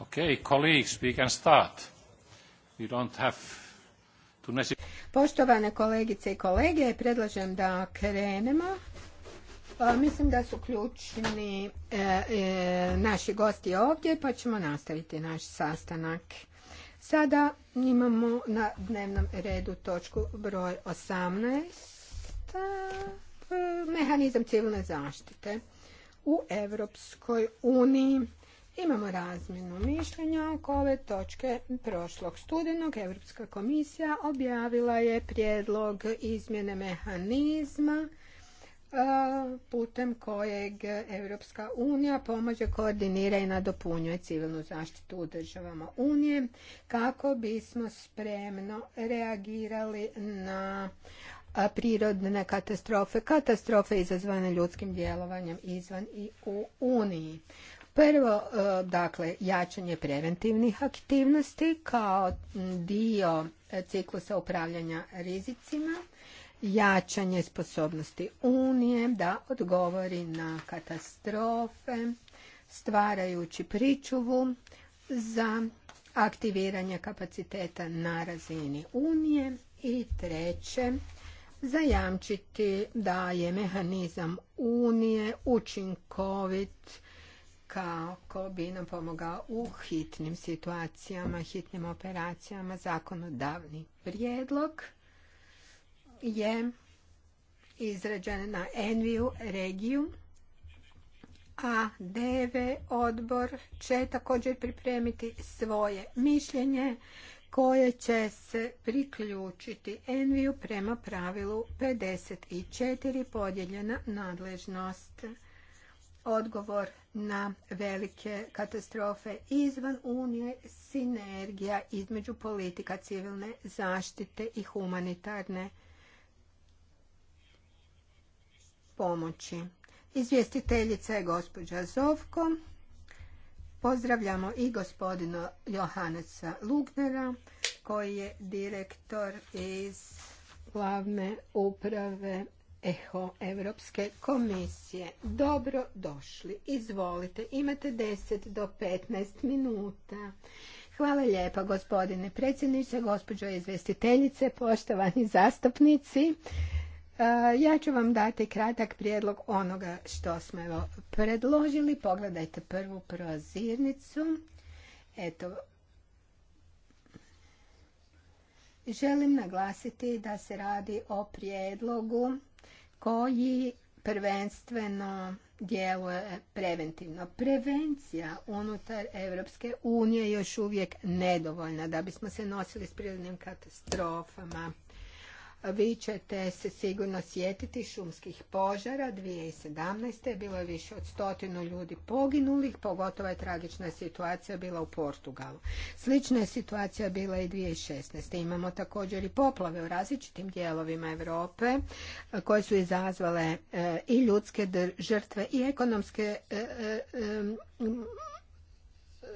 Okay, colleagues, Poštovane kolegice i kolege, predlažem da krenemo. Mislim da su ključni e, e, naši gosti ovdje, pa ćemo nastaviti naš sastanak. Sada imamo na dnevnom redu točku broj 18, e, mehanizam civilne zaštite u Europskoj uniji. Imamo razmjenu mišljenja oko ove točke prošlog studenog. Europska komisija objavila je prijedlog izmjene mehanizma e, putem kojeg Evropska unija pomaže, koordinira i nadopunjuje civilnu zaštitu u državama Unije kako bismo spremno reagirali na e, prirodne katastrofe, katastrofe izazvane ljudskim djelovanjem izvan i u Uniji. Prvo, e, dakle, jačanje preventivnih aktivnosti kao dio ciklusa upravljanja rizicima, jačanje sposobnosti Unije da odgovori na katastrofe, stvarajući pričuvu za aktiviranje kapaciteta na razini Unije i treće, zajamčiti da je mehanizam Unije učinkovit kako bi nam pomogao u hitnim situacijama, hitnim operacijama. Zakonodavni prijedlog je izrađen na Enviju regiju, a DV odbor će također pripremiti svoje mišljenje koje će se priključiti Enviju prema pravilu 54 podijeljena nadležnost. Odgovor na velike katastrofe izvan Unije, sinergija između politika civilne zaštite i humanitarne pomoći. Izvjestiteljica je gospođa Zovko. Pozdravljamo i gospodina Johanesa Lugnera, koji je direktor iz glavne uprave Eho Europske komisije. Dobro došli. Izvolite, imate 10 do 15 minuta. Hvala lijepa gospodine predsjedniče, gospođo izvjestiteljice, poštovani zastupnici. E, ja ću vam dati kratak prijedlog onoga što smo evo predložili. Pogledajte prvu prozirnicu. Eto, želim naglasiti da se radi o prijedlogu koji prvenstveno djeluje preventivno. Prevencija unutar Europske unije još uvijek nedovoljna da bismo se nosili s prirodnim katastrofama vi ćete se sigurno sjetiti šumskih požara 2017. Bilo je više od stotinu ljudi poginulih, pogotovo je tragična situacija bila u Portugalu. Slična je situacija bila i 2016. Imamo također i poplave u različitim dijelovima Europe e, koje su izazvale e, i ljudske žrtve i ekonomske e,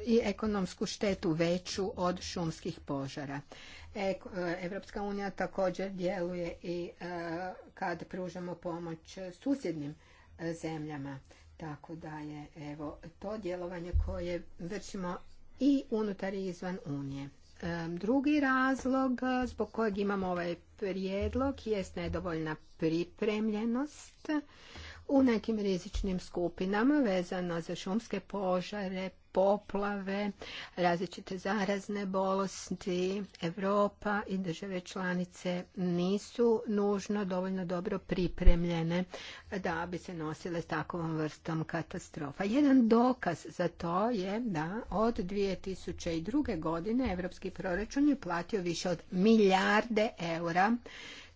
i ekonomsku štetu veću od šumskih požara. E, Evropska unija također djeluje i e, kad pružamo pomoć susjednim e, zemljama. Tako da je evo, to djelovanje koje vršimo i unutar i izvan Unije. Drugi razlog zbog kojeg imamo ovaj prijedlog jest nedovoljna pripremljenost u nekim rizičnim skupinama vezano za šumske požare, poplave, različite zarazne bolosti, Europa i države članice nisu nužno dovoljno dobro pripremljene da bi se nosile s takvom vrstom katastrofa. Jedan dokaz za to je da od 2002. godine Evropski proračun je platio više od milijarde eura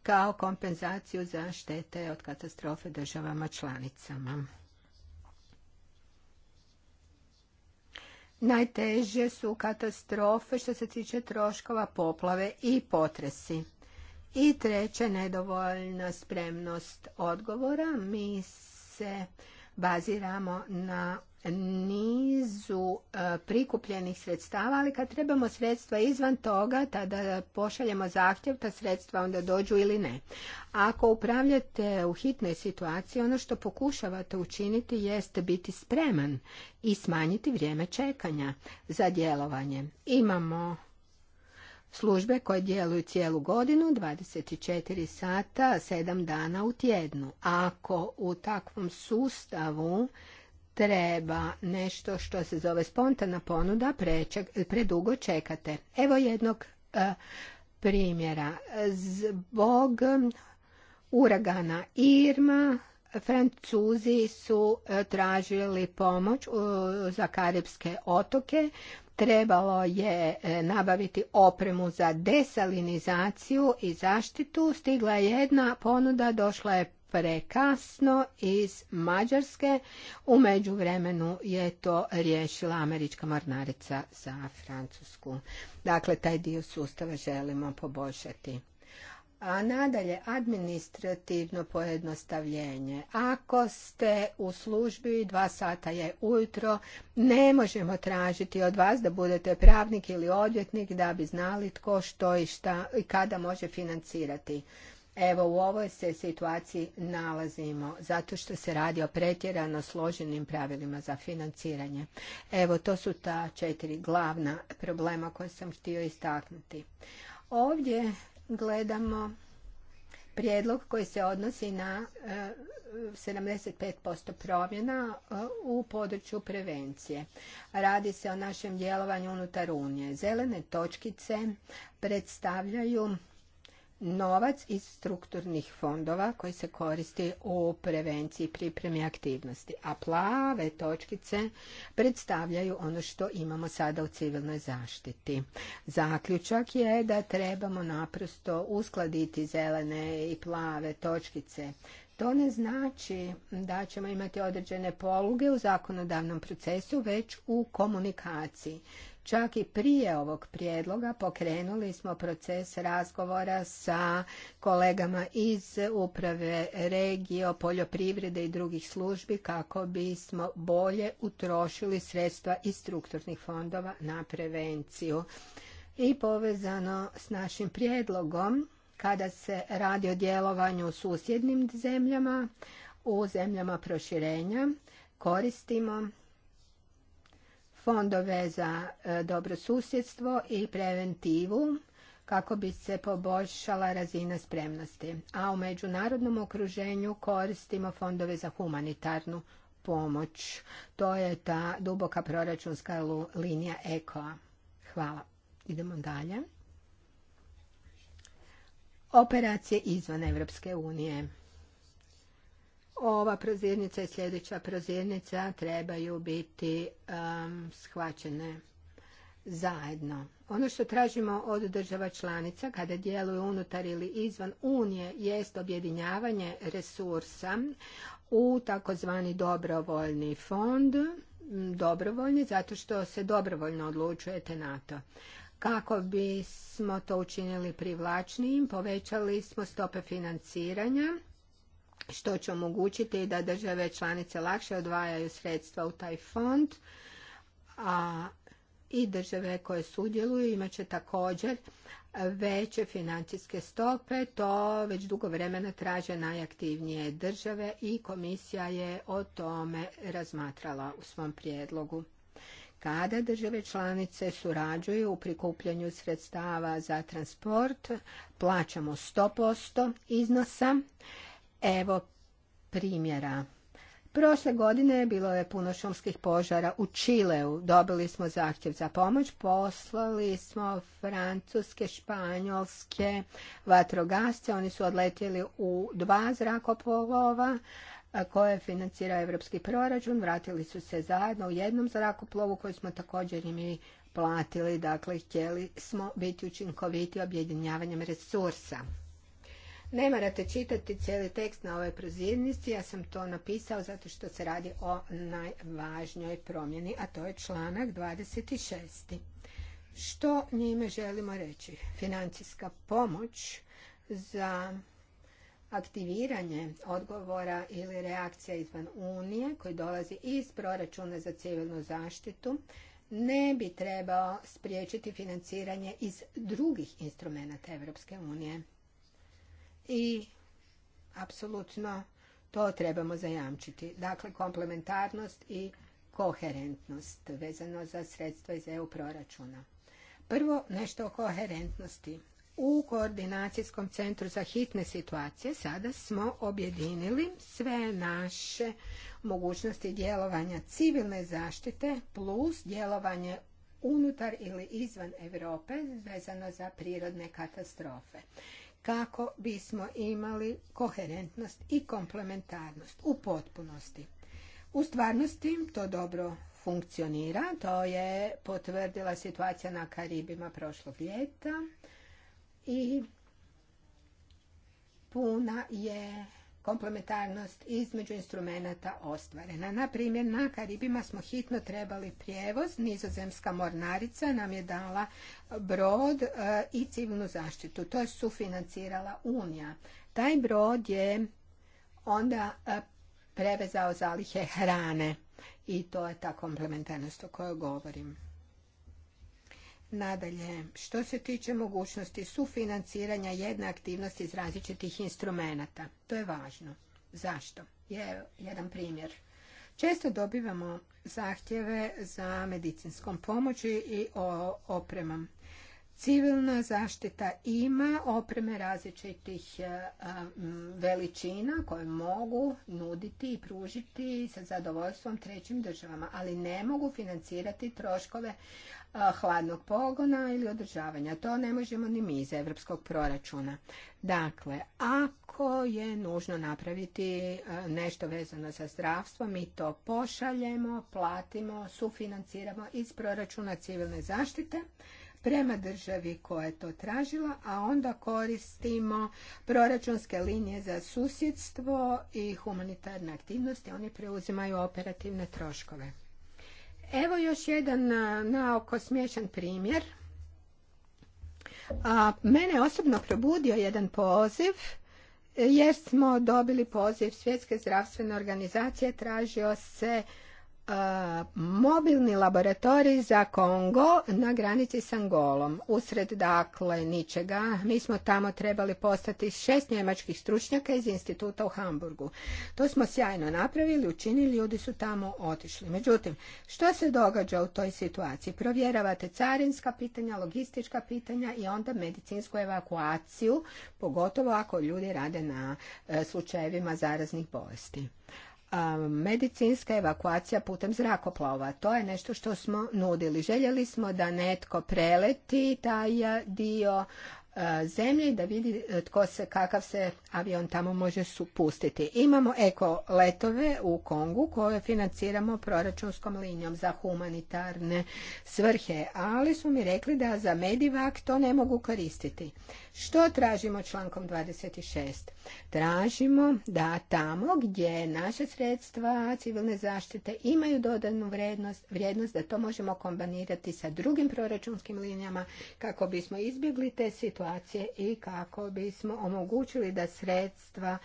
kao kompenzaciju za štete od katastrofe državama članicama. Najteže su katastrofe što se tiče troškova poplave i potresi. I treće, nedovoljna spremnost odgovora. Mi se baziramo na nizu e, prikupljenih sredstava, ali kad trebamo sredstva izvan toga, tada pošaljemo zahtjev, ta sredstva onda dođu ili ne. Ako upravljate u hitnoj situaciji, ono što pokušavate učiniti jeste biti spreman i smanjiti vrijeme čekanja za djelovanje. Imamo službe koje djeluju cijelu godinu, 24 sata, 7 dana u tjednu. Ako u takvom sustavu treba nešto što se zove spontana ponuda, predugo čekate. Evo jednog e, primjera. Zbog uragana Irma Francuzi su e, tražili pomoć za Karibske otoke. Trebalo je e, nabaviti opremu za desalinizaciju i zaštitu. Stigla je jedna ponuda, došla je prekasno iz Mađarske. U međuvremenu je to riješila američka mornarica za Francusku. Dakle, taj dio sustava želimo poboljšati. A nadalje, administrativno pojednostavljenje. Ako ste u službi, dva sata je ujutro, ne možemo tražiti od vas da budete pravnik ili odvjetnik da bi znali tko što i šta i kada može financirati. Evo u ovoj se situaciji nalazimo zato što se radi o pretjerano složenim pravilima za financiranje. Evo to su ta četiri glavna problema koje sam htio istaknuti. Ovdje gledamo prijedlog koji se odnosi na 75% eh, promjena eh, u području prevencije. Radi se o našem djelovanju unutar Unije. Zelene točkice predstavljaju novac iz strukturnih fondova koji se koristi u prevenciji pripremi aktivnosti, a plave točkice predstavljaju ono što imamo sada u civilnoj zaštiti. Zaključak je da trebamo naprosto uskladiti zelene i plave točkice to ne znači da ćemo imati određene poluge u zakonodavnom procesu, već u komunikaciji. Čak i prije ovog prijedloga pokrenuli smo proces razgovora sa kolegama iz uprave regio, poljoprivrede i drugih službi kako bismo bolje utrošili sredstva iz strukturnih fondova na prevenciju. I povezano s našim prijedlogom, kada se radi o djelovanju u susjednim zemljama, u zemljama proširenja, koristimo fondove za e, dobro susjedstvo i preventivu kako bi se poboljšala razina spremnosti. A u međunarodnom okruženju koristimo fondove za humanitarnu pomoć. To je ta duboka proračunska linija EKOA. Hvala. Idemo dalje. Operacije izvan Evropske unije ova prozirnica i sljedeća prozirnica trebaju biti um, shvaćene zajedno. Ono što tražimo od država članica kada djeluju unutar ili izvan Unije jest objedinjavanje resursa u takozvani dobrovoljni fond, dobrovoljni zato što se dobrovoljno odlučujete na to. Kako bismo to učinili privlačnijim, povećali smo stope financiranja što će omogućiti da države članice lakše odvajaju sredstva u taj fond, a i države koje sudjeluju imat će također veće financijske stope. To već dugo vremena traže najaktivnije države i komisija je o tome razmatrala u svom prijedlogu. Kada države članice surađuju u prikupljanju sredstava za transport, plaćamo 100% iznosa Evo primjera. Prošle godine bilo je puno šumskih požara u Čileu. Dobili smo zahtjev za pomoć, poslali smo francuske, španjolske vatrogasce. Oni su odletjeli u dva zrakoplova koje financira evropski proračun. Vratili su se zajedno u jednom zrakoplovu koji smo također i mi platili. Dakle, htjeli smo biti učinkoviti objedinjavanjem resursa. Ne morate čitati cijeli tekst na ovoj prozirnici, ja sam to napisao zato što se radi o najvažnjoj promjeni, a to je članak 26. Što njime želimo reći? Financijska pomoć za aktiviranje odgovora ili reakcija izvan Unije koji dolazi iz proračuna za civilnu zaštitu ne bi trebao spriječiti financiranje iz drugih instrumenta Europske unije i apsolutno to trebamo zajamčiti. Dakle, komplementarnost i koherentnost vezano za sredstva iz EU proračuna. Prvo, nešto o koherentnosti. U koordinacijskom centru za hitne situacije sada smo objedinili sve naše mogućnosti djelovanja civilne zaštite plus djelovanje unutar ili izvan Europe vezano za prirodne katastrofe kako bismo imali koherentnost i komplementarnost u potpunosti. U stvarnosti to dobro funkcionira, to je potvrdila situacija na Karibima prošlog ljeta i puna je komplementarnost između instrumenata ostvarena. Na primjer, na Karibima smo hitno trebali prijevoz, nizozemska mornarica nam je dala brod e, i civilnu zaštitu. To je sufinancirala Unija. Taj brod je onda e, prevezao zalihe hrane i to je ta komplementarnost o kojoj govorim. Nadalje, što se tiče mogućnosti sufinanciranja jedne aktivnosti iz različitih instrumenata, to je važno. Zašto? Je jedan primjer. Često dobivamo zahtjeve za medicinskom pomoći i opremom. Civilna zaštita ima opreme različitih e, e, veličina koje mogu nuditi i pružiti sa zadovoljstvom trećim državama, ali ne mogu financirati troškove e, hladnog pogona ili održavanja. To ne možemo ni mi iz evropskog proračuna. Dakle, ako je nužno napraviti nešto vezano sa zdravstvom, mi to pošaljemo, platimo, sufinanciramo iz proračuna civilne zaštite, prema državi koja je to tražila, a onda koristimo proračunske linije za susjedstvo i humanitarne aktivnosti, oni preuzimaju operativne troškove. Evo još jedan naoko smiješan primjer. A, mene osobno probudio jedan poziv jer smo dobili poziv Svjetske zdravstvene organizacije, tražio se mobilni laboratorij za Kongo na granici s Angolom. Usred dakle ničega, mi smo tamo trebali postati šest njemačkih stručnjaka iz instituta u Hamburgu. To smo sjajno napravili, učinili, ljudi su tamo otišli. Međutim, što se događa u toj situaciji? Provjeravate carinska pitanja, logistička pitanja i onda medicinsku evakuaciju, pogotovo ako ljudi rade na e, slučajevima zaraznih bolesti medicinska evakuacija putem zrakoplova. To je nešto što smo nudili. Željeli smo da netko preleti taj dio E, i da vidi e, tko se, kakav se avion tamo može supustiti. Imamo eko letove u Kongu koje financiramo proračunskom linijom za humanitarne svrhe, ali su mi rekli da za Medivak to ne mogu koristiti. Što tražimo člankom 26? Tražimo da tamo gdje naše sredstva civilne zaštite imaju dodanu vrijednost, vrijednost da to možemo kombinirati sa drugim proračunskim linijama kako bismo izbjegli te situacije situacije i kako bismo omogućili da sredstva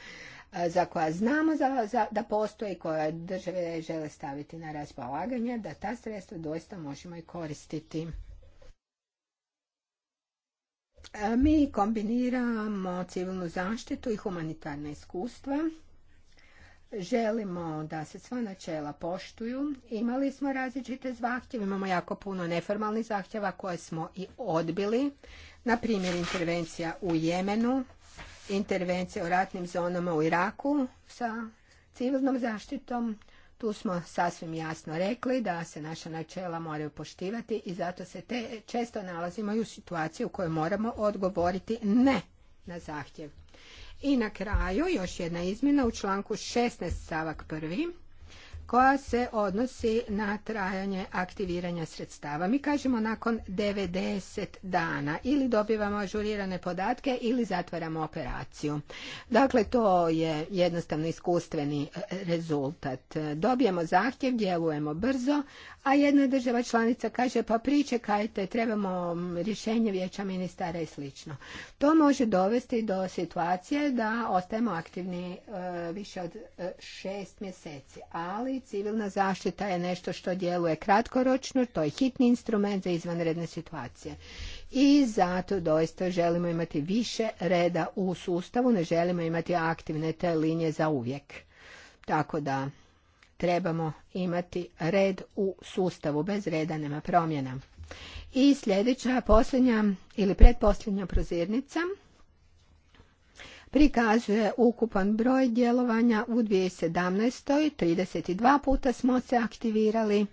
e, za koja znamo za, da postoje i koja države žele staviti na raspolaganje, da ta sredstva doista možemo i koristiti. E, mi kombiniramo civilnu zaštitu i humanitarne iskustva želimo da se sva načela poštuju. Imali smo različite zahtjeve, imamo jako puno neformalnih zahtjeva koje smo i odbili. Na primjer, intervencija u Jemenu, intervencija u ratnim zonama u Iraku sa civilnom zaštitom. Tu smo sasvim jasno rekli da se naša načela moraju poštivati i zato se te često nalazimo i u situaciji u kojoj moramo odgovoriti ne na zahtjev. I na kraju još jedna izmjena u članku 16 stavak 1 koja se odnosi na trajanje aktiviranja sredstava. Mi kažemo nakon 90 dana ili dobivamo ažurirane podatke ili zatvaramo operaciju. Dakle, to je jednostavno iskustveni e, rezultat. Dobijemo zahtjev, djelujemo brzo, a jedna država članica kaže pa pričekajte, trebamo mm, rješenje vijeća ministara i slično. To može dovesti do situacije da ostajemo aktivni e, više od e, šest mjeseci, ali i civilna zaštita je nešto što djeluje kratkoročno, to je hitni instrument za izvanredne situacije. I zato doista želimo imati više reda u sustavu, ne želimo imati aktivne te linije za uvijek. Tako da trebamo imati red u sustavu, bez reda nema promjena. I sljedeća, posljednja ili pretposljednja prozirnica – prikazuje ukupan broj djelovanja u 2017. 32 puta smo se aktivirali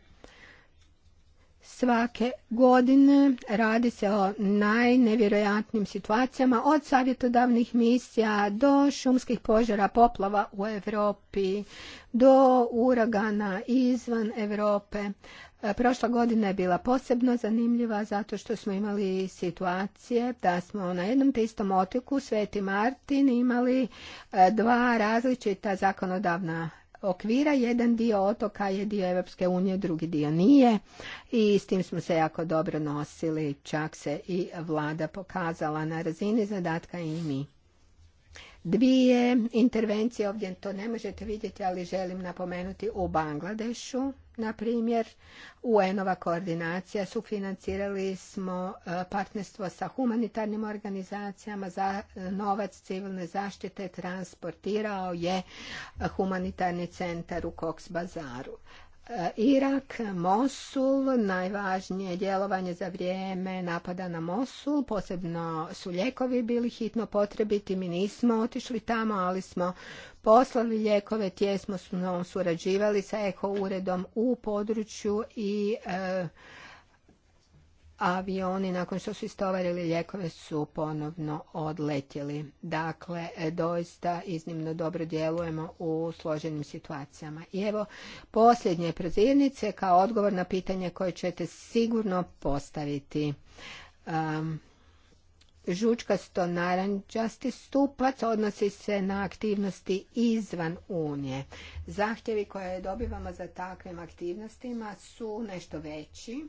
svake godine. Radi se o najnevjerojatnim situacijama od savjetodavnih misija do šumskih požara poplava u Europi do uragana izvan Europe. E, prošla godina je bila posebno zanimljiva zato što smo imali situacije da smo na jednom te istom otoku Sveti Martin imali e, dva različita zakonodavna okvira. Jedan dio otoka je dio Europske unije, drugi dio nije i s tim smo se jako dobro nosili. Čak se i vlada pokazala na razini zadatka i mi. Dvije intervencije ovdje to ne možete vidjeti, ali želim napomenuti u Bangladešu na primjer, UN-ova koordinacija sufinancirali smo e, partnerstvo sa humanitarnim organizacijama za e, novac civilne zaštite transportirao je humanitarni centar u Cox Bazaru. Irak, Mosul, najvažnije djelovanje za vrijeme napada na Mosul, posebno su ljekovi bili hitno potrebiti, mi nismo otišli tamo, ali smo poslali ljekove, tjesmo smo surađivali sa eko uredom u području i e, avioni nakon što su istovarili lijekove su ponovno odletjeli. Dakle, e, doista iznimno dobro djelujemo u složenim situacijama. I evo posljednje prozirnice kao odgovor na pitanje koje ćete sigurno postaviti. Um, žučkasto naranđasti stupac odnosi se na aktivnosti izvan Unije. Zahtjevi koje dobivamo za takvim aktivnostima su nešto veći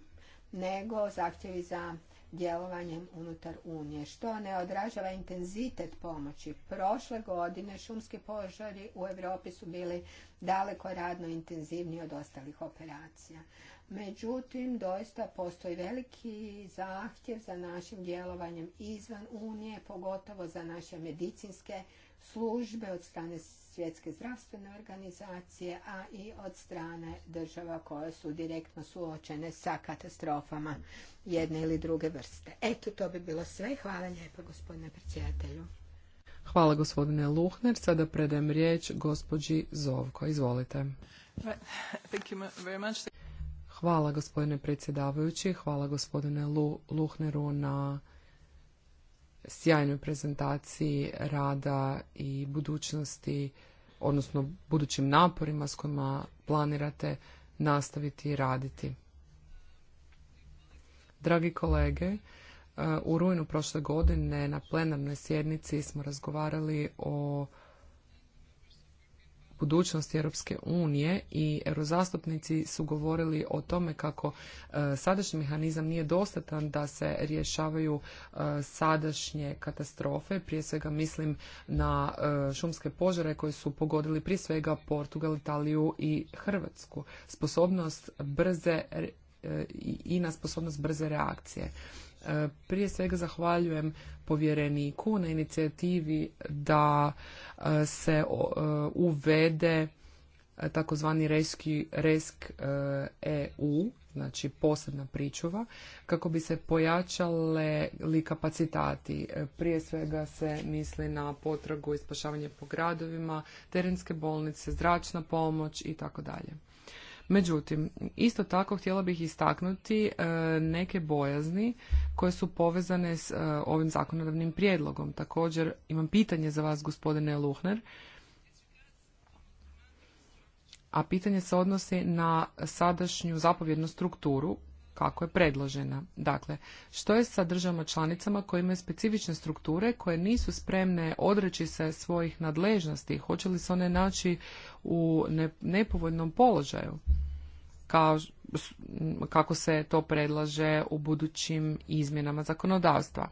nego zahtjevi za djelovanjem unutar Unije, što ne odražava intenzitet pomoći. Prošle godine šumski požari u Europi su bili daleko radno intenzivniji od ostalih operacija. Međutim, doista postoji veliki zahtjev za našim djelovanjem izvan Unije, pogotovo za naše medicinske službe od strane svjetske zdravstvene organizacije, a i od strane država koje su direktno suočene sa katastrofama jedne ili druge vrste. Eto, to bi bilo sve. Hvala lijepo gospodine predsjedatelju. Hvala gospodine Luhner. Sada predajem riječ gospođi Zovko. Izvolite. Hvala gospodine predsjedavajući, hvala gospodine Luhneru na sjajnoj prezentaciji rada i budućnosti, odnosno budućim naporima s kojima planirate nastaviti i raditi. Dragi kolege, e, u rujnu prošle godine na plenarnoj sjednici smo razgovarali o budućnosti Europske unije i eurozastupnici su govorili o tome kako e, sadašnji mehanizam nije dostatan da se rješavaju e, sadašnje katastrofe. Prije svega mislim na e, šumske požare koje su pogodili prije svega Portugal, Italiju i Hrvatsku. Sposobnost brze i na sposobnost brze reakcije. E, prije svega zahvaljujem povjereniku na inicijativi da e, se e, uvede takozvani RESK EU, znači posebna pričuva, kako bi se pojačale li kapacitati. Prije svega se misli na potragu i spašavanje po gradovima, terenske bolnice, zračna pomoć i tako dalje. Međutim, isto tako htjela bih istaknuti e, neke bojazni koje su povezane s e, ovim zakonodavnim prijedlogom. Također imam pitanje za vas gospodine Luhner a pitanje se odnosi na sadašnju zapovjednu strukturu kako je predložena. Dakle, što je sa državama članicama koje imaju specifične strukture koje nisu spremne odreći se svojih nadležnosti? Hoće li se one naći u nepovoljnom položaju? kako se to predlaže u budućim izmjenama zakonodavstva.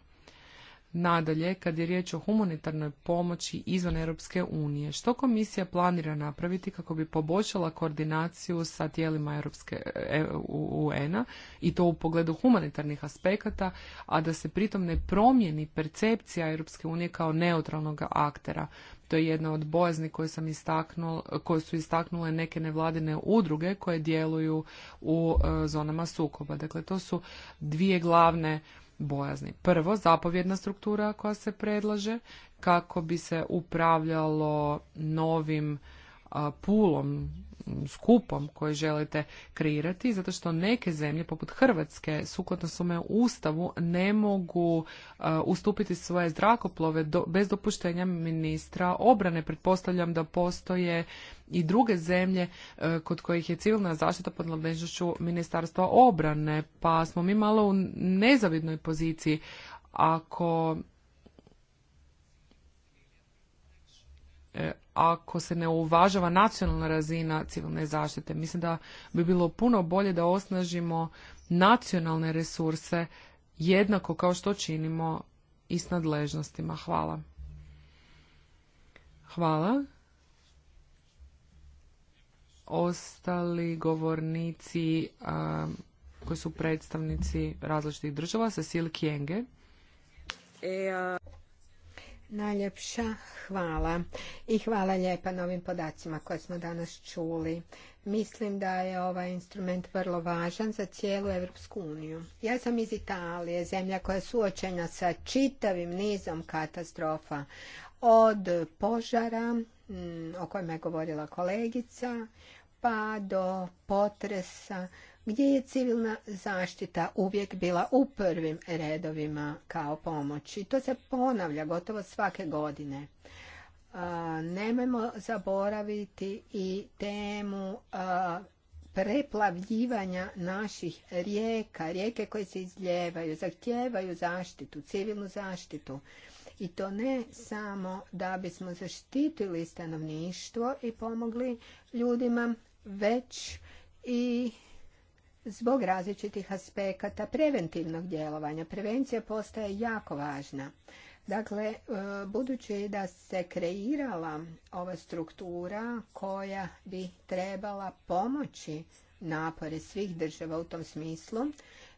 Nadalje, kad je riječ o humanitarnoj pomoći izvan Europske unije, što komisija planira napraviti kako bi poboljšala koordinaciju sa tijelima Europske e, UN-a i to u pogledu humanitarnih aspekata, a da se pritom ne promijeni percepcija Europske unije kao neutralnog aktera. To je jedna od bojazni koje sam istaknul, koje su istaknule neke nevladine udruge koje djeluju u e, zonama sukoba. Dakle, to su dvije glavne bojazni. Prvo, zapovjedna struktura koja se predlaže kako bi se upravljalo novim pulom, skupom koji želite kreirati, zato što neke zemlje, poput Hrvatske, sukladno svome ustavu, ne mogu ustupiti svoje zrakoplove do, bez dopuštenja ministra obrane. Pretpostavljam da postoje i druge zemlje e, kod kojih je civilna zaštita pod nadležnošću ministarstva obrane, pa smo mi malo u nezavidnoj poziciji ako E, ako se ne uvažava nacionalna razina civilne zaštite. Mislim da bi bilo puno bolje da osnažimo nacionalne resurse jednako kao što činimo i s nadležnostima. Hvala. Hvala. Ostali govornici koji su predstavnici različitih država, Cecil Kjenge. E, Najljepša hvala i hvala lijepa na ovim podacima koje smo danas čuli. Mislim da je ovaj instrument vrlo važan za cijelu Europsku uniju. Ja sam iz Italije, zemlja koja je suočena sa čitavim nizom katastrofa od požara, mm, o kojima je govorila kolegica, pa do potresa gdje je civilna zaštita uvijek bila u prvim redovima kao pomoć. I to se ponavlja gotovo svake godine. nemojmo zaboraviti i temu preplavljivanja naših rijeka, rijeke koje se izljevaju, zahtijevaju zaštitu, civilnu zaštitu. I to ne samo da bismo zaštitili stanovništvo i pomogli ljudima, već i zbog različitih aspekata preventivnog djelovanja. Prevencija postaje jako važna. Dakle, e, budući da se kreirala ova struktura koja bi trebala pomoći napore svih država u tom smislu,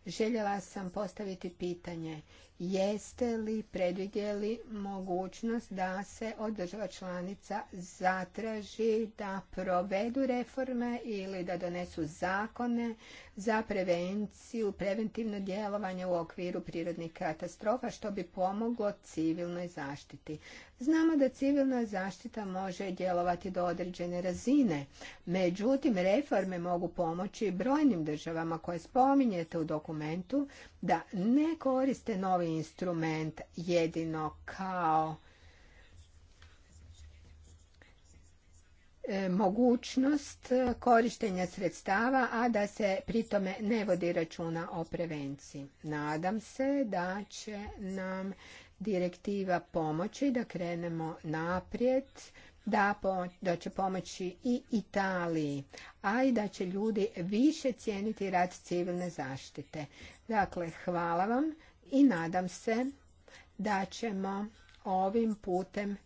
željela sam postaviti pitanje Jeste li predvidjeli mogućnost da se od država članica zatraži da provedu reforme ili da donesu zakone za prevenciju, preventivno djelovanje u okviru prirodnih katastrofa što bi pomoglo civilnoj zaštiti? Znamo da civilna zaštita može djelovati do određene razine, međutim reforme mogu pomoći brojnim državama koje spominjete u dokumentu da ne koriste novi instrument jedino kao e, mogućnost korištenja sredstava, a da se pritome ne vodi računa o prevenciji. Nadam se da će nam direktiva pomoći da krenemo naprijed da, će pomoći i Italiji, a i da će ljudi više cijeniti rad civilne zaštite. Dakle, hvala vam i nadam se da ćemo ovim putem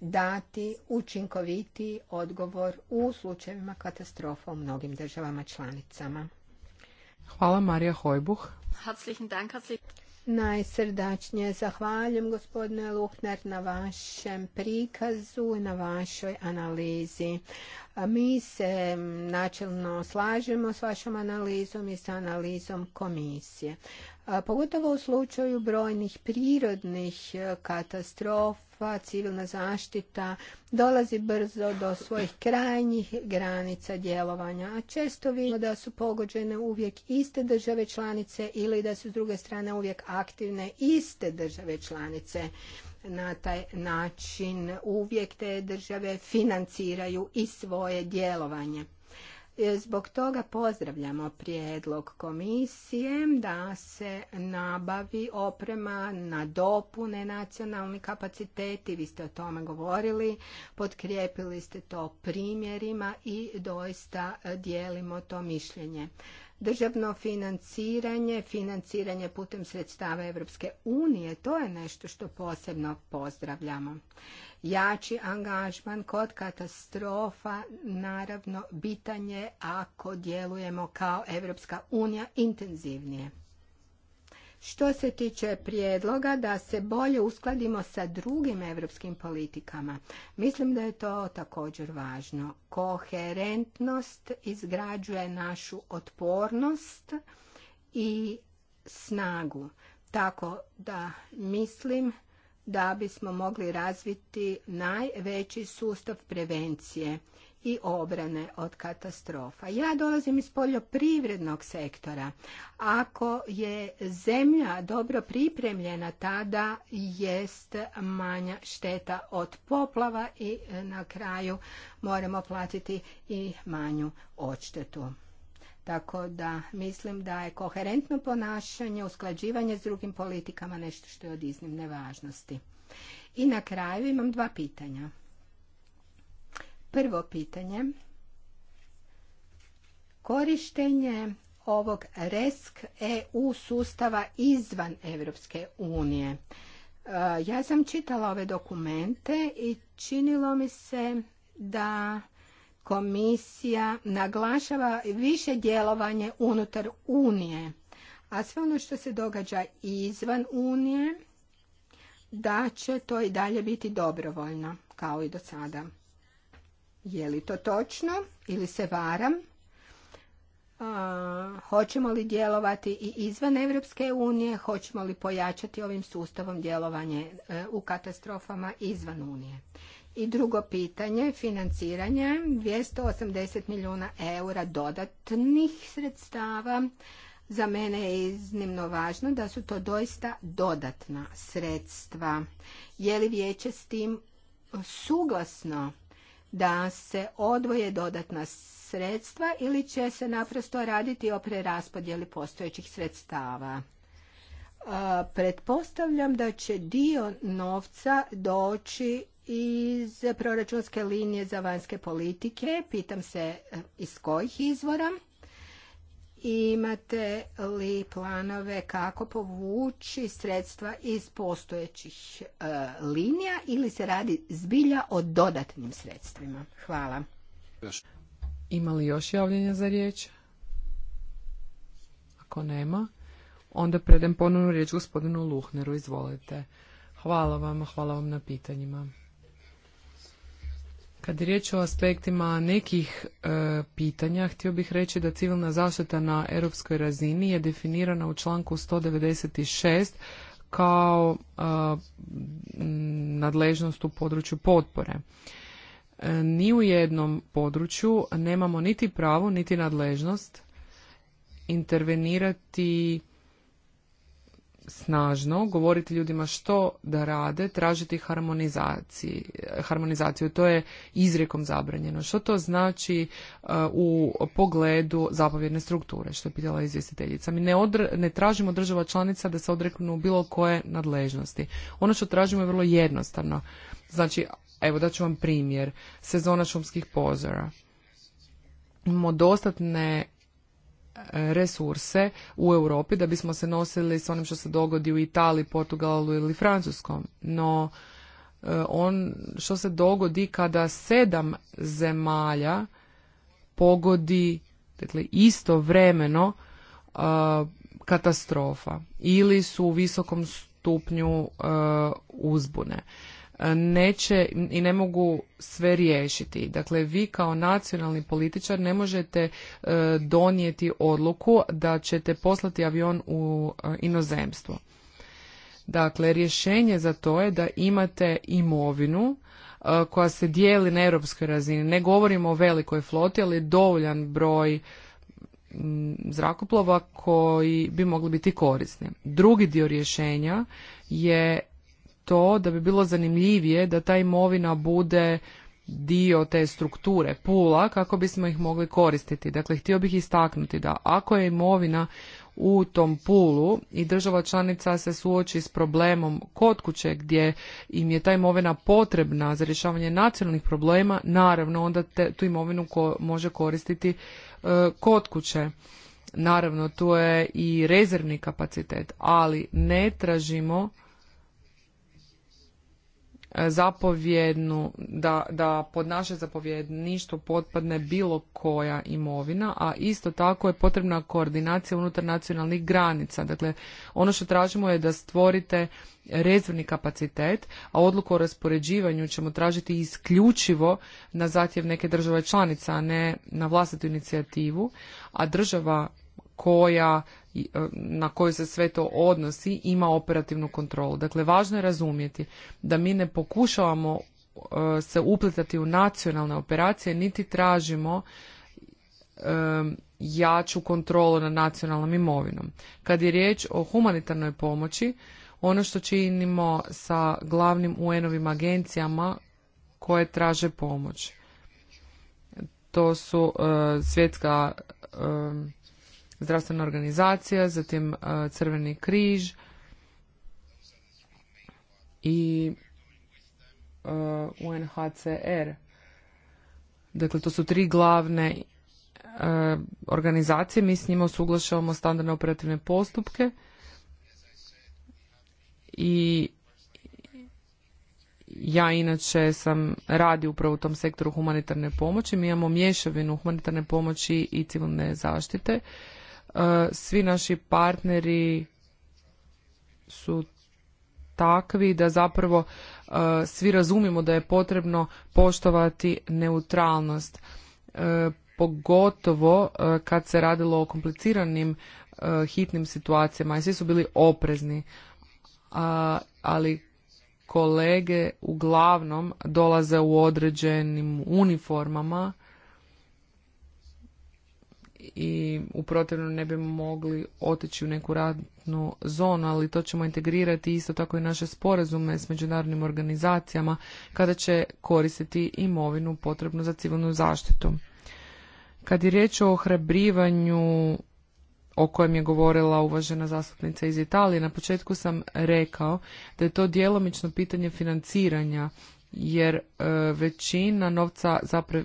dati učinkoviti odgovor u slučajevima katastrofa u mnogim državama članicama. Hvala Marija Hojbuh. Najsrdačnije zahvaljujem gospodine Luhner na vašem prikazu i na vašoj analizi. Mi se načelno slažemo s vašom analizom i sa analizom komisije. Pogotovo u slučaju brojnih prirodnih e, katastrofa, civilna zaštita dolazi brzo do svojih krajnjih granica djelovanja, a često vidimo da su pogođene uvijek iste države članice ili da su s druge strane uvijek aktivne iste države članice na taj način uvijek te države financiraju i svoje djelovanje. E, zbog toga pozdravljamo prijedlog komisije da se nabavi oprema na dopune nacionalni kapaciteti, vi ste o tome govorili, potkrijepili ste to primjerima i doista dijelimo to mišljenje. Državno financiranje, financiranje putem sredstava Europske unije, to je nešto što posebno pozdravljamo. Jači angažman kod katastrofa, naravno, bitan je ako djelujemo kao Europska unija intenzivnije. Što se tiče prijedloga da se bolje uskladimo sa drugim europskim politikama, mislim da je to također važno. Koherentnost izgrađuje našu otpornost i snagu. Tako da mislim da bismo mogli razviti najveći sustav prevencije i obrane od katastrofa. Ja dolazim iz poljoprivrednog sektora. Ako je zemlja dobro pripremljena, tada jest manja šteta od poplava i e, na kraju moramo platiti i manju odštetu. Tako da mislim da je koherentno ponašanje, usklađivanje s drugim politikama nešto što je od iznimne važnosti. I na kraju imam dva pitanja. Prvo pitanje. Korištenje ovog RESK EU sustava izvan Europske unije. E, ja sam čitala ove dokumente i činilo mi se da komisija naglašava više djelovanje unutar Unije, a sve ono što se događa izvan Unije, da će to i dalje biti dobrovoljno, kao i do sada. Je li to točno ili se varam? hoćemo li djelovati i izvan Europske unije? Hoćemo li pojačati ovim sustavom djelovanje e, u katastrofama izvan unije? I drugo pitanje, financiranje, 280 milijuna eura dodatnih sredstava. Za mene je iznimno važno da su to doista dodatna sredstva. Je li vijeće s tim suglasno? da se odvoje dodatna sredstva ili će se naprosto raditi o preraspodjeli postojećih sredstava. E, pretpostavljam da će dio novca doći iz proračunske linije za vanjske politike. Pitam se e, iz kojih izvora. Imate li planove kako povući sredstva iz postojećih e, linija ili se radi zbilja o dodatnim sredstvima? Hvala. Ima li još javljenja za riječ? Ako nema, onda predem ponovno riječ gospodinu Luhneru. Izvolite. Hvala vam, hvala vam na pitanjima. Kad je riječ o aspektima nekih e, pitanja, htio bih reći da civilna zaštita na europskoj razini je definirana u članku 196 kao e, nadležnost u području potpore. E, ni u jednom području nemamo niti pravo, niti nadležnost intervenirati snažno, govoriti ljudima što da rade, tražiti harmonizaciju. To je izrijekom zabranjeno. Što to znači uh, u pogledu zapovjedne strukture, što je pitala izvjestiteljica. Mi ne, odr ne tražimo država članica da se odreknu bilo koje nadležnosti. Ono što tražimo je vrlo jednostavno. Znači, evo da ću vam primjer, sezona šumskih pozora imamo dostatne resurse u Europi da bismo se nosili s onim što se dogodi u Italiji, Portugalu ili Francuskom. No, e, on što se dogodi kada sedam zemalja pogodi dakle istovremeno e, katastrofa ili su u visokom stupnju e, uzbune neće i ne mogu sve riješiti. Dakle, vi kao nacionalni političar ne možete e, donijeti odluku da ćete poslati avion u e, inozemstvo. Dakle, rješenje za to je da imate imovinu e, koja se dijeli na europskoj razini. Ne govorimo o velikoj floti, ali dovoljan broj zrakoplova koji bi mogli biti korisni. Drugi dio rješenja je to da bi bilo zanimljivije da ta imovina bude dio te strukture pula kako bismo ih mogli koristiti. Dakle, htio bih istaknuti da ako je imovina u tom pulu i država članica se suoči s problemom kod kuće gdje im je ta imovina potrebna za rješavanje nacionalnih problema, naravno onda te, tu imovinu može koristiti e, kod kuće. Naravno, tu je i rezervni kapacitet, ali ne tražimo zapovjednu, da, da pod naše zapovjedništvo potpadne bilo koja imovina, a isto tako je potrebna koordinacija unutar nacionalnih granica. Dakle, ono što tražimo je da stvorite rezervni kapacitet, a odluku o raspoređivanju ćemo tražiti isključivo na zahtjev neke države članice, a ne na vlastitu inicijativu, a država koja, e, na koju se sve to odnosi ima operativnu kontrolu. Dakle, važno je razumjeti da mi ne pokušavamo e, se uplitati u nacionalne operacije, niti tražimo e, jaču kontrolu nad nacionalnom imovinom. Kad je riječ o humanitarnoj pomoći, ono što činimo sa glavnim UN-ovim agencijama koje traže pomoć. To su svjetska zdravstvena organizacija, zatim e, Crveni križ i e, UNHCR. Dakle, to su tri glavne e, organizacije. Mi s njima usuglašavamo standardne operativne postupke i ja inače sam radi upravo u tom sektoru humanitarne pomoći. Mi imamo mješavinu humanitarne pomoći i civilne zaštite E, svi naši partneri su takvi da zapravo e, svi razumimo da je potrebno poštovati neutralnost e, pogotovo kad se radilo o kompliciranim hitnim situacijama i svi su bili oprezni ali kolege uglavnom dolaze u određenim uniformama i u protivnom ne bi mogli otići u neku radnu zonu, ali to ćemo integrirati isto tako i naše sporazume s međunarodnim organizacijama kada će koristiti imovinu potrebnu za civilnu zaštitu. Kad je riječ o ohrabrivanju o kojem je govorila uvažena zastupnica iz Italije, na početku sam rekao da je to djelomično pitanje financiranja jer e, većina novca zapravo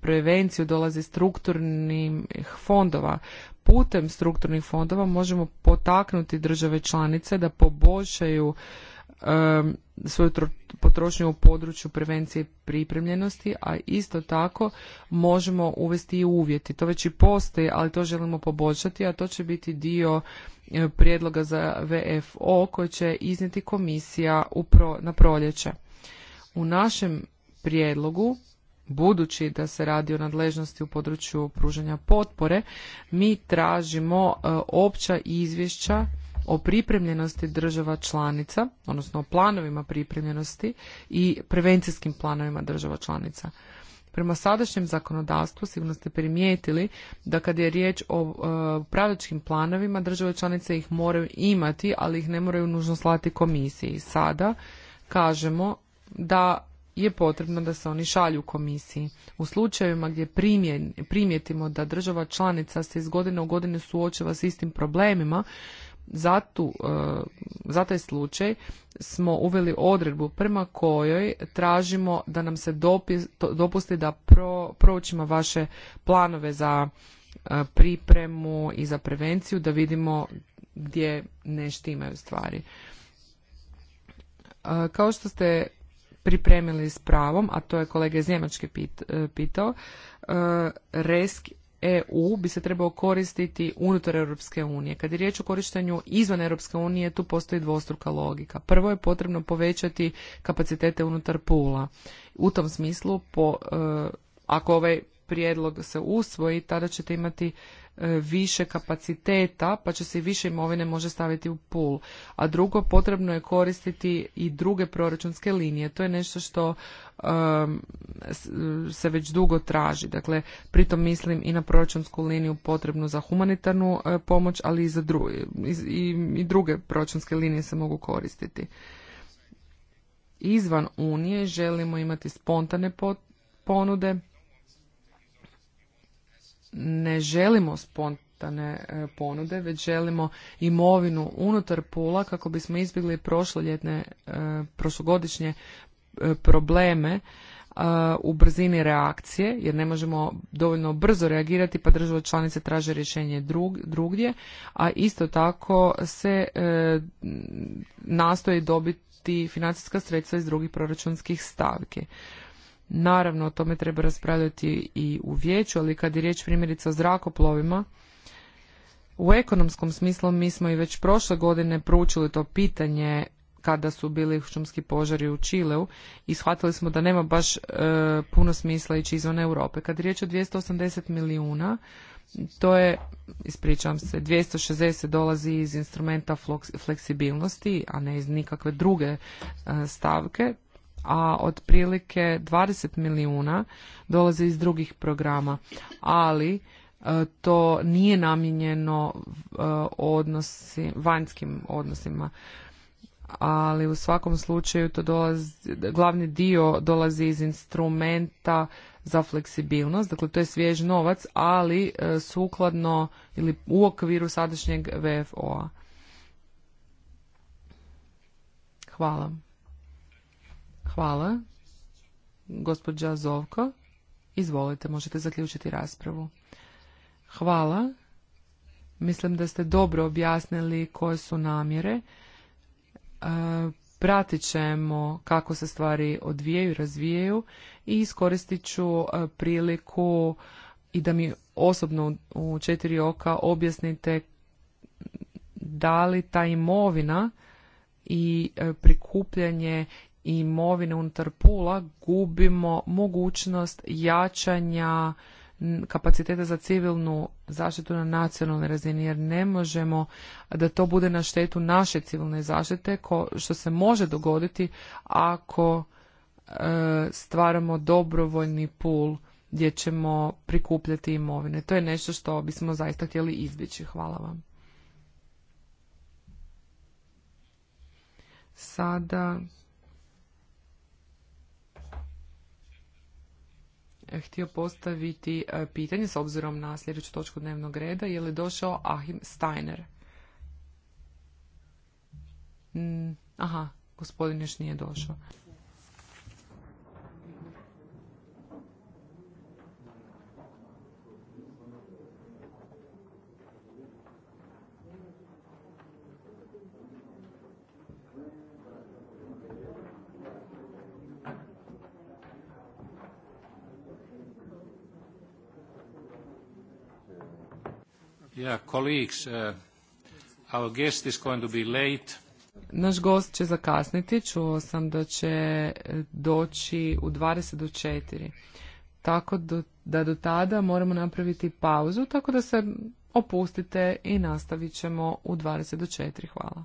prevenciju dolazi strukturnih fondova. Putem strukturnih fondova možemo potaknuti države članice da poboljšaju um, svoju potrošnju u području prevencije pripremljenosti, a isto tako možemo uvesti i uvjeti. To već i postoji, ali to želimo poboljšati, a to će biti dio e, prijedloga za VFO koji će iznijeti komisija na proljeće. U našem prijedlogu budući da se radi o nadležnosti u području pružanja potpore, mi tražimo e, opća izvješća o pripremljenosti država članica, odnosno o planovima pripremljenosti i prevencijskim planovima država članica. Prema sadašnjem zakonodavstvu sigurno ste primijetili da kad je riječ o e, upravljačkim planovima, države članice ih moraju imati, ali ih ne moraju nužno slati komisiji. Sada kažemo da je potrebno da se oni šalju komisiji. U slučajevima gdje primijetimo da država članica se iz godine u godine suočeva s istim problemima, e, za taj slučaj smo uveli odredbu prema kojoj tražimo da nam se dopusti da pro, proučimo vaše planove za e, pripremu i za prevenciju, da vidimo gdje ne štimaju stvari. E, kao što ste pripremili s pravom, a to je kolega iz Njemačke e, pitao, e, RESK EU bi se trebao koristiti unutar Europske unije. Kad je riječ o korištenju izvan Europske unije, tu postoji dvostruka logika. Prvo je potrebno povećati kapacitete unutar pula. U tom smislu, po, e, ako ovaj prijedlog se usvoji, tada ćete imati E, više kapaciteta, pa će se i više imovine može staviti u pul. A drugo, potrebno je koristiti i druge proračunske linije. To je nešto što se već dugo traži. Dakle, pritom mislim i na proračunsku liniju potrebnu za humanitarnu e, pomoć, ali i za dru i, i, druge proračunske linije se mogu koristiti. Izvan Unije želimo imati spontane ponude ne želimo spontane e, ponude, već želimo imovinu unutar pula kako bismo izbjegli prošloljetne, e, prošlogodišnje e, probleme u brzini reakcije, jer ne možemo dovoljno brzo reagirati pa država članice traže rješenje drugdje, a isto tako se nastoji dobiti financijska sredstva iz drugih proračunskih stavki. Naravno, o tome treba raspravljati i u vijeću, ali kad je riječ primjerice o zrakoplovima, u ekonomskom smislu mi smo i već prošle godine proučili to pitanje kada su bili šumski požari u Čileu i shvatili smo da nema baš e, puno smisla ići izvan Europe. Kad je riječ o 280 milijuna, to je, ispričavam se, 260 dolazi iz instrumenta fleksibilnosti, a ne iz nikakve druge e, stavke a otprilike 20 milijuna dolazi iz drugih programa, ali e, to nije namijenjeno e, odnosi, vanjskim odnosima. Ali u svakom slučaju to dolazi, glavni dio dolazi iz instrumenta za fleksibilnost, dakle to je svjež novac, ali e, sukladno ili u okviru sadašnjeg VFO-a. Hvala. Hvala. Gospođa Zovko, izvolite, možete zaključiti raspravu. Hvala. Mislim da ste dobro objasnili koje su namjere. E, pratit ćemo kako se stvari odvijaju i razvijaju i iskoristit ću e, priliku i da mi osobno u četiri oka objasnite da li ta imovina i e, prikupljanje imovine unutar pula gubimo mogućnost jačanja kapaciteta za civilnu zaštitu na nacionalnoj razini jer ne možemo da to bude na štetu naše civilne zaštite što se može dogoditi ako e, stvaramo dobrovoljni pul gdje ćemo prikupljati imovine. To je nešto što bismo zaista htjeli izbjeći. Hvala vam. Sada E, htio postaviti e, pitanje s obzirom na sljedeću točku dnevnog reda. Je li došao Ahim Steiner? Mm, aha, gospodin još nije došao. colleagues, uh, our Naš gost će zakasniti, čuo sam da će eh, doći u 20 do 4. Tako da do tada moramo napraviti pauzu, tako da se opustite i nastavit ćemo u dvadeset do četiri. Hvala.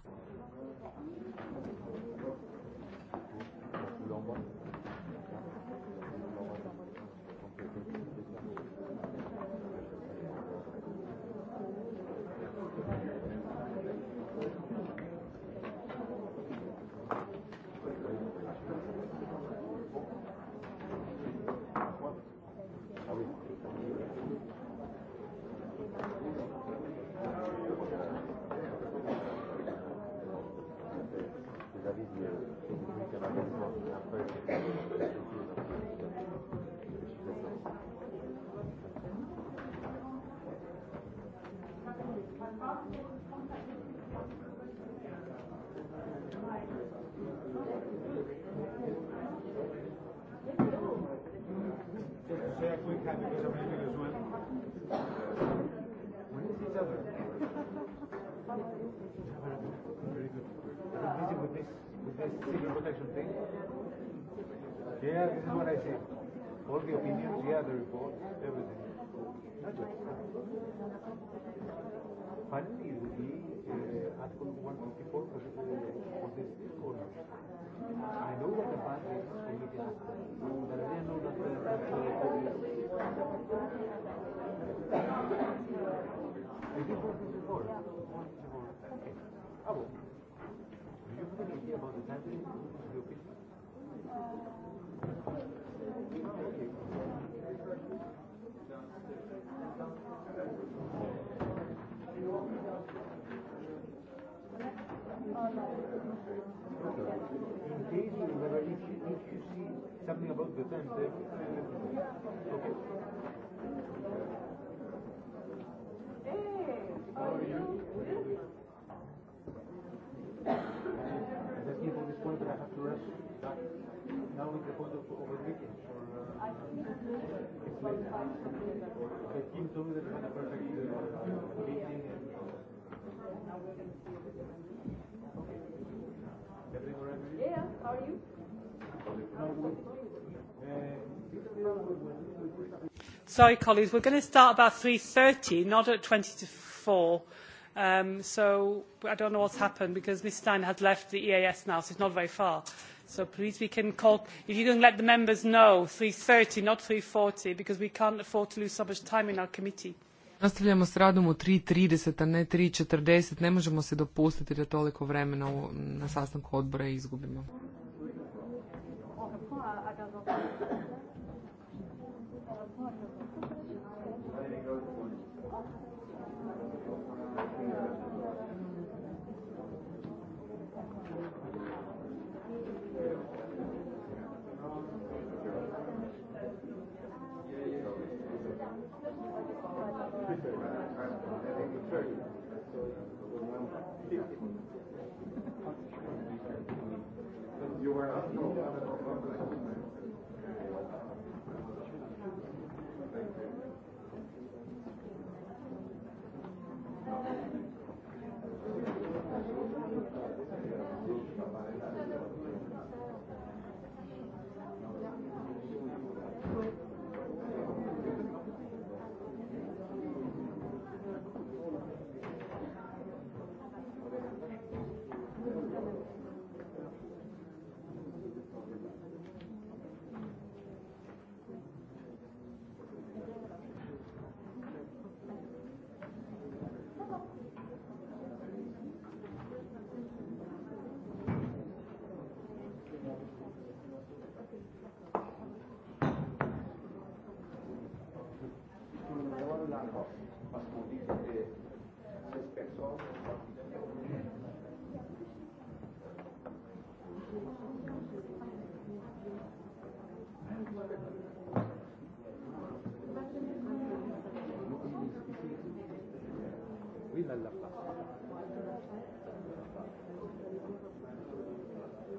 Sorry, colleagues, we're going to start about 3.30, not at 20 to 4. Um, so I don't know what's happened because Ms Stein has left the EAS now, so it's not very far. So please, we can call, if you can let the members know, 3.30, not 3.40, because we can't afford to lose so much time in our committee. Nastavljamo s radom u 3.30, a ne 3.40. Ne možemo se dopustiti da toliko vremena na sastanku odbora izgubimo a,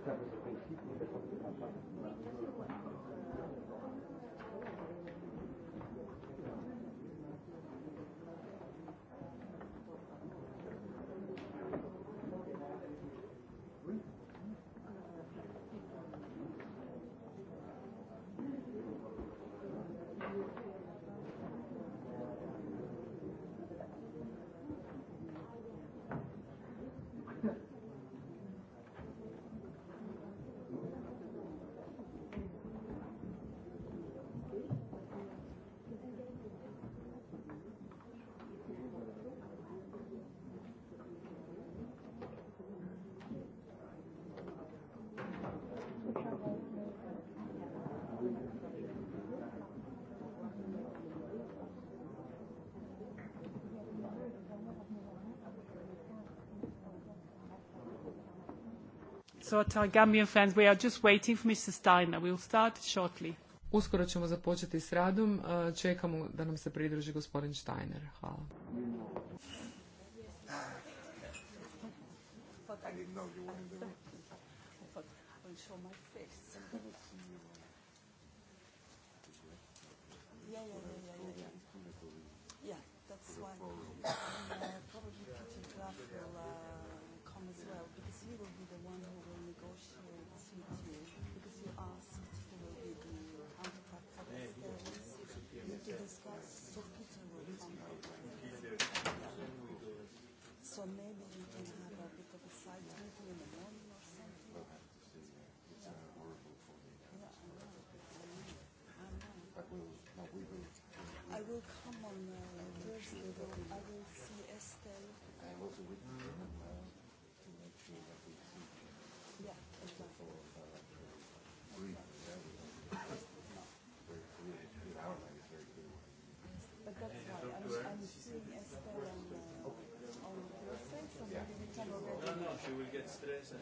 That Uskoro ćemo započeti s radom. E, čekamo da nam se pridruži gospodin Steiner. Hvala. stresa.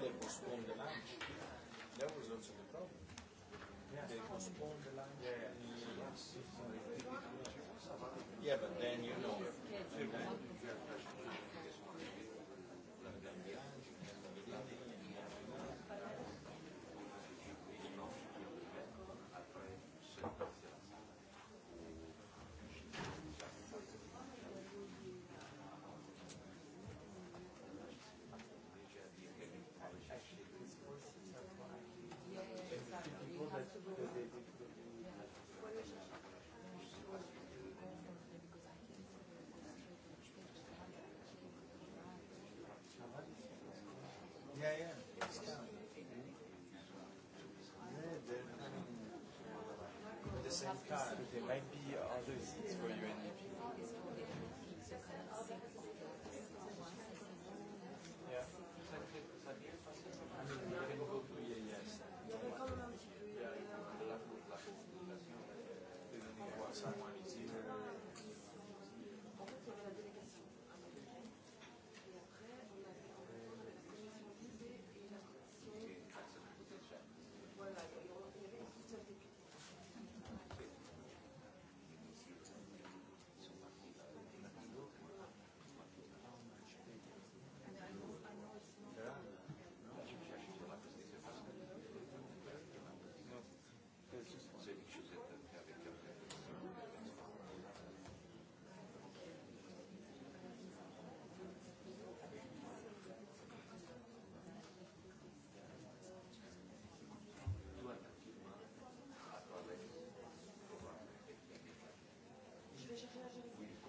when they postponed the lunch, that was also the problem. yeah but then you know. time.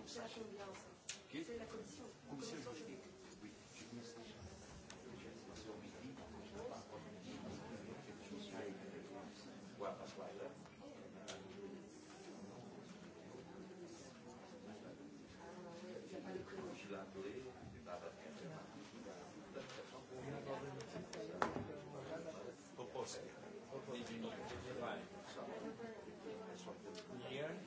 C'est la Oui, je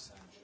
Assange.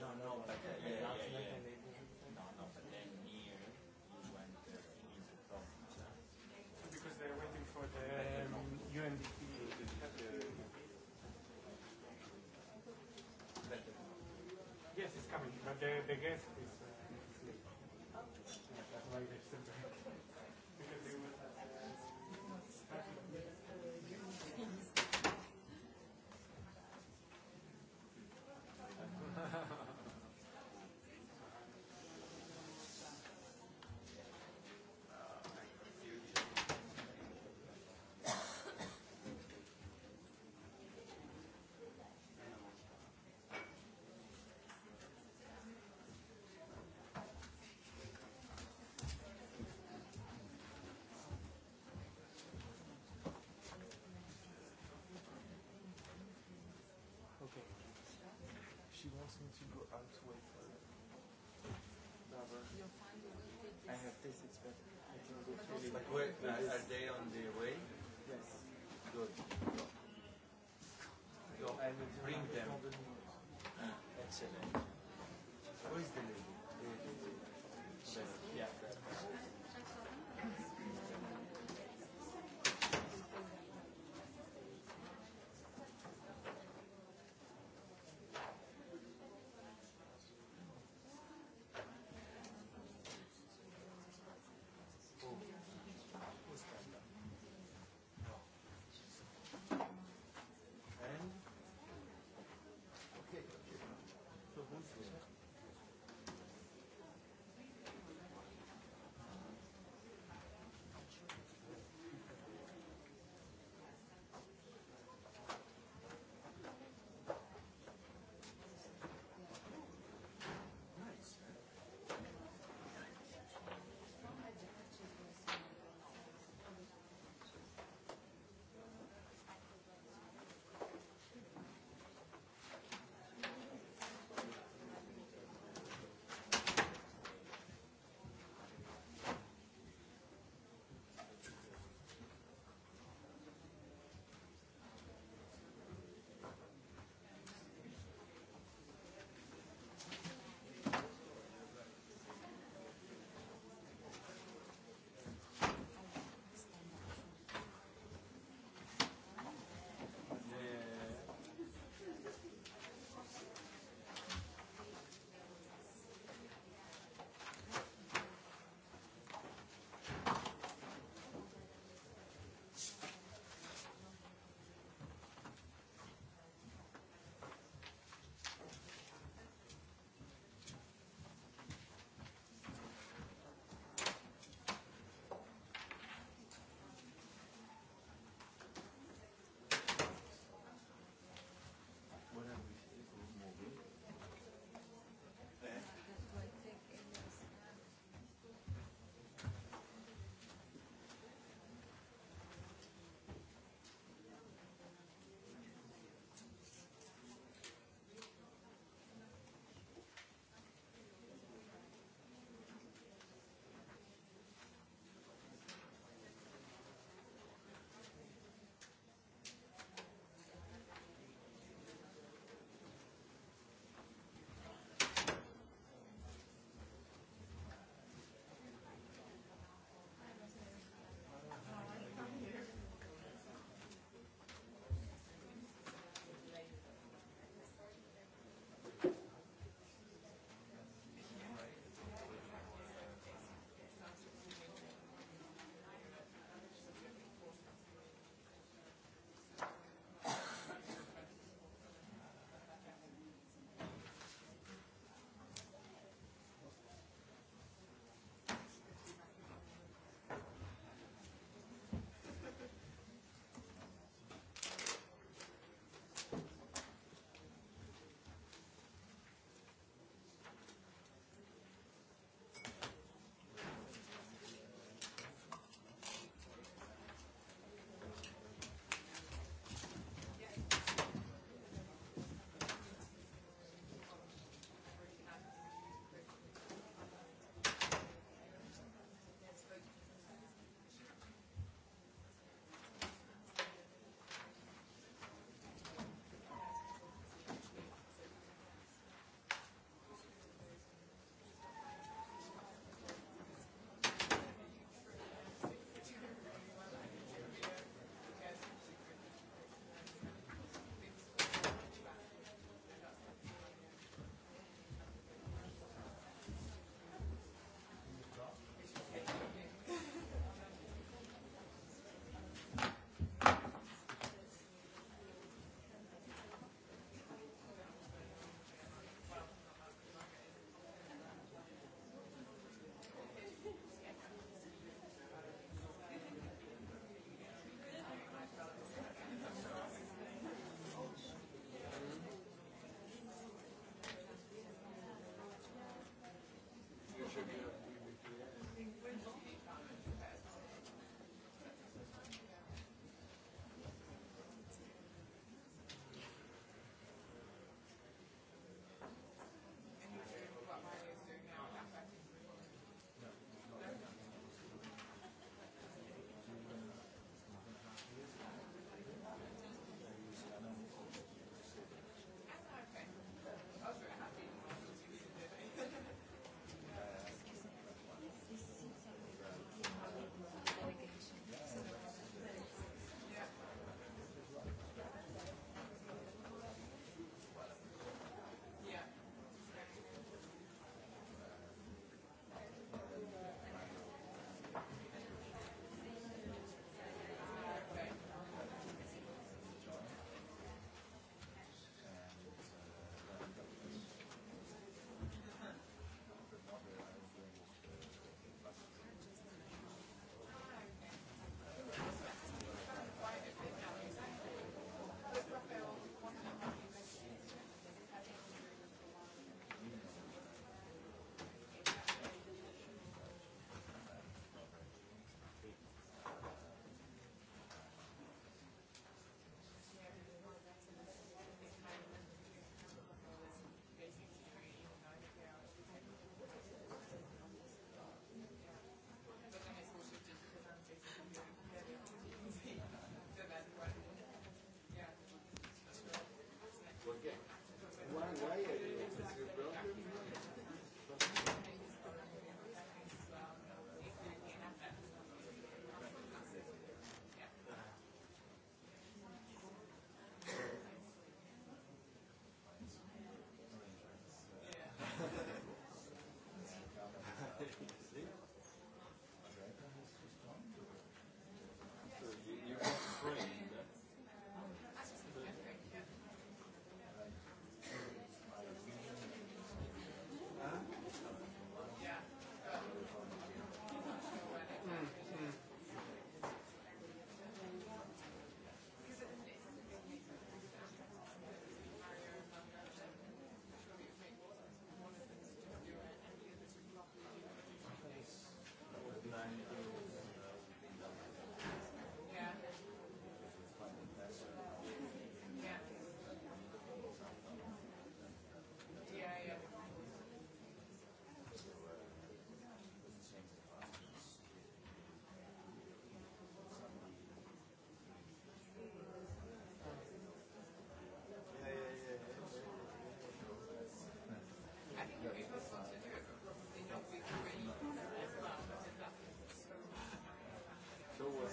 No, no, but uh, yeah, yeah, yeah, yeah. No, no, but then near is when there is a problem. Because they're waiting for the um, UNDP. Yes, it's coming, but the, the guest is to go out way further. I have tasted but I can go through the where, are, are they on the way? Yes. Good. Go. Go. I will bring them. Excellent. Where is the lady?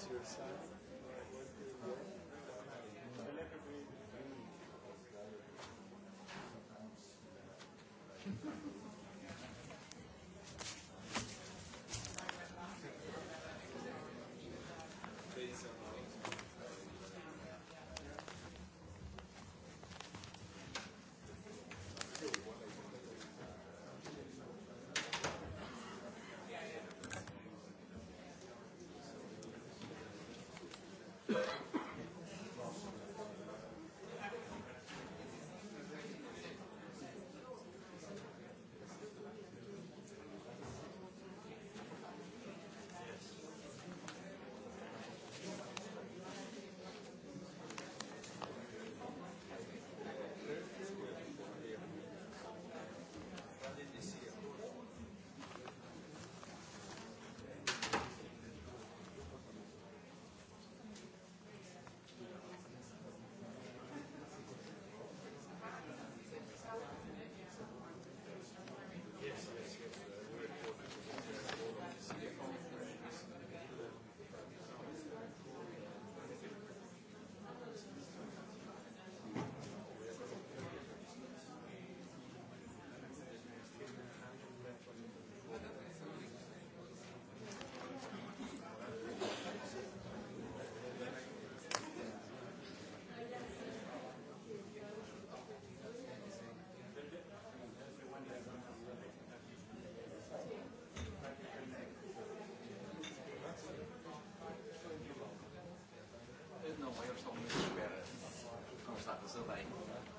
Hvala Hvala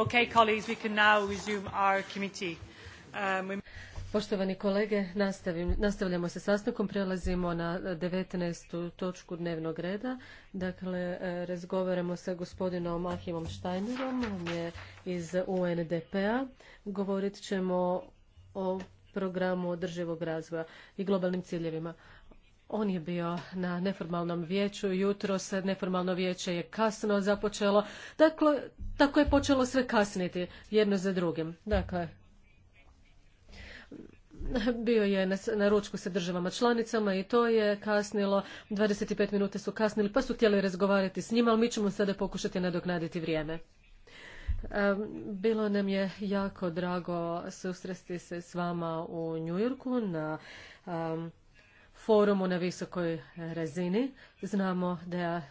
Um, Poštovani kolege, nastavljamo se sastankom, prelazimo na 19. točku dnevnog reda. Dakle, e, razgovaramo sa gospodinom Ahimom Steinerom, on je iz UNDP-a. Govorit ćemo o programu održivog razvoja i globalnim ciljevima. On je bio na neformalnom vijeću, jutro se neformalno vijeće je kasno započelo, dakle, tako je počelo sve kasniti, jedno za drugim. Dakle, bio je na, na ručku sa državama članicama i to je kasnilo, 25 minuta su kasnili, pa su htjeli razgovarati s njima, ali mi ćemo sada pokušati nadoknaditi vrijeme. Bilo nam je jako drago susresti se s vama u Njujorku na forumu na visokoj e, razini. Znamo da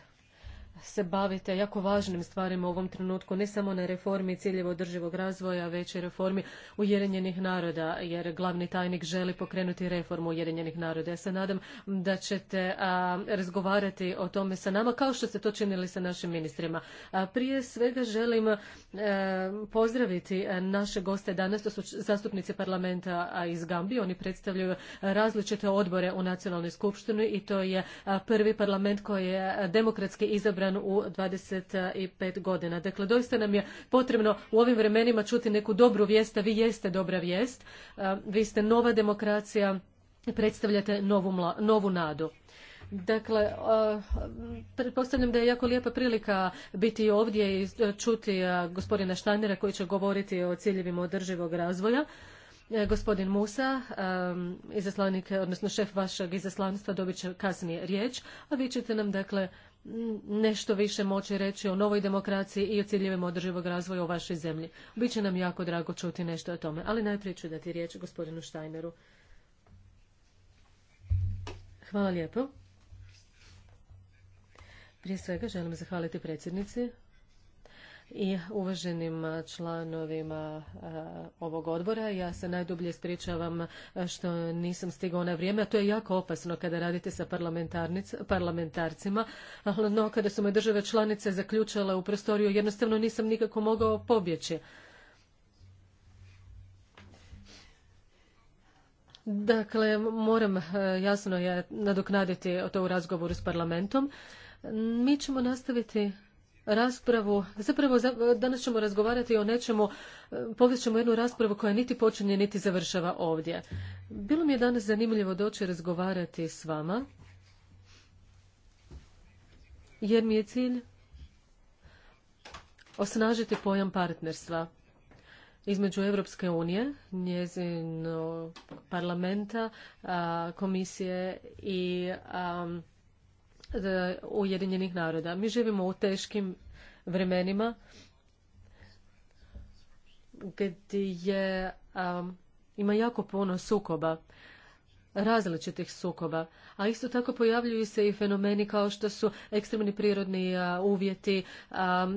se bavite jako važnim stvarima u ovom trenutku, ne samo na reformi ciljevo održivog razvoja, već i reformi Ujedinjenih naroda, jer glavni tajnik želi pokrenuti reformu Ujedinjenih naroda. Ja se nadam da ćete razgovarati o tome sa nama, kao što ste to činili sa našim ministrima. prije svega želim pozdraviti naše goste danas, to su zastupnici parlamenta iz Gambije, oni predstavljaju različite odbore u Nacionalnoj skupštini i to je prvi parlament koji je demokratski izabran u u 25 godina. Dakle, doista nam je potrebno u ovim vremenima čuti neku dobru vijest, a vi jeste dobra vijest. Vi ste nova demokracija, predstavljate novu, novu nadu. Dakle, pretpostavljam da je jako lijepa prilika biti ovdje i e, čuti gospodina Štajnera koji će govoriti o ciljevima održivog razvoja. E, gospodin Musa, izaslanik, odnosno šef vašeg izaslanstva, dobit će kasnije riječ, a vi ćete nam dakle nešto više moći reći o novoj demokraciji i o ciljevima održivog razvoja u vašoj zemlji. Biće nam jako drago čuti nešto o tome, ali najprije ću dati riječ gospodinu Štajneru. Hvala lijepo. Prije svega želim zahvaliti predsjednici i uvaženim članovima e, ovog odbora. Ja se najdublje ispričavam e, što nisam stigao na vrijeme, a to je jako opasno kada radite sa parlamentarcima, no kada su me države članice zaključale u prostoriju, jednostavno nisam nikako mogao pobjeći. Dakle, moram e, jasno je nadoknaditi to u razgovoru s parlamentom. Mi ćemo nastaviti raspravu. Zapravo danas ćemo razgovarati o nečemu, e, povest ćemo jednu raspravu koja niti počinje niti završava ovdje. Bilo mi je danas zanimljivo doći razgovarati s vama, jer mi je cilj osnažiti pojam partnerstva između Europske unije, njezinog parlamenta, komisije i E, Ujedinjenih naroda. Mi živimo u teškim vremenima gdje ima jako puno sukoba, različitih sukoba, a isto tako pojavljuju se i fenomeni kao što su ekstremni prirodni uvjeti,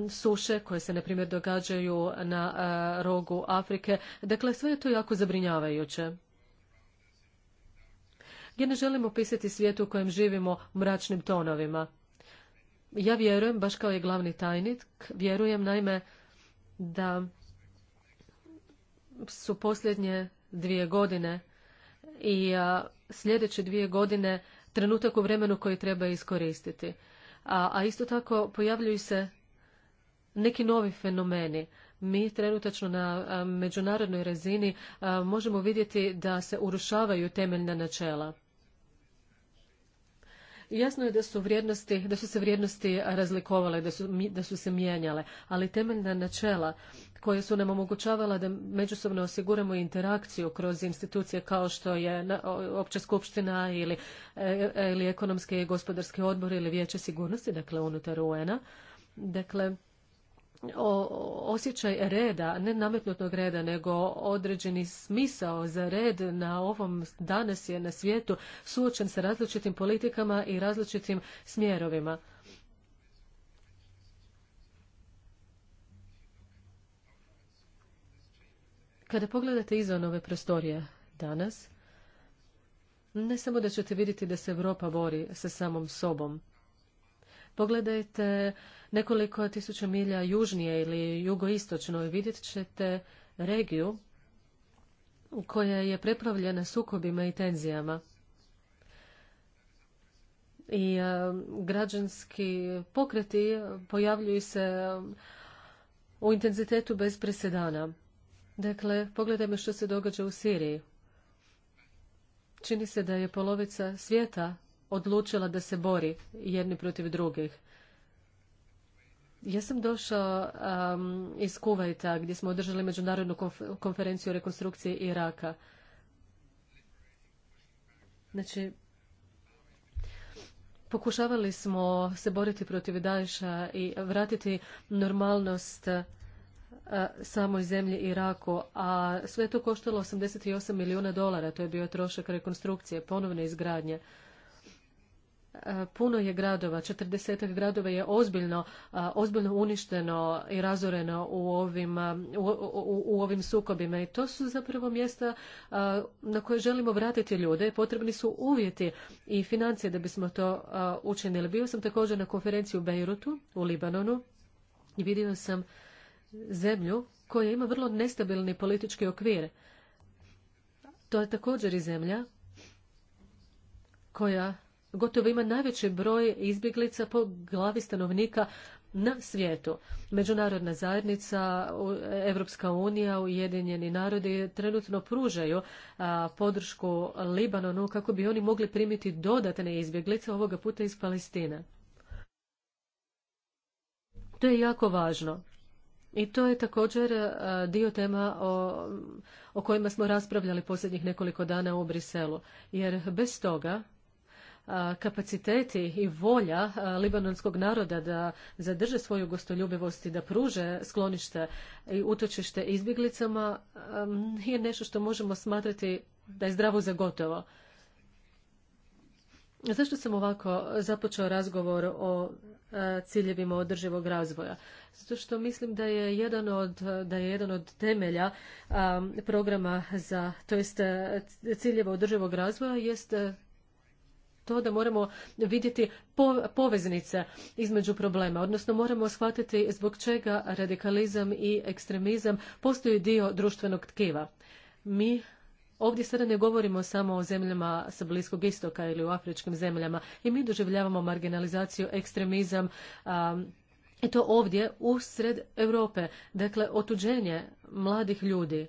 suše koje se na primjer događaju na rogu Afrike. Dakle, sve je to jako zabrinjavajuće gdje ne želimo opisati svijet u kojem živimo mračnim tonovima. Ja vjerujem, baš kao i glavni tajnik, vjerujem naime da su posljednje dvije godine i sljedeće dvije godine trenutak u vremenu koji treba iskoristiti. A, isto tako pojavljuju se neki novi fenomeni. Mi trenutačno na međunarodnoj razini možemo vidjeti da se urušavaju temeljna načela. Jasno je da su vrijednosti, da su se vrijednosti razlikovale, da su, se mijenjale, ali temeljna načela koja su nam omogućavala da međusobno osiguramo interakciju kroz institucije kao što je opća skupština ili, e, e, ekonomski i gospodarski odbor ili vijeće sigurnosti, dakle unutar UN-a. Dakle, osjećaj reda, ne nametnutog reda, nego određeni smisao za red na ovom danas je na svijetu suočen sa različitim politikama i različitim smjerovima. Kada pogledate izvan ove prostorije danas, ne samo da ćete vidjeti da se Europa bori sa samom sobom, Pogledajte nekoliko tisuća milja južnije ili jugoistočno i vidjet ćete regiju koja je prepravljena sukobima i tenzijama. I e, građanski pokreti pojavljuju se e, u intenzitetu bez presedana. Dakle, pogledajmo što se događa u Siriji. Čini se da je polovica svijeta odlučila da se bori jedni protiv drugih. Ja sam došao iz Kuvajta gdje smo održali međunarodnu konferenciju o rekonstrukciji Iraka. Znači, pokušavali smo se boriti protiv Daesha i vratiti normalnost samoj zemlji Iraku, a sve to koštalo 88 milijuna dolara, to je bio trošak rekonstrukcije, ponovne izgradnje. Puno je gradova, četrdesetak gradova je ozbiljno, ozbiljno uništeno i razoreno u ovim, u, ovim sukobima i to su zapravo mjesta na koje želimo vratiti ljude. Potrebni su uvjeti i financije da bismo to učinili. Bio sam također na konferenciji u Beirutu, u Libanonu i vidio sam zemlju koja ima vrlo nestabilni politički okvir. To je također i zemlja koja gotovo ima najveći broj izbjeglica po glavi stanovnika na svijetu. Međunarodna zajednica, Evropska unija, Ujedinjeni narodi trenutno pružaju podršku Libanonu kako bi oni mogli primiti dodatne izbjeglice ovoga puta iz Palestine. To je jako važno. I to je također dio tema o, o kojima smo raspravljali posljednjih nekoliko dana u Briselu. Jer bez toga kapaciteti i volja libanonskog naroda da zadrže svoju gostoljubivost i da pruže sklonište i utočište izbjeglicama je nešto što možemo smatrati da je zdravo za gotovo. Zašto sam ovako započeo razgovor o ciljevima održivog razvoja? Zato što mislim da je jedan od, da je jedan od temelja programa za, to jest ciljeva održivog razvoja jest to da moramo vidjeti poveznice između problema, odnosno moramo shvatiti zbog čega radikalizam i ekstremizam postoji dio društvenog tkiva. Mi Ovdje sada ne govorimo samo o zemljama sa Bliskog istoka ili u afričkim zemljama i mi doživljavamo marginalizaciju, ekstremizam um, i to ovdje usred Europe. Dakle, otuđenje mladih ljudi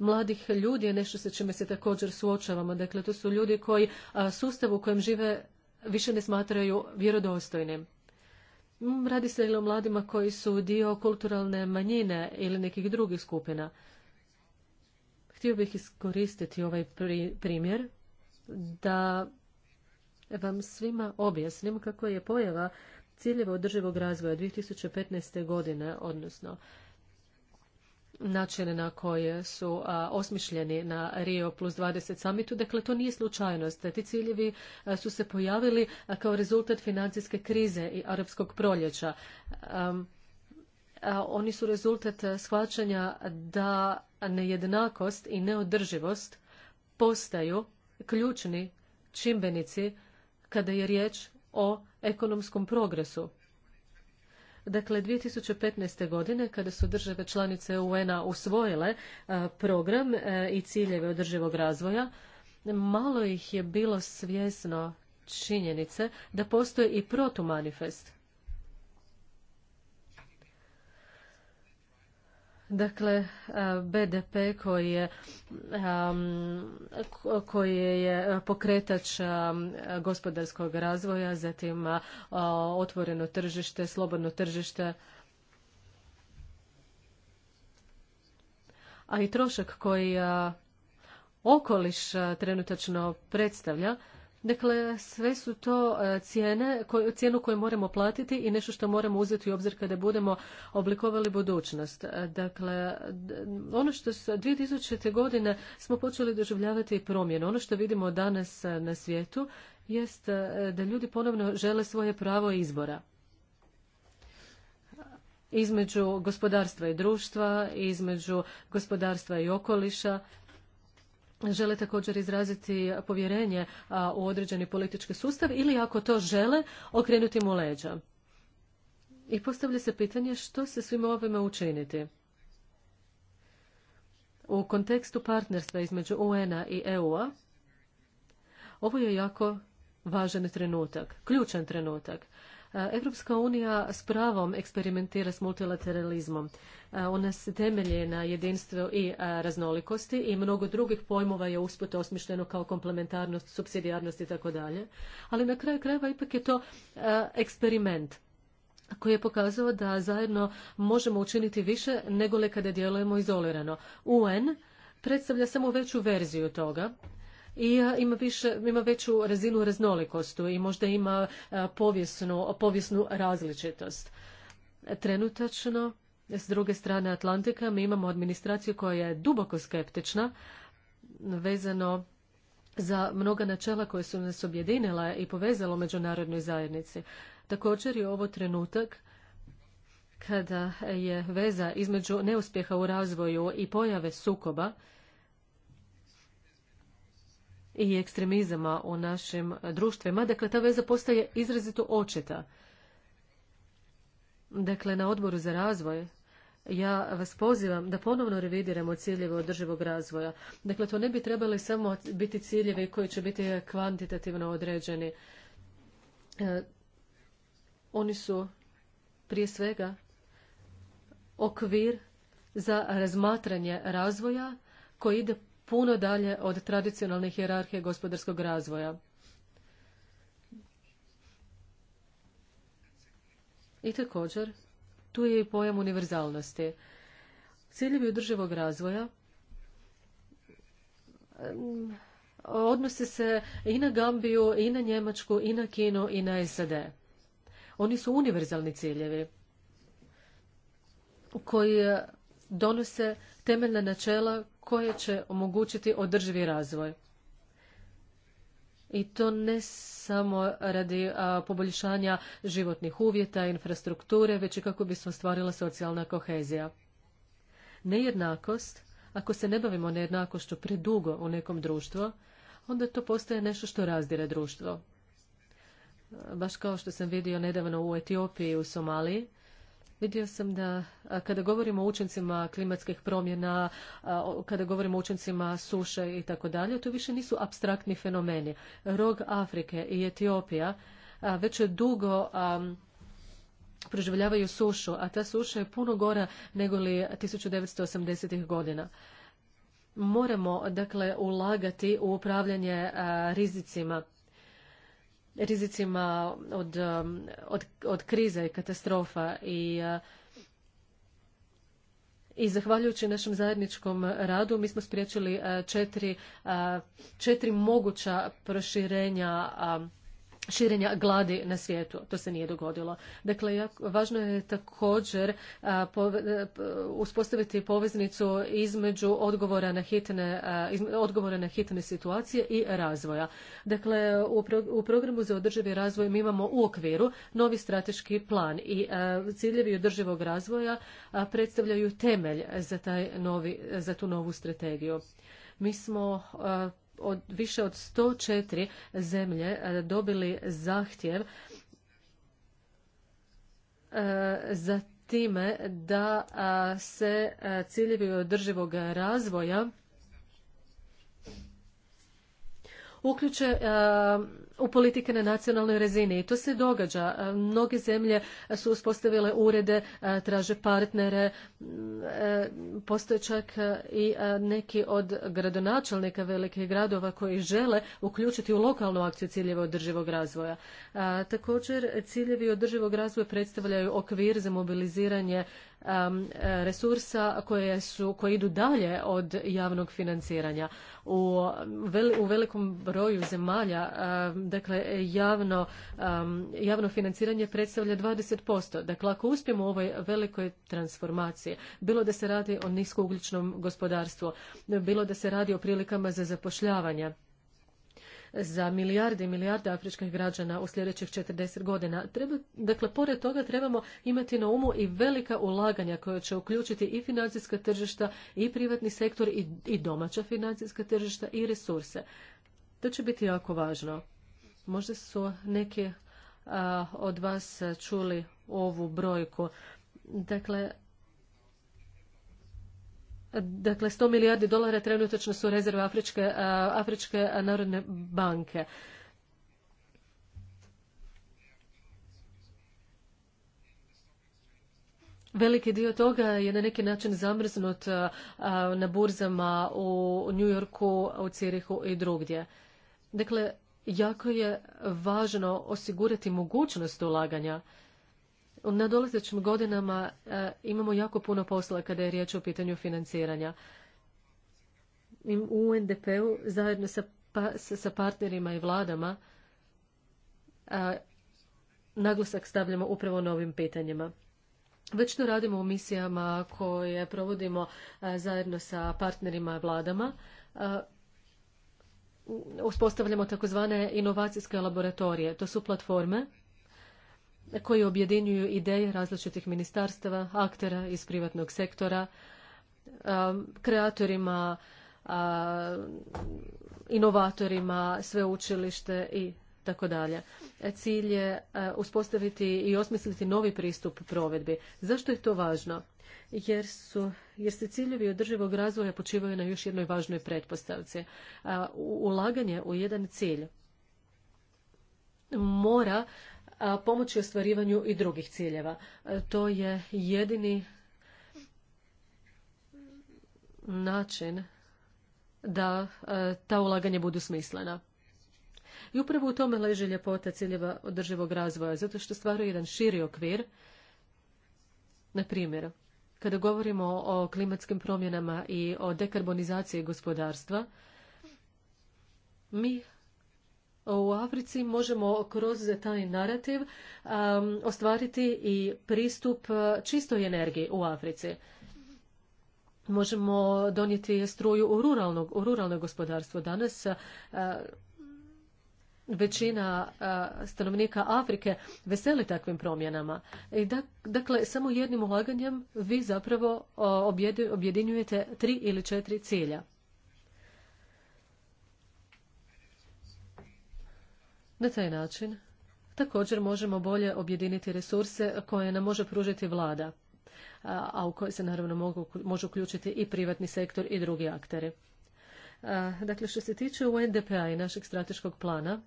mladih ljudi je nešto sa čime se također suočavamo. Dakle, to su ljudi koji sustav u kojem žive više ne smatraju vjerodostojnim. Radi se ili o mladima koji su dio kulturalne manjine ili nekih drugih skupina. Htio bih iskoristiti ovaj primjer da vam svima objasnim kako je pojava ciljeva održivog razvoja 2015. godine, odnosno načine na koje su osmišljeni na Rio plus 20 samitu. Dakle, to nije slučajnost. Ti ciljevi su se pojavili kao rezultat financijske krize i arapskog proljeća. Oni su rezultat shvaćanja da nejednakost i neodrživost postaju ključni čimbenici kada je riječ o ekonomskom progresu Dakle, 2015. godine, kada su države članice UN-a usvojile e, program e, i ciljeve održivog razvoja, malo ih je bilo svjesno činjenice da postoji i protumanifest Dakle, e, BDP koji je, koji je e, pokretač gospodarskog razvoja, zatim otvoreno tržište, slobodno tržište, a i trošak koji okoliš trenutačno predstavlja, Dakle, sve su to e, cijene, cijenu koju moramo platiti i nešto što moramo uzeti u obzir kada budemo oblikovali budućnost. E, dakle, ono što s 2000. godine smo počeli doživljavati promjenu. Ono što vidimo danas e, na svijetu jest da ljudi ponovno žele svoje pravo izbora između gospodarstva i društva, između gospodarstva i okoliša, žele također izraziti povjerenje u određeni politički sustav ili ako to žele okrenuti mu leđa. I postavlja se pitanje što se svima ovime učiniti. U kontekstu partnerstva između UN-a i EU-a ovo je jako važan trenutak, ključan trenutak. Evropska unija s pravom eksperimentira s multilateralizmom. Eh, ona se temelje na jedinstvu i eh, raznolikosti i mnogo drugih pojmova je usput osmišljeno kao komplementarnost, subsidijarnost i tako dalje. Ali na kraju krajeva ipak je to eh, eksperiment koji je pokazao da zajedno možemo učiniti više nego li kada djelujemo izolirano. UN predstavlja samo veću verziju toga i e, ima, veću razinu raznolikosti i možda ima e, povijesnu, povijesnu različitost. Trenutačno, s druge strane Atlantika, mi imamo administraciju koja je duboko skeptična vezano za mnoga načela koje su nas objedinila i povezala u međunarodnoj zajednici. Također je ovo trenutak kada je veza između neuspjeha u razvoju i pojave sukoba i ekstremizama u našim društvima. Dakle, ta veza postaje izrazito očeta. Dakle, na odboru za razvoj ja vas pozivam da ponovno revidiramo ciljeve održivog razvoja. Dakle, to ne bi trebali samo biti ciljevi koji će biti kvantitativno određeni. E, oni su prije svega okvir za razmatranje razvoja koji ide puno dalje od tradicionalne hjerarhije gospodarskog razvoja. I također, tu je i pojam univerzalnosti. Ciljevi održivog razvoja odnose se i na Gambiju, i na Njemačku, i na Kino, i na SAD. Oni su univerzalni ciljevi koji donose temeljna načela koje će omogućiti održivi razvoj. I to ne samo radi a, poboljšanja životnih uvjeta, infrastrukture, već i kako bi se ostvarila socijalna kohezija. Nejednakost, ako se ne bavimo nejednakošću predugo u nekom društvu, onda to postaje nešto što razdire društvo. Baš kao što sam vidio nedavno u Etiopiji i u Somaliji, Vidio sam da kada govorimo o učincima klimatskih promjena, kada govorimo o učincima suše i tako dalje, to više nisu abstraktni fenomeni. Rog Afrike i Etiopija već dugo proživljavaju sušu, a ta suša je puno gora nego li 1980. godina. Moramo, dakle, ulagati u upravljanje rizicima rizicima od, um, od, od i katastrofa i uh, i zahvaljujući našem zajedničkom radu mi smo spriječili uh, četiri, uh, četiri moguća proširenja um, širenja gladi na svijetu. To se nije dogodilo. Dakle, važno je također uspostaviti poveznicu između odgovora na hitne, situacije i razvoja. Dakle, u, programu za održivi razvoj mi imamo u okviru novi strateški plan i ciljevi održivog razvoja predstavljaju temelj za, taj novi, za tu novu strategiju. Mi smo od više od 104 zemlje e, dobili zahtjev e, za time da se e, ciljevi održivog razvoja uključe u politike na nacionalnoj razini i to se događa. E, mnoge zemlje su uspostavile urede, e, traže partnere, e, postoje čak i neki od gradonačelnika velikih gradova koji žele uključiti u lokalnu akciju ciljeva održivog razvoja. Također ciljevi održivog razvoja predstavljaju okvir za mobiliziranje E, resursa koje, su, koje idu dalje od javnog financiranja. U, velikom broju zemalja dakle, javno, javno financiranje predstavlja 20%. Dakle, ako uspijemo u ovoj velikoj transformaciji, bilo da se radi o niskougličnom gospodarstvu, bilo da se radi o prilikama za zapošljavanje, za milijarde i milijarde afričkih građana u sljedećih 40 godina. Treba, dakle, pored toga trebamo imati na umu i velika ulaganja koja će uključiti i financijska tržišta i privatni sektor i, i domaća financijska tržišta i resurse. To će biti jako važno. Možda su neki od vas čuli ovu brojku. Dakle, Dakle, 100 milijardi dolara trenutačno su rezerve Afričke, Afričke narodne banke. Veliki dio toga je na neki način zamrznut na burzama u New Yorku, u Cirihu i drugdje. Dakle, jako je važno osigurati mogućnost ulaganja u nadolazećim godinama e, imamo jako puno posla kada je riječ o pitanju financiranja. U UNDP-u zajedno pa, sa, sa partnerima i vladama a, e, naglasak stavljamo upravo na ovim pitanjima. Već to radimo u misijama koje provodimo e, zajedno sa partnerima i vladama. uspostavljamo takozvane inovacijske laboratorije. To su platforme koji objedinjuju ideje različitih ministarstava, aktera iz privatnog sektora, kreatorima, inovatorima, sveučilište i tako dalje. E, cilj je e, uspostaviti i osmisliti novi pristup provedbi. Zašto je to važno? Jer, su, jer se ciljevi održivog razvoja počivaju na još jednoj važnoj pretpostavci. E, ulaganje u jedan cilj mora a pomoći ostvarivanju i drugih ciljeva. E, to je jedini način da e, ta ulaganja budu smislena. I upravo u tome leži ljepota ciljeva održivog razvoja, zato što stvaraju jedan širi okvir. Na primjer, kada govorimo o klimatskim promjenama i o dekarbonizaciji gospodarstva, mi u Africi možemo kroz taj narativ um, ostvariti i pristup uh, čistoj energiji u Africi. Možemo donijeti struju u, u ruralno gospodarstvo. Danas uh, većina uh, stanovnika Afrike veseli takvim promjenama. I da, dakle, samo jednim ulaganjem vi zapravo objedinjujete tri ili četiri cilja. Na taj način također možemo bolje objediniti resurse koje nam može pružiti vlada, a u koje se naravno mogu, može uključiti i privatni sektor i drugi akteri. Dakle, što se tiče UNDP-a i našeg strateškog plana,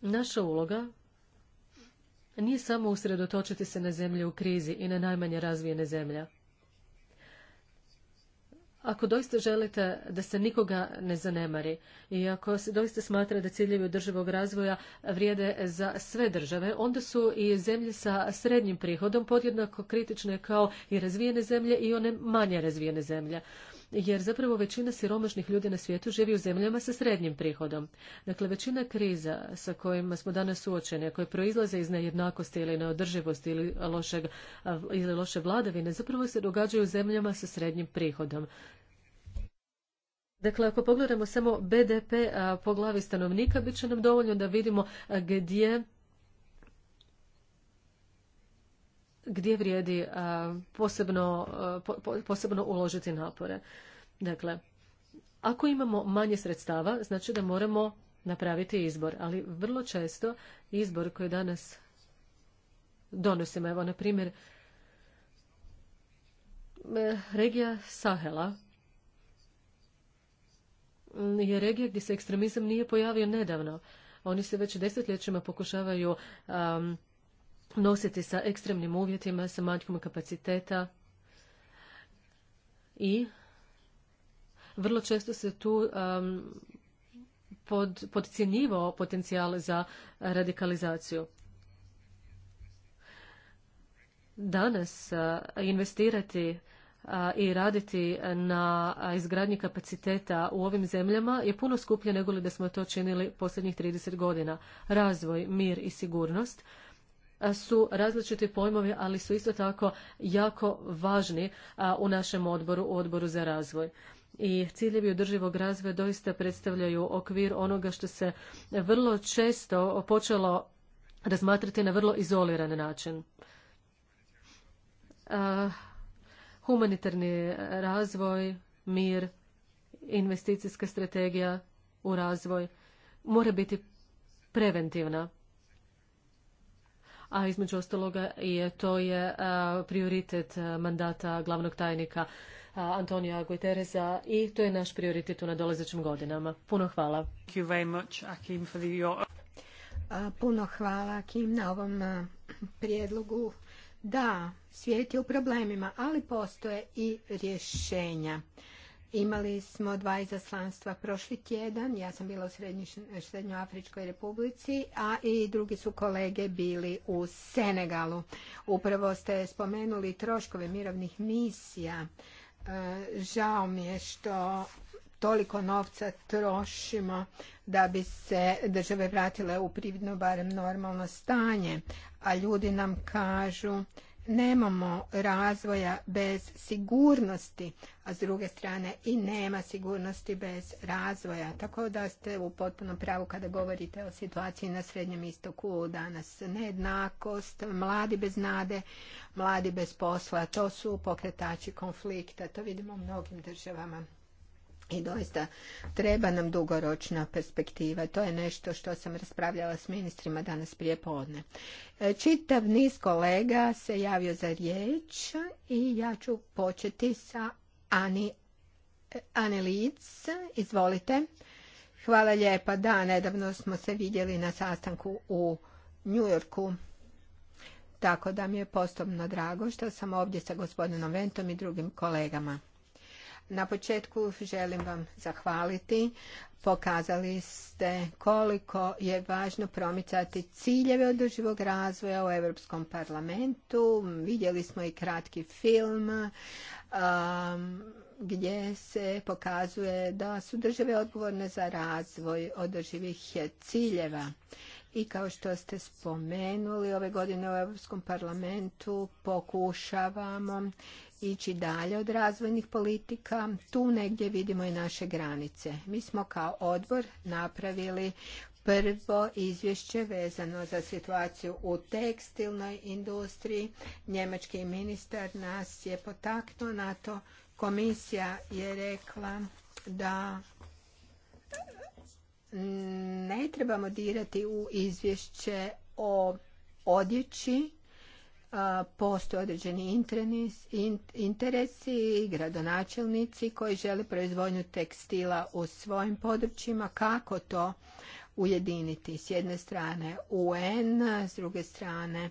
naša uloga nije samo usredotočiti se na zemlje u krizi i na najmanje razvijene zemlje ako doista želite da se nikoga ne zanemari i ako se doista smatra da ciljevi održivog razvoja vrijede za sve države, onda su i zemlje sa srednjim prihodom podjednako kritične kao i razvijene zemlje i one manje razvijene zemlje. Jer zapravo većina siromašnih ljudi na svijetu živi u zemljama sa srednjim prihodom. Dakle, većina kriza sa kojima smo danas suočeni, koje proizlaze iz nejednakosti ili neodrživosti ili, ili loše vladavine, zapravo se događaju u zemljama sa srednjim prihodom. Dakle, ako pogledamo samo BDP po glavi stanovnika, bit će nam dovoljno da vidimo gdje gdje vrijedi posebno, posebno uložiti napore. Dakle, ako imamo manje sredstava, znači da moramo napraviti izbor, ali vrlo često izbor koji danas donosimo, evo na primjer e, regija Sahela je regija gdje se ekstremizam nije pojavio nedavno. Oni se već desetljećima pokušavaju nositi sa ekstremnim uvjetima, sa manjkom kapaciteta i vrlo često se tu um, pod, podcjenjivao potencijal za radikalizaciju. Danas investirati i raditi na izgradnji kapaciteta u ovim zemljama je puno skuplje nego li da smo to činili posljednjih 30 godina. Razvoj, mir i sigurnost su različiti pojmovi, ali su isto tako jako važni u našem odboru, u odboru za razvoj. I ciljevi održivog razvoja doista predstavljaju okvir onoga što se vrlo često počelo razmatrati na vrlo izoliran način humanitarni razvoj, mir, investicijska strategija u razvoj mora biti preventivna. A između ostaloga je to je prioritet mandata glavnog tajnika Antonija Guterreza i to je naš prioritet u nadolazećim godinama. Puno hvala. Puno hvala Kim na ovom prijedlogu da, svijet je u problemima, ali postoje i rješenja. Imali smo dva izaslanstva prošli tjedan, ja sam bila u Srednjoafričkoj republici, a i drugi su kolege bili u Senegalu. Upravo ste spomenuli troškove mirovnih misija. E, žao mi je što toliko novca trošimo da bi se države vratile u prividno barem normalno stanje, a ljudi nam kažu nemamo razvoja bez sigurnosti, a s druge strane i nema sigurnosti bez razvoja. Tako da ste u potpuno pravu kada govorite o situaciji na Srednjem istoku danas. Nejednakost, mladi bez nade, mladi bez posla, to su pokretači konflikta. To vidimo u mnogim državama i doista treba nam dugoročna perspektiva. To je nešto što sam raspravljala s ministrima danas prije podne. E, čitav niz kolega se javio za riječ i ja ću početi sa Ani, e, Ani Izvolite. Hvala lijepa. Da, nedavno smo se vidjeli na sastanku u Njujorku. Tako da mi je postupno drago što sam ovdje sa gospodinom Ventom i drugim kolegama. Na početku želim vam zahvaliti. Pokazali ste koliko je važno promicati ciljeve održivog razvoja u Europskom parlamentu. Vidjeli smo i kratki film um, gdje se pokazuje da su države odgovorne za razvoj održivih ciljeva. I kao što ste spomenuli, ove godine u Europskom parlamentu pokušavamo ići dalje od razvojnih politika. Tu negdje vidimo i naše granice. Mi smo kao odbor napravili prvo izvješće vezano za situaciju u tekstilnoj industriji. Njemački ministar nas je potaknuo na to. Komisija je rekla da ne trebamo dirati u izvješće o odjeći postoje određeni interesi i gradonačelnici koji žele proizvodnju tekstila u svojim područjima. Kako to ujediniti? S jedne strane UN, s druge strane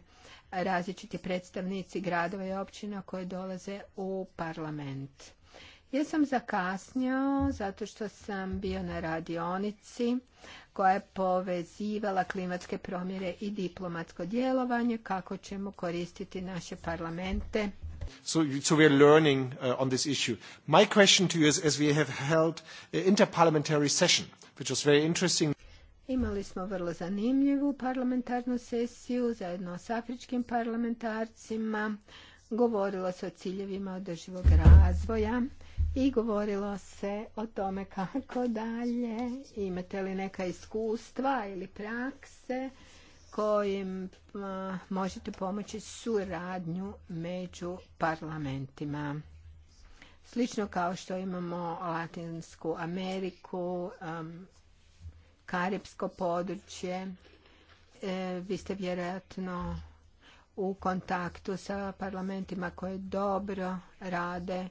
različiti predstavnici gradova i općina koji dolaze u parlament sam zakasnio zato što sam bio na radionici koja je povezivala klimatske promjere i diplomatsko djelovanje kako ćemo koristiti naše parlamente. So, we learning uh, on this issue. My question to you is, as we have held uh, interparliamentary session, which was very interesting. Imali smo vrlo zanimljivu parlamentarnu sesiju zajedno s afričkim parlamentarcima. Govorilo se o ciljevima održivog razvoja i govorilo se o tome kako dalje, imate li neka iskustva ili prakse kojim možete pomoći suradnju među parlamentima. Slično kao što imamo Latinsku Ameriku, Karibsko područje, e, vi ste vjerojatno u kontaktu sa parlamentima koje dobro rade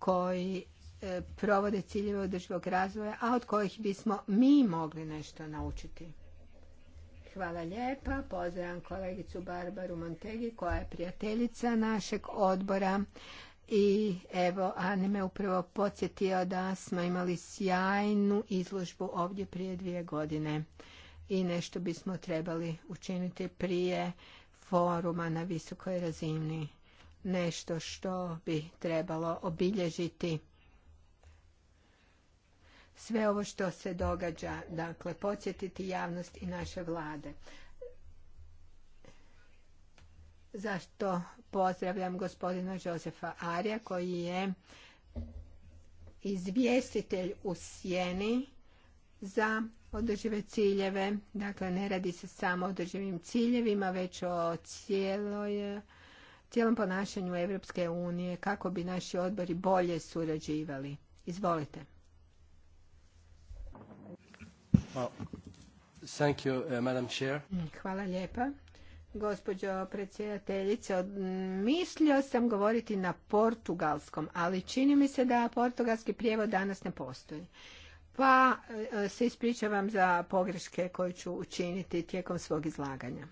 koji e, provode ciljeve održivog razvoja, a od kojih bismo mi mogli nešto naučiti. Hvala lijepa. Pozdravljam kolegicu Barbaru Montegi koja je prijateljica našeg odbora. I evo, Ani me upravo podsjetio da smo imali sjajnu izložbu ovdje prije dvije godine. I nešto bismo trebali učiniti prije foruma na visokoj razini nešto što bi trebalo obilježiti sve ovo što se događa, dakle, podsjetiti javnost i naše vlade. Zašto pozdravljam gospodina Josefa Arija koji je izvjestitelj u sjeni za održive ciljeve. Dakle, ne radi se samo o održivim ciljevima, već o cijeloj cijelom ponašanju Europske unije kako bi naši odbori bolje surađivali. Izvolite. Uh, Hvala lijepa. Gospođo predsjedateljice, mislio sam govoriti na portugalskom, ali čini mi se da portugalski prijevod danas ne postoji. Pa e, e, se ispričavam za pogreške koje ću učiniti tijekom svog izlaganja.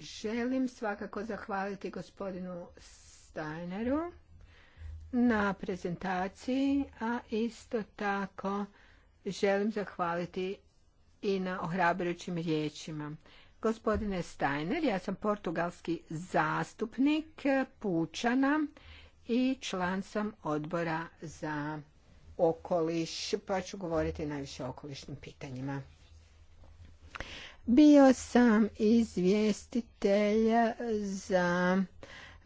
Želim svakako zahvaliti gospodinu Steineru na prezentaciji, a isto tako želim zahvaliti i na ohrabrujućim riječima. Gospodine Steiner, ja sam portugalski zastupnik Pučana i član sam odbora za okoliš, pa ću govoriti najviše o okolišnim pitanjima. Bio sam izvjestitelj za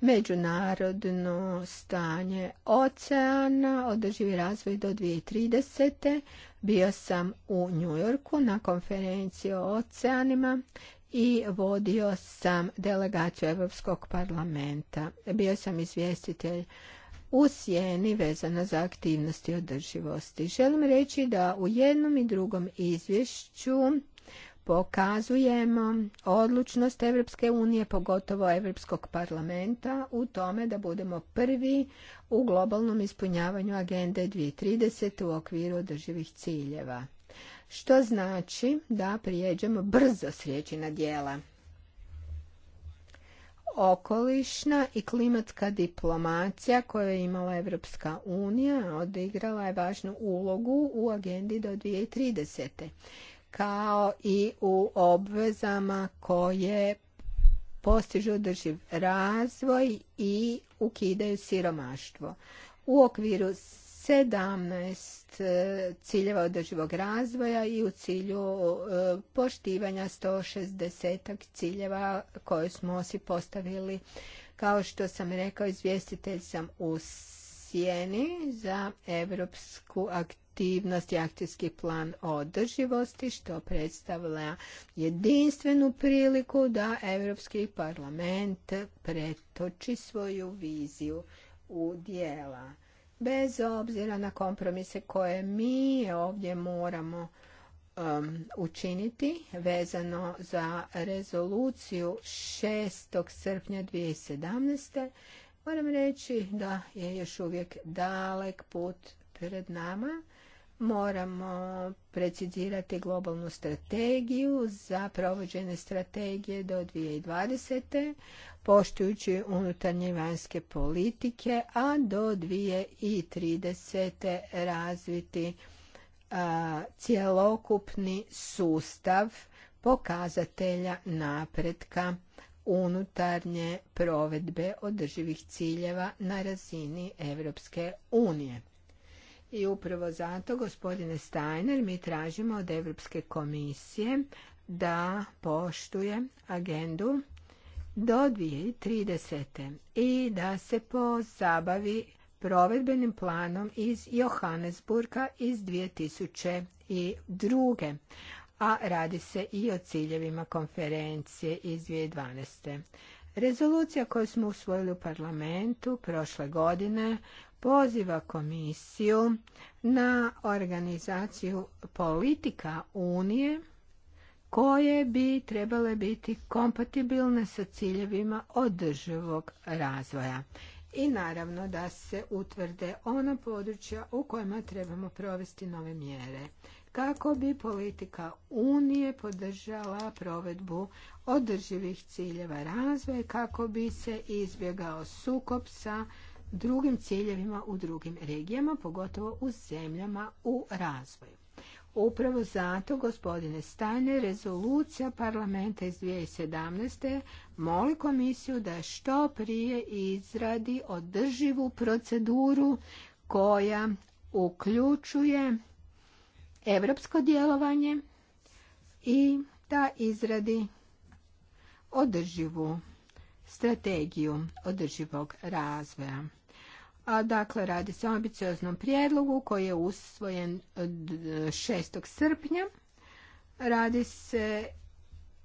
međunarodno stanje oceana, održivi razvoj do 2030. Bio sam u Yorku na konferenciji o oceanima i vodio sam delegaciju Europskog parlamenta. Bio sam izvjestitelj u sjeni vezano za aktivnosti održivosti. Želim reći da u jednom i drugom izvješću pokazujemo odlučnost Evropske unije, pogotovo Europskog parlamenta u tome da budemo prvi u globalnom ispunjavanju agende 2030 u okviru održivih ciljeva. Što znači da prijeđemo brzo s na dijela. Okolišna i klimatska diplomacija koju je imala Evropska unija odigrala je važnu ulogu u agendi do 2030 kao i u obvezama koje postižu održiv razvoj i ukidaju siromaštvo. U okviru 17 e, ciljeva održivog razvoja i u cilju e, poštivanja 160 ciljeva koje smo si postavili. Kao što sam rekao, izvjestitelj sam u sjeni za evropsku aktivnost aktivnost i akcijski plan održivosti što predstavlja jedinstvenu priliku da Europski parlament pretoči svoju viziju u dijela. Bez obzira na kompromise koje mi ovdje moramo um, učiniti vezano za rezoluciju 6. srpnja 2017. Moram reći da je još uvijek dalek put pred nama moramo precizirati globalnu strategiju za provođene strategije do 2020. poštujući unutarnje i vanjske politike, a do 2030. razviti cjelokupni sustav pokazatelja napretka unutarnje provedbe održivih ciljeva na razini Europske unije. I upravo zato, gospodine Steiner, mi tražimo od Europske komisije da poštuje agendu do 2030. i da se pozabavi provedbenim planom iz Johannesburga iz 2002. A radi se i o ciljevima konferencije iz 2012. Rezolucija koju smo usvojili u parlamentu prošle godine poziva komisiju na organizaciju politika Unije koje bi trebale biti kompatibilne sa ciljevima održivog razvoja. I naravno da se utvrde ona područja u kojima trebamo provesti nove mjere kako bi politika Unije podržala provedbu održivih ciljeva razvoja kako bi se izbjegao sukob sa drugim ciljevima u drugim regijama, pogotovo u zemljama u razvoju. Upravo zato, gospodine Stajne, rezolucija parlamenta iz 2017. moli komisiju da što prije izradi održivu proceduru koja uključuje evropsko djelovanje i da izradi održivu strategiju održivog razvoja. A dakle, radi se o ambicioznom prijedlogu koji je usvojen 6. E, e, srpnja. Radi se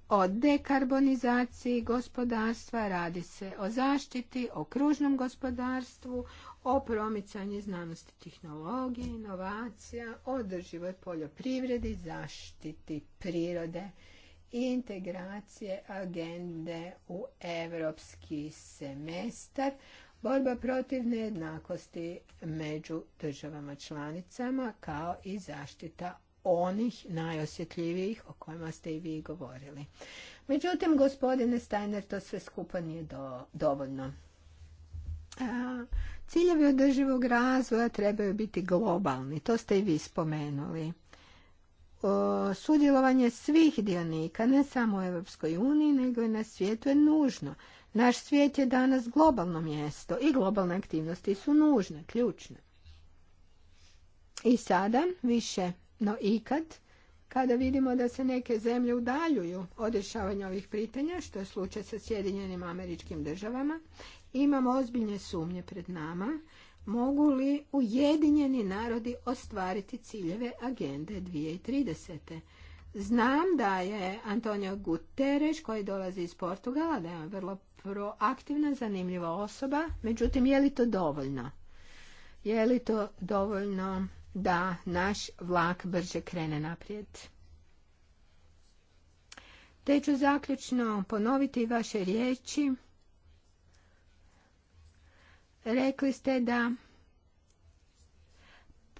o dekarbonizaciji gospodarstva, radi se o zaštiti, o kružnom gospodarstvu, o promicanju znanosti, tehnologije, inovacija, održivoj poljoprivredi, zaštiti prirode i integracije agende u evropski semestar borba protiv nejednakosti među državama članicama kao i zaštita onih najosjetljivijih o kojima ste i vi govorili. Međutim, gospodine Steiner, to sve skupa nije do, dovoljno. ciljevi održivog razvoja trebaju biti globalni, to ste i vi spomenuli. sudjelovanje svih dionika, ne samo u EU, nego i na svijetu je nužno. Naš svijet je danas globalno mjesto i globalne aktivnosti su nužne, ključne. I sada, više no ikad, kada vidimo da se neke zemlje udaljuju od rješavanja ovih pitanja, što je slučaj sa Sjedinjenim američkim državama, imamo ozbiljne sumnje pred nama, mogu li Ujedinjeni narodi ostvariti ciljeve agende 2030. Znam da je Antonio Guterres koji dolazi iz Portugala, da je on vrlo proaktivna, zanimljiva osoba. Međutim, je li to dovoljno? Je li to dovoljno da naš vlak brže krene naprijed? Te ću zaključno ponoviti vaše riječi. Rekli ste da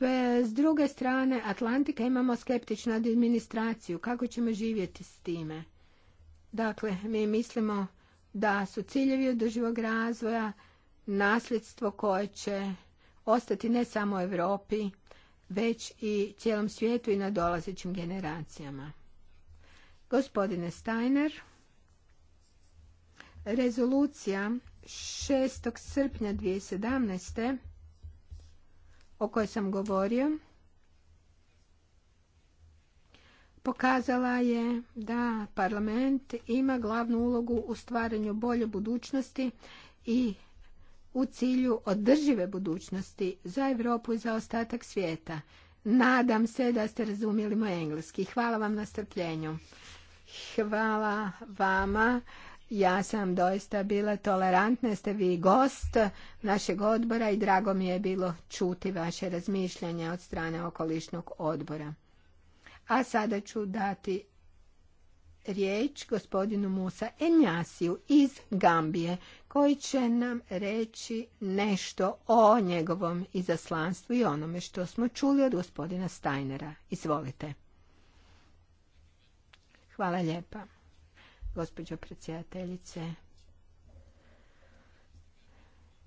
E, s druge strane Atlantika imamo skeptičnu administraciju. Kako ćemo živjeti s time? Dakle, mi mislimo da su ciljevi održivog razvoja nasljedstvo koje će ostati ne samo u Europi, već i cijelom svijetu i na dolazećim generacijama. Gospodine Steiner, rezolucija 6. srpnja 2017 o kojoj sam govorio pokazala je da parlament ima glavnu ulogu u stvaranju bolje budućnosti i u cilju održive budućnosti za Europu i za ostatak svijeta. Nadam se da ste razumjeli moj engleski. Hvala vam na strpljenju. Hvala vama ja sam doista bila tolerantna, ste vi gost našeg odbora i drago mi je bilo čuti vaše razmišljanje od strane okolišnog odbora. A sada ću dati riječ gospodinu Musa Enjasiju iz Gambije, koji će nam reći nešto o njegovom izaslanstvu i onome što smo čuli od gospodina Steinera. Izvolite. Hvala lijepa gospođo predsjedateljice.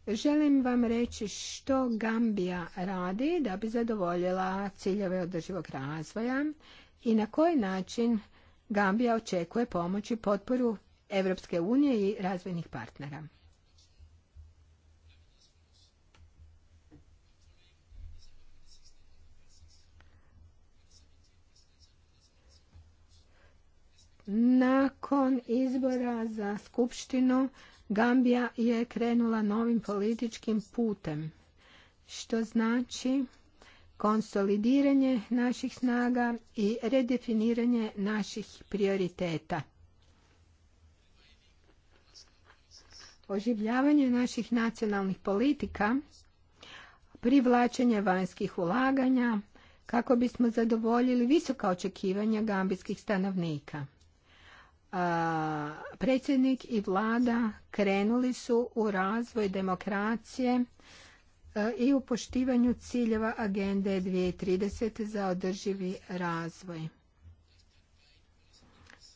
Želim vam reći što Gambija radi da bi zadovoljila ciljeve održivog razvoja i na koji način Gambija očekuje pomoć i potporu Europske unije i razvojnih partnera. Nakon izbora za skupštinu Gambija je krenula novim političkim putem, što znači konsolidiranje naših snaga i redefiniranje naših prioriteta. Oživljavanje naših nacionalnih politika, privlačenje vanjskih ulaganja, kako bismo zadovoljili visoka očekivanja gambijskih stanovnika predsjednik i vlada krenuli su u razvoj demokracije e, i u poštivanju ciljeva agende 2030 za održivi razvoj.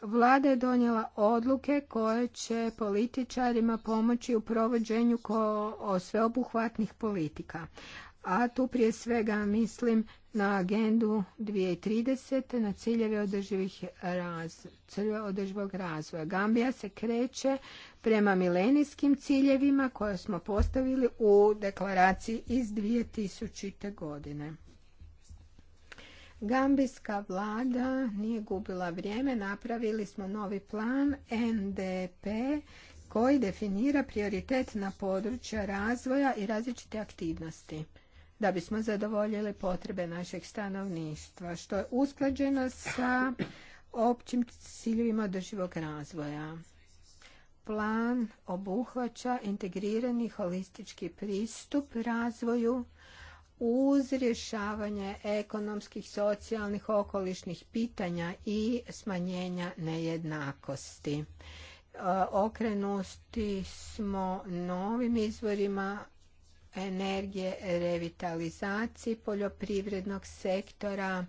Vlada je donijela odluke koje će političarima pomoći u provođenju sveobuhvatnih politika a tu prije svega mislim na agendu 2030. na ciljeve održivih održivog razvoja. Gambija se kreće prema milenijskim ciljevima koje smo postavili u deklaraciji iz 2000. godine. Gambijska vlada nije gubila vrijeme, napravili smo novi plan NDP koji definira na područja razvoja i različite aktivnosti da bismo zadovoljili potrebe našeg stanovništva, što je usklađeno sa općim ciljevima održivog razvoja. Plan obuhvaća integrirani holistički pristup razvoju uz rješavanje ekonomskih, socijalnih, okolišnih pitanja i smanjenja nejednakosti. E, okrenuti smo novim izvorima energije, revitalizaciji poljoprivrednog sektora,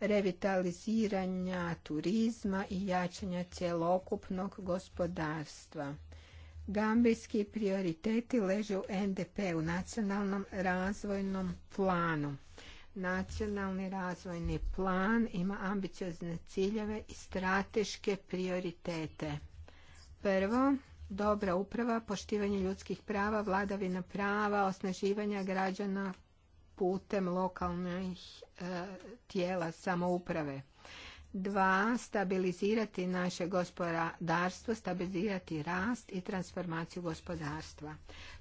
revitaliziranja turizma i jačanja cjelokupnog gospodarstva. Gambijski prioriteti leže u NDP, u nacionalnom razvojnom planu. Nacionalni razvojni plan ima ambiciozne ciljeve i strateške prioritete. Prvo, dobra uprava, poštivanje ljudskih prava, vladavina prava, osnaživanja građana putem lokalnih e, tijela samouprave. Dva, stabilizirati naše gospodarstvo, stabilizirati rast i transformaciju gospodarstva.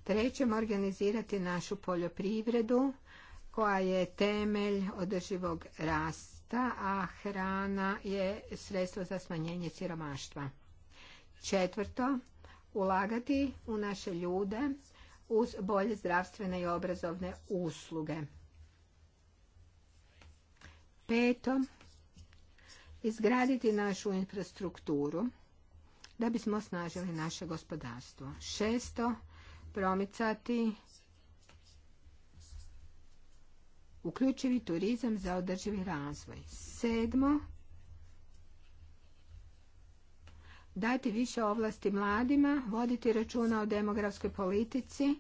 Trećem, organizirati našu poljoprivredu koja je temelj održivog rasta, a hrana je sredstvo za smanjenje siromaštva. Četvrto, ulagati u naše ljude uz bolje zdravstvene i obrazovne usluge. Peto, izgraditi našu infrastrukturu da bismo osnažili naše gospodarstvo. Šesto, promicati uključivi turizam za održivi razvoj. Sedmo, dati više ovlasti mladima, voditi računa o demografskoj politici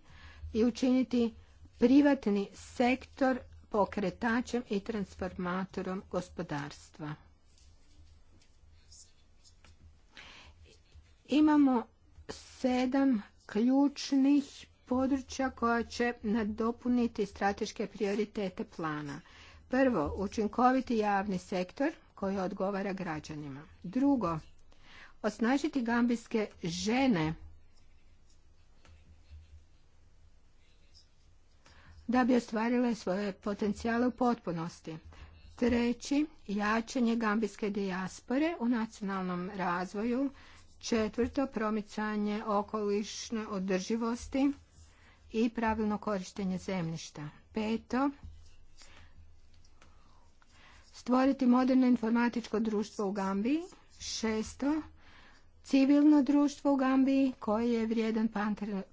i učiniti privatni sektor pokretačem i transformatorom gospodarstva. Imamo sedam ključnih područja koja će nadopuniti strateške prioritete plana. Prvo, učinkoviti javni sektor koji odgovara građanima. Drugo, osnažiti gambijske žene da bi ostvarile svoje potencijale u potpunosti. Treći, jačanje gambijske dijaspore u nacionalnom razvoju. Četvrto, promicanje okolišne održivosti i pravilno korištenje zemljišta. Peto, stvoriti moderno informatičko društvo u Gambiji. Šesto, civilno društvo u Gambiji koje je vrijedan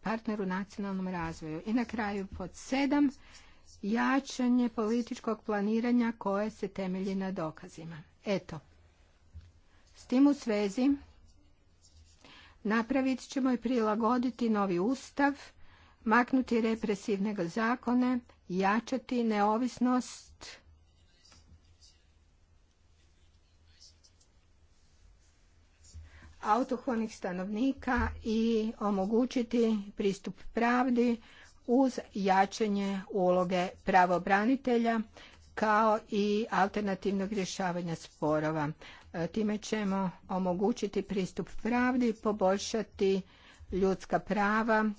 partner u nacionalnom razvoju. I na kraju pod sedam, jačanje političkog planiranja koje se temelji na dokazima. Eto, s tim u svezi napravit ćemo i prilagoditi novi ustav, maknuti represivne zakone, jačati neovisnost autohtonih stanovnika i omogućiti pristup pravdi uz jačanje uloge pravobranitelja kao i alternativnog rješavanja sporova. E, time ćemo omogućiti pristup pravdi, poboljšati ljudska prava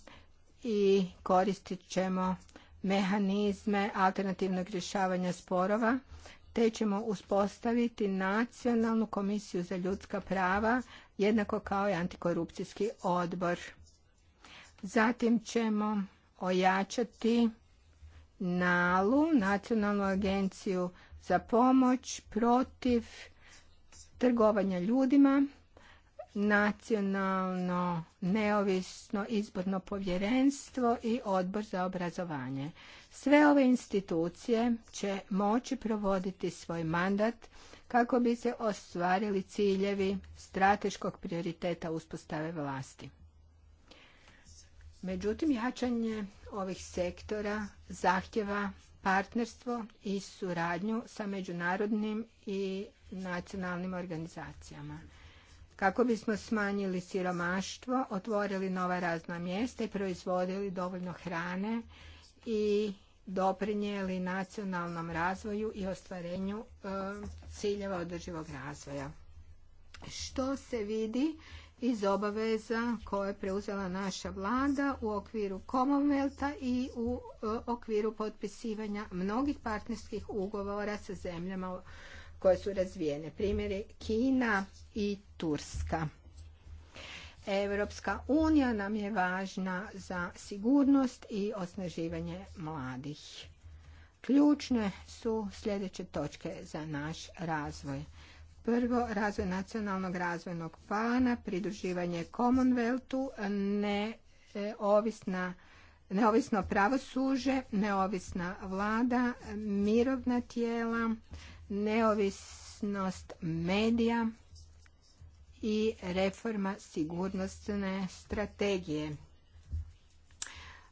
i koristit ćemo mehanizme alternativnog rješavanja sporova, te ćemo uspostaviti Nacionalnu komisiju za ljudska prava jednako kao i antikorupcijski odbor. Zatim ćemo ojačati NALU, Nacionalnu agenciju za pomoć protiv trgovanja ljudima, nacionalno neovisno izborno povjerenstvo i odbor za obrazovanje. Sve ove institucije će moći provoditi svoj mandat kako bi se ostvarili ciljevi strateškog prioriteta uspostave vlasti. Međutim, jačanje ovih sektora zahtjeva partnerstvo i suradnju sa međunarodnim i nacionalnim organizacijama. Kako bismo smanjili siromaštvo, otvorili nova razna mjesta i proizvodili dovoljno hrane i doprinijeli nacionalnom razvoju i ostvarenju e, ciljeva održivog razvoja. Što se vidi iz obaveza koje je preuzela naša vlada u okviru Commonwealtha i u e, okviru potpisivanja mnogih partnerskih ugovora sa zemljama koje su razvijene. Primjeri Kina i Turska. Europska unija nam je važna za sigurnost i osnaživanje mladih. Ključne su sljedeće točke za naš razvoj. Prvo, razvoj nacionalnog razvojnog plana, pridruživanje Commonwealthu, neovisna e, neovisno pravosuđe, neovisna vlada, mirovna tijela, neovisnost medija, i reforma sigurnosne strategije.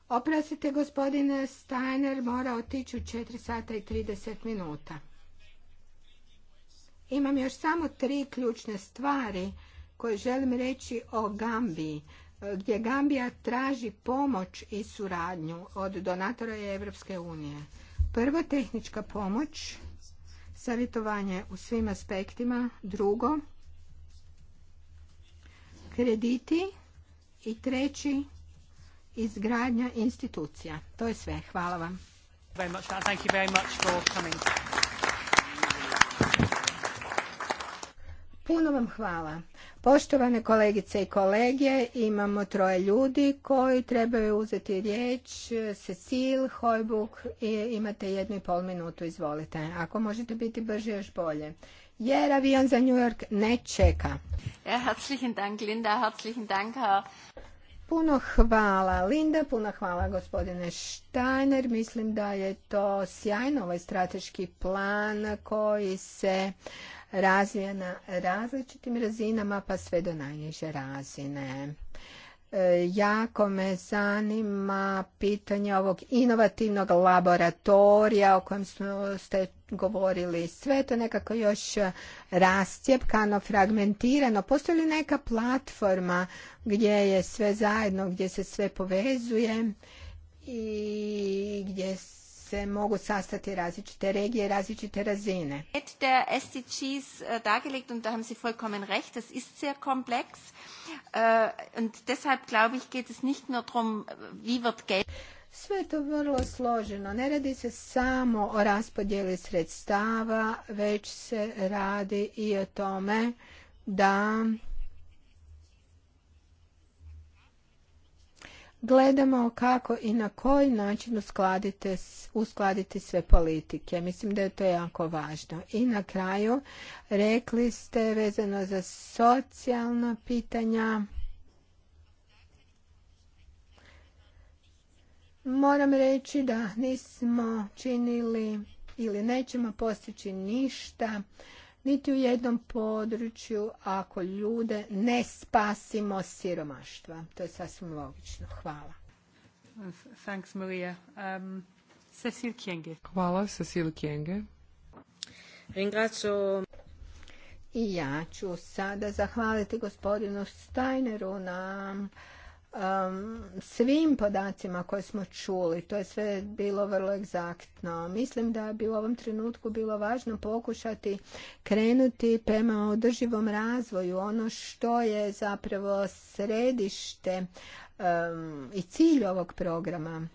Oprostite, gospodine Steiner, mora otići u 4 sata i 30 minuta. Imam još samo tri ključne stvari koje želim reći o Gambiji, gdje Gambija traži pomoć i suradnju od donatora Evropske unije. Prvo, tehnička pomoć, savjetovanje u svim aspektima. Drugo, krediti i treći izgradnja institucija. To je sve. Hvala vam. Puno vam hvala. Poštovane kolegice i kolege, imamo troje ljudi koji trebaju uzeti riječ. Cecil, Hojbuk, imate jednu i pol minutu, izvolite. Ako možete biti brže, još bolje. Jer avion za New York ne čeka. Ja, herzlichen dank, Linda, herzlichen dank. Puno hvala Linda, puno hvala gospodine Steiner. Mislim da je to sjajno ovaj strateški plan koji se razvija na različitim razinama pa sve do najniže razine. E, jako me zanima pitanje ovog inovativnog laboratorija o kojem smo ste govorili. Sve to nekako još rastjepkano, fragmentirano. Postoji li neka platforma gdje je sve zajedno, gdje se sve povezuje i gdje se mogu sastati različite regije, različite razine. Der SDGs äh, dargelegt und da haben Sie vollkommen recht, das ist sehr komplex äh, und deshalb glaube ich geht es nicht nur darum, wie wird Geld sve je to vrlo složeno. Ne radi se samo o raspodjeli sredstava, već se radi i o tome da gledamo kako i na koji način uskladite, uskladiti sve politike. Mislim da je to jako važno. I na kraju rekli ste vezano za socijalna pitanja. Moram reći da nismo činili ili nećemo postići ništa niti u jednom području ako ljude ne spasimo siromaštva. To je sasvim logično. Hvala. Thanks, Maria. Um, Cecil Kienge. Hvala, Cecil Kienge. Ringrazio... I ja ću sada zahvaliti gospodinu Steineru na svim podacima koje smo čuli. To je sve bilo vrlo egzaktno. Mislim da bi u ovom trenutku bilo važno pokušati krenuti prema održivom razvoju. Ono što je zapravo središte i cilj ovog programa.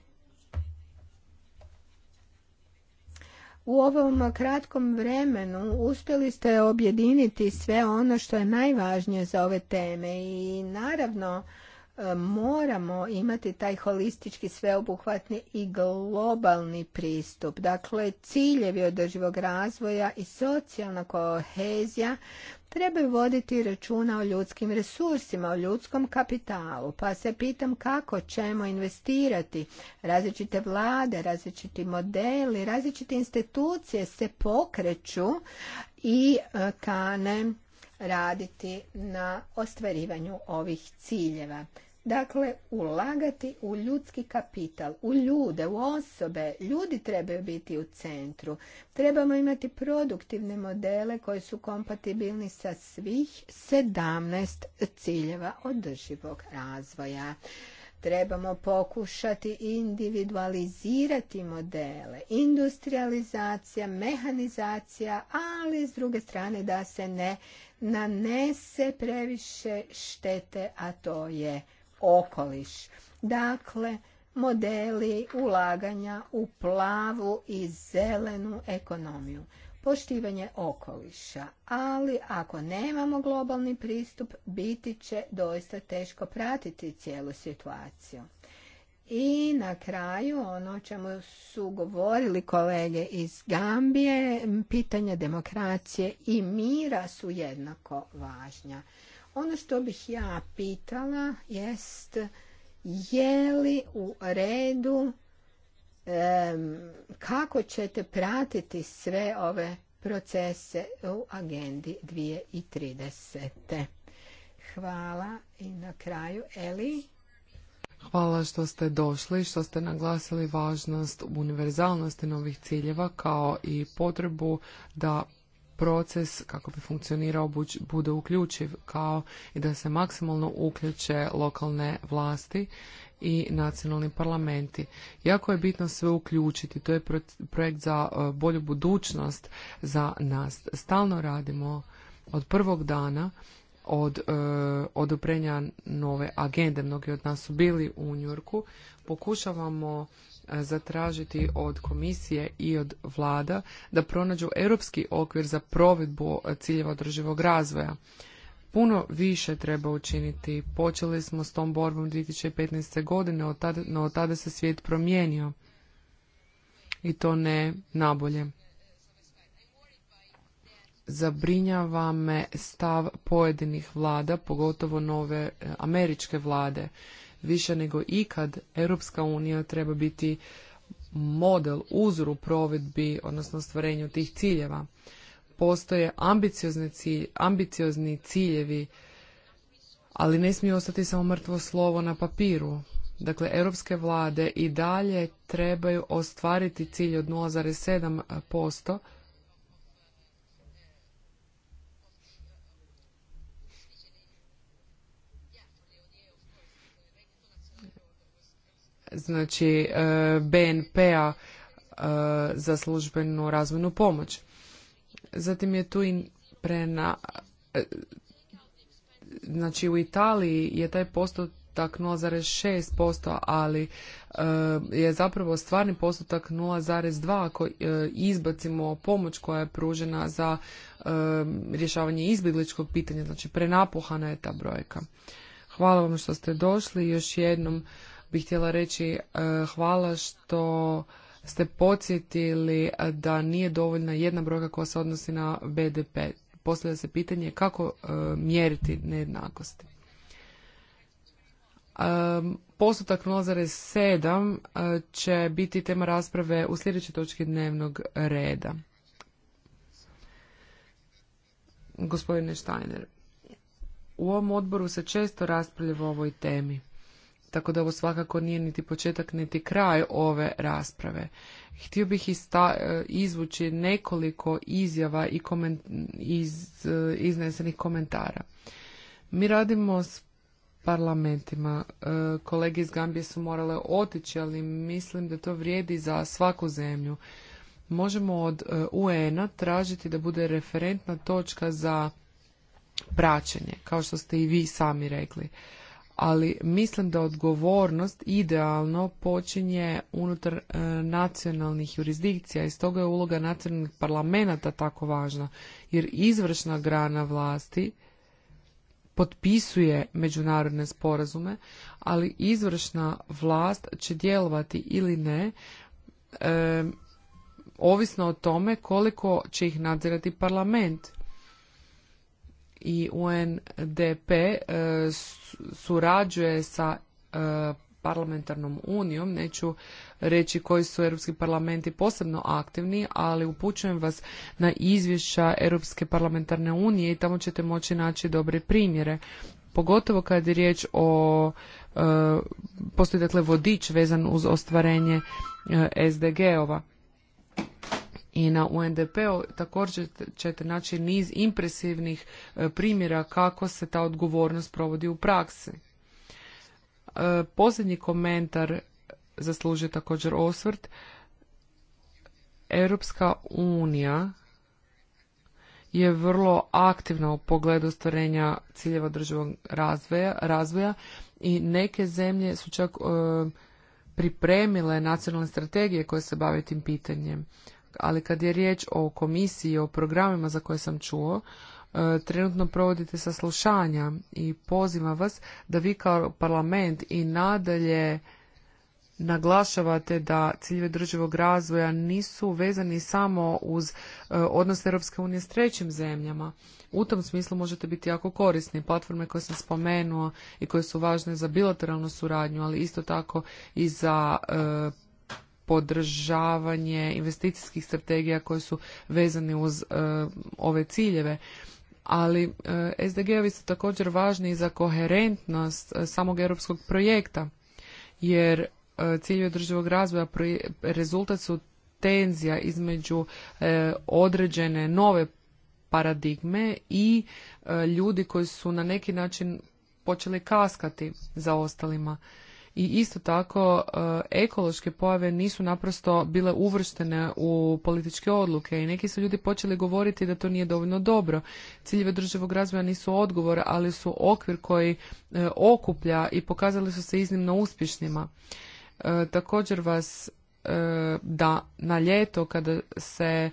U ovom kratkom vremenu uspjeli ste objediniti sve ono što je najvažnije za ove teme i naravno E, moramo imati taj holistički sveobuhvatni i globalni pristup. Dakle, ciljevi održivog razvoja i socijalna kohezija trebaju voditi računa o ljudskim resursima, o ljudskom kapitalu. Pa se pitam kako ćemo investirati. Različite vlade, različiti modeli, različite institucije se pokreću i e, kane raditi na ostvarivanju ovih ciljeva. Dakle, ulagati u ljudski kapital, u ljude, u osobe. Ljudi trebaju biti u centru. Trebamo imati produktivne modele koji su kompatibilni sa svih 17 ciljeva održivog razvoja. Trebamo pokušati individualizirati modele, industrializacija, mehanizacija, ali s druge strane da se ne nanese previše štete, a to je okoliš. Dakle, modeli ulaganja u plavu i zelenu ekonomiju poštivanje okoliša, ali ako nemamo globalni pristup, biti će doista teško pratiti cijelu situaciju. I na kraju, ono o čemu su govorili kolege iz Gambije, pitanja demokracije i mira su jednako važnja. Ono što bih ja pitala jest je li u redu kako ćete pratiti sve ove procese u agendi 2030. Hvala i na kraju Eli. Hvala što ste došli, što ste naglasili važnost univerzalnosti novih ciljeva kao i potrebu da proces kako bi funkcionirao bude uključiv kao i da se maksimalno uključe lokalne vlasti i nacionalni parlamenti. Jako je bitno sve uključiti. To je projekt za e, bolju budućnost za nas. Stalno radimo od prvog dana od e, odobrenja nove agende. Mnogi od nas su bili u Njurku. Pokušavamo zatražiti od komisije i od vlada da pronađu europski okvir za provedbu ciljeva održivog razvoja. Puno više treba učiniti. Počeli smo s tom borbom 2015. godine, od tada, no od tada se svijet promijenio. I to ne nabolje. Zabrinjava me stav pojedinih vlada, pogotovo nove e, američke vlade više nego ikad Europska unija treba biti model, uzor u provedbi, odnosno stvarenju tih ciljeva. Postoje ambiciozni, ambiciozni ciljevi, ali ne smije ostati samo mrtvo slovo na papiru. Dakle, europske vlade i dalje trebaju ostvariti cilj od 0,7% znači e, BNP-a e, za službenu razvojnu pomoć. Zatim je tu i prena e, znači u Italiji je taj postotak 0,6%, ali je zapravo stvarni postotak 0,2 ako izbacimo pomoć koja je pružena za rješavanje izbjegličkog pitanja, znači prenapuhana je ta brojka. Hvala vam što ste došli još jednom bih htjela reći e, hvala što ste podsjetili da nije dovoljna jedna brojka koja se odnosi na BDP. Postavlja se pitanje kako e, mjeriti nejednakosti. E, postotak 0,7 će biti tema rasprave u sljedećoj točki dnevnog reda. Gospodine Steiner, u ovom odboru se često raspravlja o ovoj temi. Tako da ovo svakako nije niti početak niti kraj ove rasprave. Htio bih e, izvući nekoliko izjava i koment, iz, e, iznesenih komentara. Mi radimo s parlamentima. E, kolege iz Gambije su morale otići, ali mislim da to vrijedi za svaku zemlju. Možemo od UN-a tražiti da bude referentna točka za praćenje, kao što ste i vi sami rekli ali mislim da odgovornost idealno počinje unutar e, nacionalnih jurisdikcija i stoga je uloga nacionalnih parlamenta tako važna jer izvršna grana vlasti potpisuje međunarodne sporazume, ali izvršna vlast će djelovati ili ne e, ovisno o tome koliko će ih nadzirati parlament i UNDP e, surađuje sa e, parlamentarnom unijom. Neću reći koji su europski parlamenti posebno aktivni, ali upućujem vas na izvješća Europske parlamentarne unije i tamo ćete moći naći dobre primjere. Pogotovo kad je riječ o, e, postoji dakle vodič vezan uz ostvarenje SDG-ova i na UNDP-u također ćete naći niz impresivnih e, primjera kako se ta odgovornost provodi u praksi. E, posljednji komentar zaslužuje također osvrt. Europska unija je vrlo aktivna u pogledu ostvarenja ciljeva državog razvoja, razvoja i neke zemlje su čak e, pripremile nacionalne strategije koje se bave tim pitanjem ali kad je riječ o komisiji i o programima za koje sam čuo, e, trenutno provodite saslušanja i pozivam vas da vi kao parlament i nadalje naglašavate da ciljevi održivog razvoja nisu vezani samo uz e, odnos Europske unije s trećim zemljama. U tom smislu možete biti jako korisni. Platforme koje sam spomenuo i koje su važne za bilateralnu suradnju, ali isto tako i za e, podržavanje investicijskih strategija koje su vezane uz e, ove ciljeve ali e, SDG-ovi su također važni i za koherentnost e, samog europskog projekta, jer ciljevi održivog razvoja rezultat su tenzija između određene nove paradigme i ljudi koji su na neki način počeli kaskati za ostalima i isto tako e, ekološke pojave nisu naprosto bile uvrštene u političke odluke i neki su ljudi počeli govoriti da to nije dovoljno dobro. Ciljeve državog razvoja nisu odgovor, ali su okvir koji e, okuplja i pokazali su se iznimno uspješnima. E, također vas da na ljeto kada se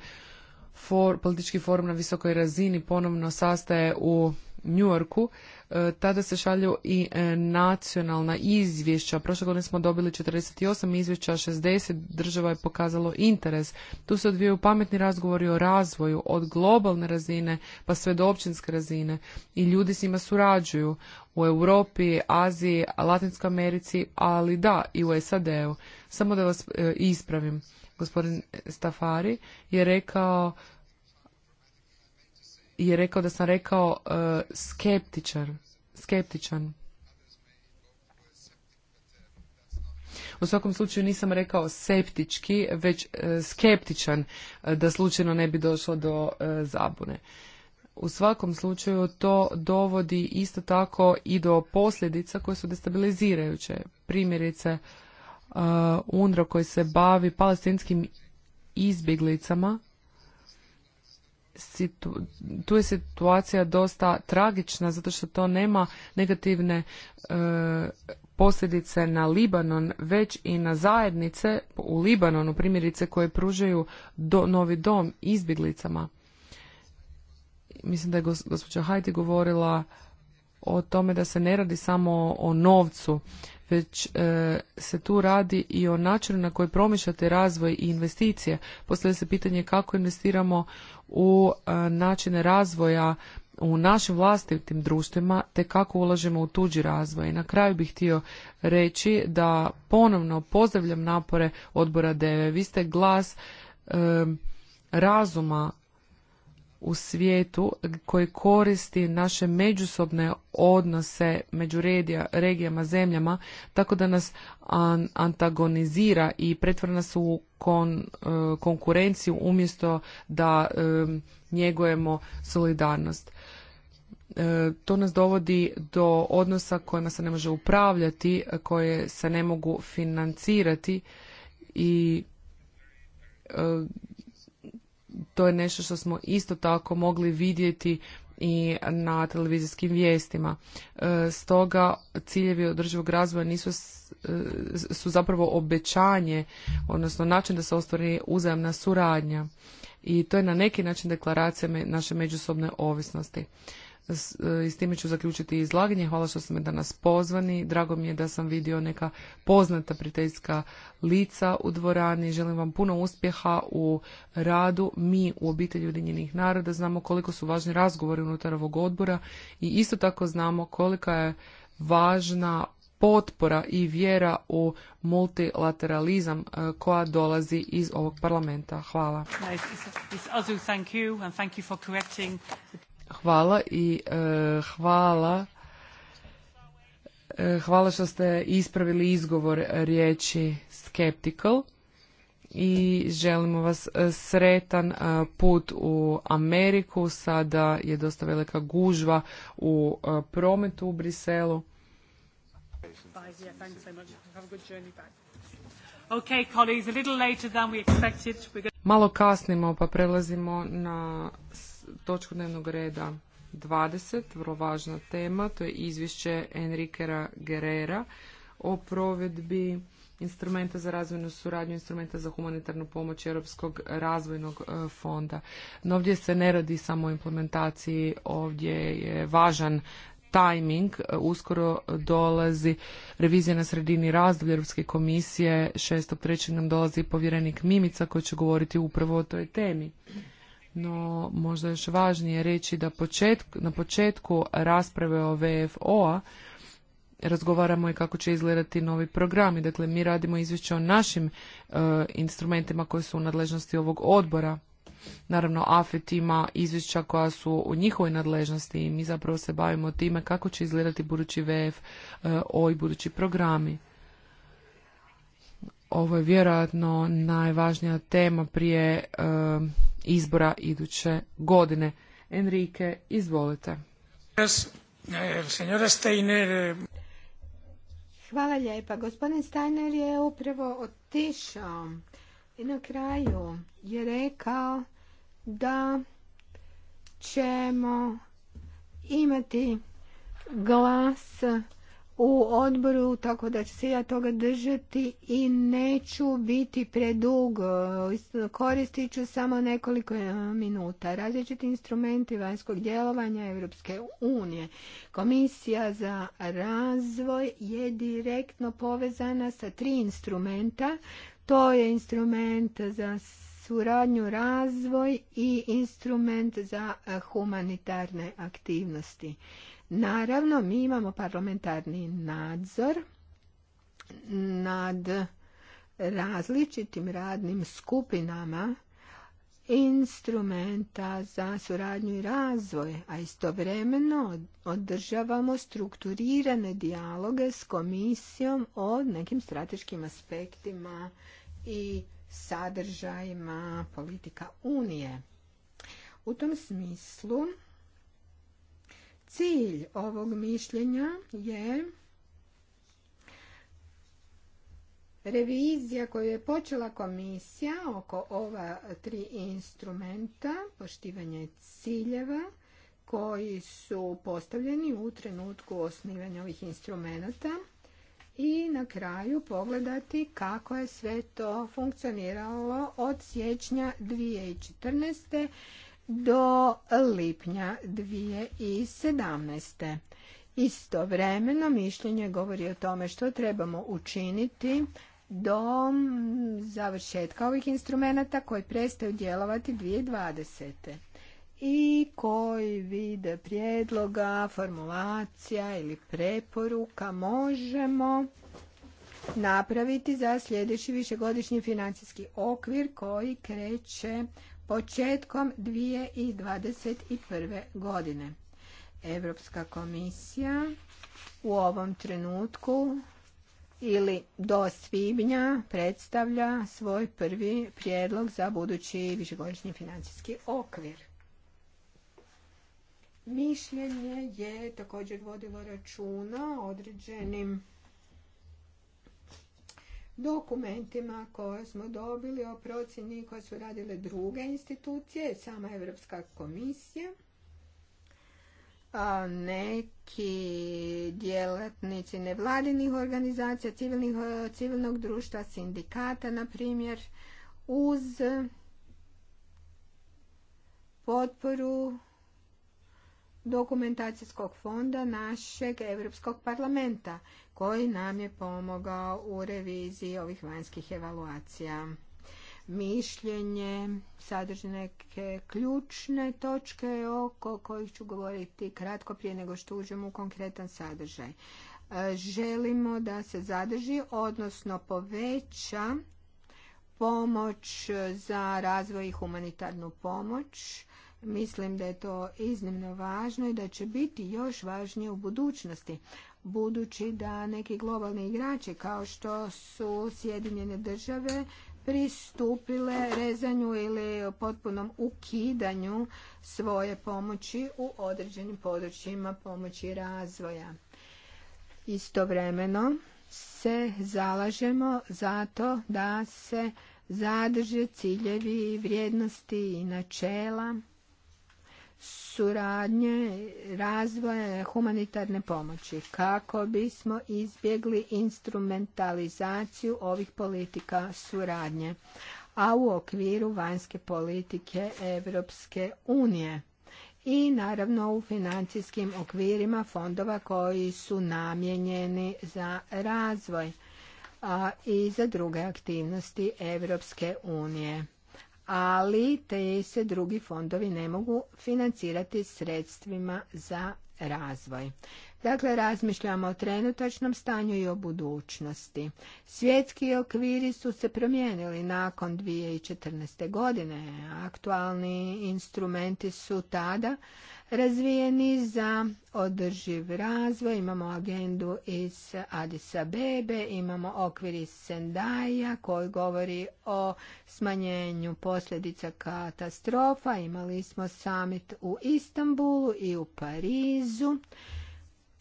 for, politički forum na visokoj razini ponovno sastaje u New Yorku, E, tada se šalju i e, nacionalna izvješća. Prošle godine smo dobili 48 izvješća, 60 država je pokazalo interes. Tu se odvijaju pametni razgovori o razvoju od globalne razine pa sve do općinske razine i ljudi s njima surađuju u Europi, Aziji, Latinskoj Americi, ali da i u SAD-u. Samo da vas e, ispravim. Gospodin Stafari je rekao je rekao da sam rekao e, skeptičan. Skeptičan. U svakom slučaju nisam rekao septički, već e, skeptičan e, da slučajno ne bi došlo do zabune. U svakom slučaju to dovodi isto tako i do posljedica koje su destabilizirajuće. Primjerice, unro koji se bavi palestinskim izbjeglicama situ, tu je situacija dosta tragična zato što to nema negativne e, posljedice na Libanon već i na zajednice u Libanonu primjerice koje pružaju novi dom izbjeglicama. Mislim da je gospođa Hajti govorila o tome da se ne radi samo o novcu, već e, se tu radi i o načinu na koji promišljate razvoj i investicije. Postavlja se pitanje kako investiramo u e, načine razvoja u našim vlastitim društvima te kako ulažemo u tuđi razvoj. I na kraju bih htio reći da ponovno pozdravljam napore odbora DEVE. Vi ste glas e, razuma u svijetu koji koristi naše međusobne odnose među regijama, zemljama, tako da nas antagonizira i pretvara nas u kon, e, konkurenciju umjesto da e, njegujemo solidarnost. E, to nas dovodi do odnosa kojima se ne može upravljati, koje se ne mogu financirati i to je nešto što smo isto tako mogli vidjeti i na televizijskim vijestima. E, stoga ciljevi održivog razvoja nisu e, su zapravo obećanje, odnosno način da se ostvari uzajamna suradnja. I to je na neki način deklaracija naše međusobne ovisnosti. E, i s time ću zaključiti izlaganje. Hvala što ste me danas pozvani. Drago mi je da sam vidio neka poznata prijateljska lica u dvorani. Želim vam puno uspjeha u radu. Mi u obitelji Ujedinjenih naroda znamo koliko su važni razgovori unutar ovog odbora i isto tako znamo kolika je važna potpora i vjera u multilateralizam e, koja dolazi iz ovog parlamenta. Hvala hvala i e, hvala e, hvala što ste ispravili izgovor riječi skeptical i želimo vas e, sretan put u Ameriku. Sada je dosta velika gužva u prometu u Briselu. Malo kasnimo pa prelazimo na točku dnevnog reda 20, vrlo važna tema, to je izvješće Enrikera Gerera o provedbi instrumenta za razvojnu suradnju, instrumenta za humanitarnu pomoć Europskog razvojnog e, fonda. No ovdje se ne radi samo o implementaciji, ovdje je važan tajming. E, uskoro dolazi revizija na sredini razdoblja Europske komisije. 6.3. nam dolazi povjerenik Mimica koji će govoriti upravo o toj temi no možda još važnije reći da na početku rasprave o VFO-a razgovaramo i kako će izgledati novi programi. Dakle, mi radimo izvješće o našim e, instrumentima koji su u nadležnosti ovog odbora. Naravno, AFET ima izvješća koja su u njihovoj nadležnosti i mi zapravo se bavimo time kako će izgledati budući VFO i budući programi. Ovo je vjerojatno najvažnija tema prije e, izbora iduće godine. Enrique, izvolite. Eh, eh. Hvala lijepa. Gospodin Steiner je upravo otišao i na kraju je rekao da ćemo imati glas u odboru, tako da ću se ja toga držati i neću biti predug. Koristit ću samo nekoliko e, minuta. Različiti instrumenti vanjskog djelovanja Europske unije. Komisija za razvoj je direktno povezana sa tri instrumenta. To je instrument za suradnju razvoj i instrument za humanitarne aktivnosti. Naravno, mi imamo parlamentarni nadzor nad različitim radnim skupinama instrumenta za suradnju i razvoj, a istovremeno održavamo strukturirane dijaloge s komisijom o nekim strateškim aspektima i sadržajima politika Unije. U tom smislu Cilj ovog mišljenja je revizija koju je počela komisija oko ova tri instrumenta, poštivanje ciljeva koji su postavljeni u trenutku osnivanja ovih instrumenta i na kraju pogledati kako je sve to funkcioniralo od siječnja 2014 do lipnja 2017. Istovremeno mišljenje govori o tome što trebamo učiniti do završetka ovih instrumenata koji prestaju djelovati 2020. I koji vid prijedloga, formulacija ili preporuka možemo napraviti za sljedeći višegodišnji financijski okvir koji kreće početkom 2021. godine. Europska komisija u ovom trenutku ili do svibnja predstavlja svoj prvi prijedlog za budući višegodišnji financijski okvir. Mišljenje je također vodilo računa određenim dokumentima koje smo dobili o procjeni koje su radile druge institucije, sama Europska komisija. neki djelatnici nevladinih organizacija, civilnog društva, sindikata, na primjer, uz potporu dokumentacijskog fonda našeg Europskog parlamenta koji nam je pomogao u reviziji ovih vanjskih evaluacija. Mišljenje sadrži neke ključne točke oko kojih ću govoriti kratko prije nego što uđemo u konkretan sadržaj. E, želimo da se zadrži, odnosno poveća pomoć za razvoj i humanitarnu pomoć. Mislim da je to iznimno važno i da će biti još važnije u budućnosti budući da neki globalni igrači kao što su Sjedinjene države pristupile rezanju ili potpunom ukidanju svoje pomoći u određenim područjima pomoći razvoja. Istovremeno se zalažemo za to da se zadrže ciljevi, vrijednosti i načela suradnje, razvoja humanitarne pomoći kako bismo izbjegli instrumentalizaciju ovih politika suradnje, a u okviru vanjske politike Europske unije i naravno u financijskim okvirima fondova koji su namijenjeni za razvoj a i za druge aktivnosti Europske unije ali te se drugi fondovi ne mogu financirati sredstvima za razvoj. Dakle, razmišljamo o trenutačnom stanju i o budućnosti. Svjetski okviri su se promijenili nakon 2014. godine. Aktualni instrumenti su tada razvijeni za održiv razvoj. Imamo agendu iz Addis Abebe, imamo okvir iz Sendaja koji govori o smanjenju posljedica katastrofa. Imali smo summit u Istanbulu i u Parizu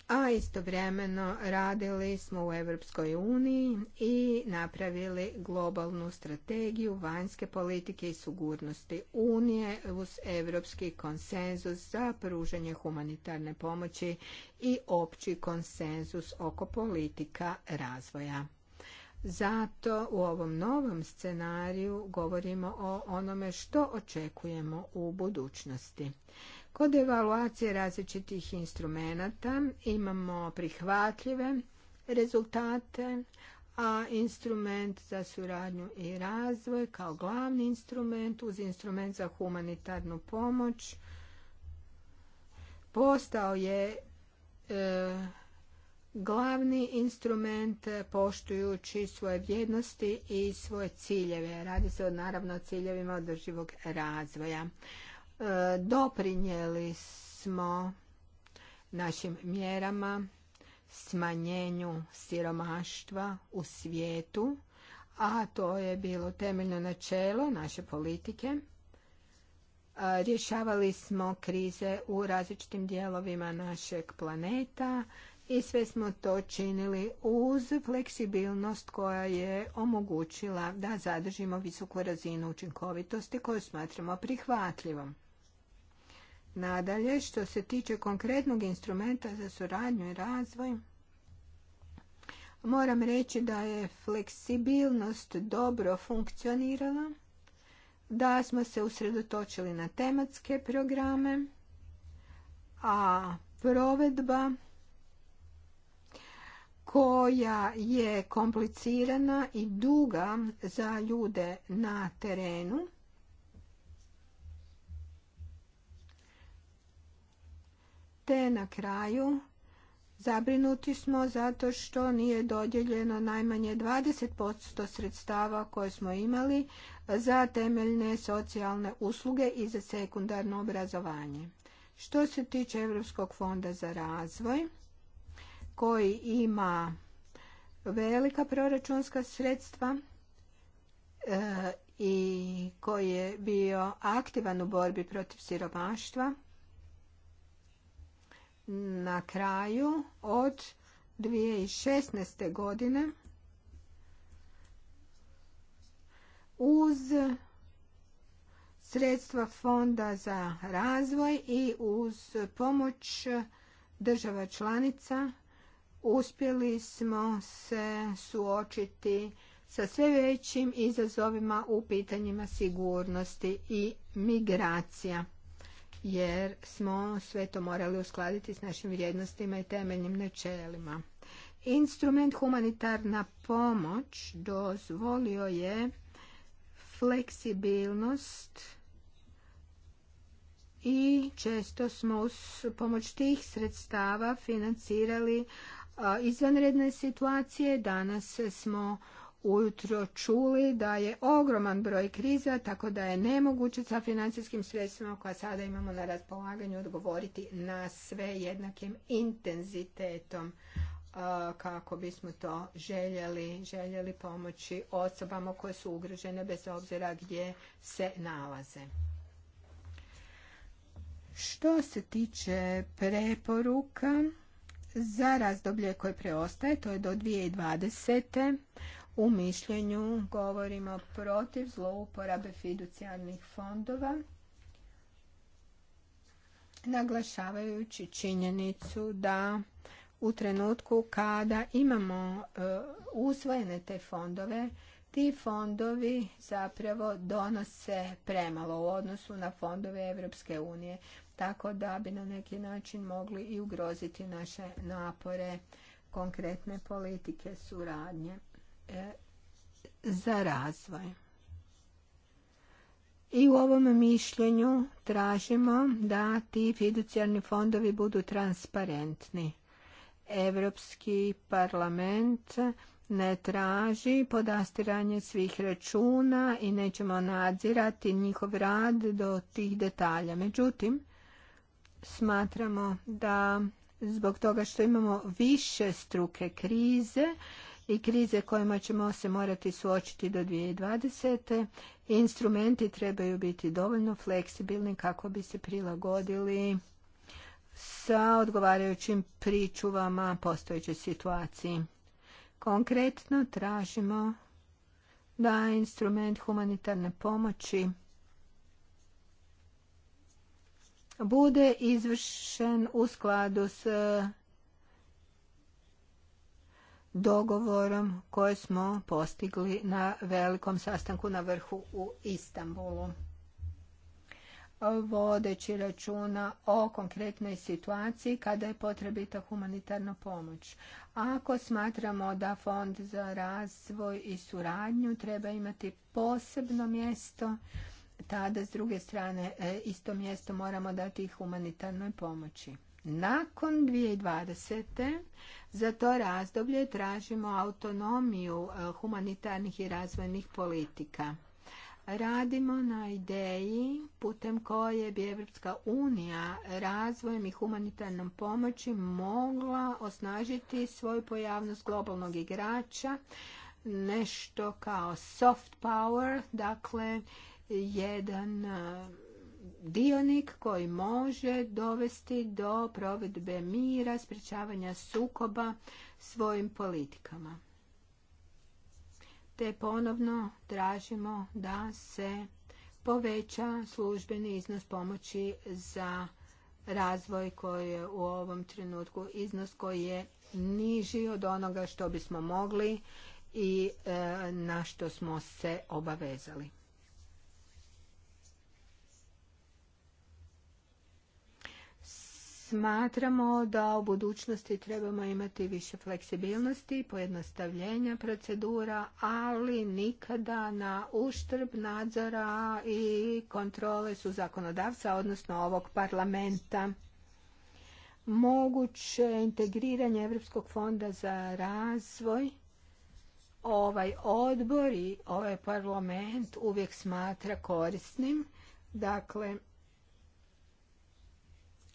a istovremeno radili smo u Europskoj uniji i napravili globalnu strategiju vanjske politike i sigurnosti Unije uz europski konsenzus za pružanje humanitarne pomoći i opći konsenzus oko politika razvoja. Zato u ovom novom scenariju govorimo o onome što očekujemo u budućnosti. Kod evaluacije različitih instrumenata imamo prihvatljive rezultate, a instrument za suradnju i razvoj kao glavni instrument uz instrument za humanitarnu pomoć postao je e, glavni instrument poštujući svoje vrijednosti i svoje ciljeve. Radi se o naravno ciljevima održivog razvoja. E, doprinijeli smo našim mjerama smanjenju siromaštva u svijetu, a to je bilo temeljno načelo naše politike. E, rješavali smo krize u različitim dijelovima našeg planeta i sve smo to činili uz fleksibilnost koja je omogućila da zadržimo visoku razinu učinkovitosti koju smatramo prihvatljivom. Nadalje, što se tiče konkretnog instrumenta za suradnju i razvoj, moram reći da je fleksibilnost dobro funkcionirala, da smo se usredotočili na tematske programe, a provedba koja je komplicirana i duga za ljude na terenu na kraju zabrinuti smo zato što nije dodjeljeno najmanje 20% sredstava koje smo imali za temeljne socijalne usluge i za sekundarno obrazovanje. Što se tiče Europskog fonda za razvoj, koji ima velika proračunska sredstva e, i koji je bio aktivan u borbi protiv siromaštva, na kraju od 2016. godine uz sredstva fonda za razvoj i uz pomoć država članica uspjeli smo se suočiti sa sve većim izazovima u pitanjima sigurnosti i migracija jer smo sve to morali uskladiti s našim vrijednostima i temeljnim načelima. Instrument humanitarna pomoć dozvolio je fleksibilnost i često smo uz pomoć tih sredstava financirali izvanredne situacije. Danas smo ujutro čuli da je ogroman broj kriza, tako da je nemoguće sa financijskim sredstvima koja sada imamo na raspolaganju odgovoriti na sve jednakim intenzitetom kako bismo to željeli, željeli pomoći osobama koje su ugrožene bez obzira gdje se nalaze. Što se tiče preporuka za razdoblje koje preostaje, to je do 2020 u mišljenju govorimo protiv zlouporabe fiducijarnih fondova, naglašavajući činjenicu da u trenutku kada imamo e, usvojene te fondove, ti fondovi zapravo donose premalo u odnosu na fondove Europske unije, tako da bi na neki način mogli i ugroziti naše napore konkretne politike suradnje za razvoj. I u ovom mišljenju tražimo da ti fiducijarni fondovi budu transparentni. Europski parlament ne traži podastiranje svih računa i nećemo nadzirati njihov rad do tih detalja. Međutim, smatramo da zbog toga što imamo više struke krize, i krize kojima ćemo se morati suočiti do 2020. Instrumenti trebaju biti dovoljno fleksibilni kako bi se prilagodili sa odgovarajućim pričuvama postojećoj situaciji. Konkretno tražimo da instrument humanitarne pomoći bude izvršen u skladu s dogovorom koje smo postigli na velikom sastanku na vrhu u Istanbulu. Vodeći računa o konkretnoj situaciji kada je potrebita humanitarna pomoć. Ako smatramo da Fond za razvoj i suradnju treba imati posebno mjesto, tada s druge strane e, isto mjesto moramo dati humanitarnoj pomoći. Nakon 2020. za to razdoblje tražimo autonomiju e, humanitarnih i razvojnih politika. Radimo na ideji putem koje bi Evropska unija razvojem i humanitarnom pomoći mogla osnažiti svoju pojavnost globalnog igrača, nešto kao soft power, dakle jedan dionik koji može dovesti do provedbe mira, sprečavanja sukoba svojim politikama. Te ponovno tražimo da se poveća službeni iznos pomoći za razvoj koji je u ovom trenutku iznos koji je niži od onoga što bismo mogli i e, na što smo se obavezali. smatramo da u budućnosti trebamo imati više fleksibilnosti, pojednostavljenja procedura, ali nikada na uštrb nadzora i kontrole su zakonodavca, odnosno ovog parlamenta. Moguće integriranje Europskog fonda za razvoj ovaj odbor i ovaj parlament uvijek smatra korisnim. Dakle,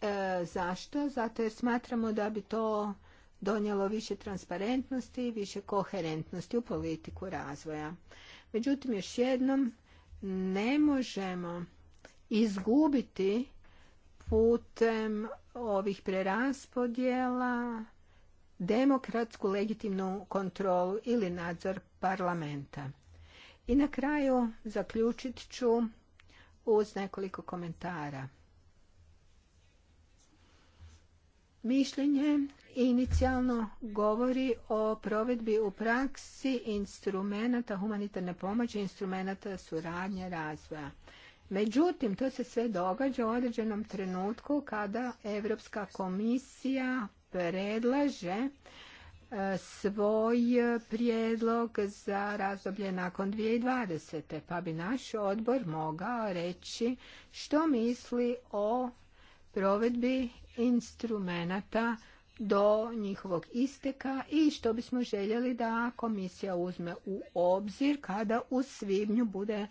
E, zašto? Zato jer smatramo da bi to donijelo više transparentnosti i više koherentnosti u politiku razvoja. Međutim, još jednom, ne možemo izgubiti putem ovih preraspodjela demokratsku legitimnu kontrolu ili nadzor parlamenta. I na kraju zaključit ću uz nekoliko komentara. Mišljenje inicijalno govori o provedbi u praksi instrumenata humanitarne pomoći, instrumenata suradnje razvoja. Međutim, to se sve događa u određenom trenutku kada Europska komisija predlaže e, svoj prijedlog za razdoblje nakon 2020. Pa bi naš odbor mogao reći što misli o provedbi instrumenata do njihovog isteka i što bismo željeli da komisija uzme u obzir kada u svibnju bude e,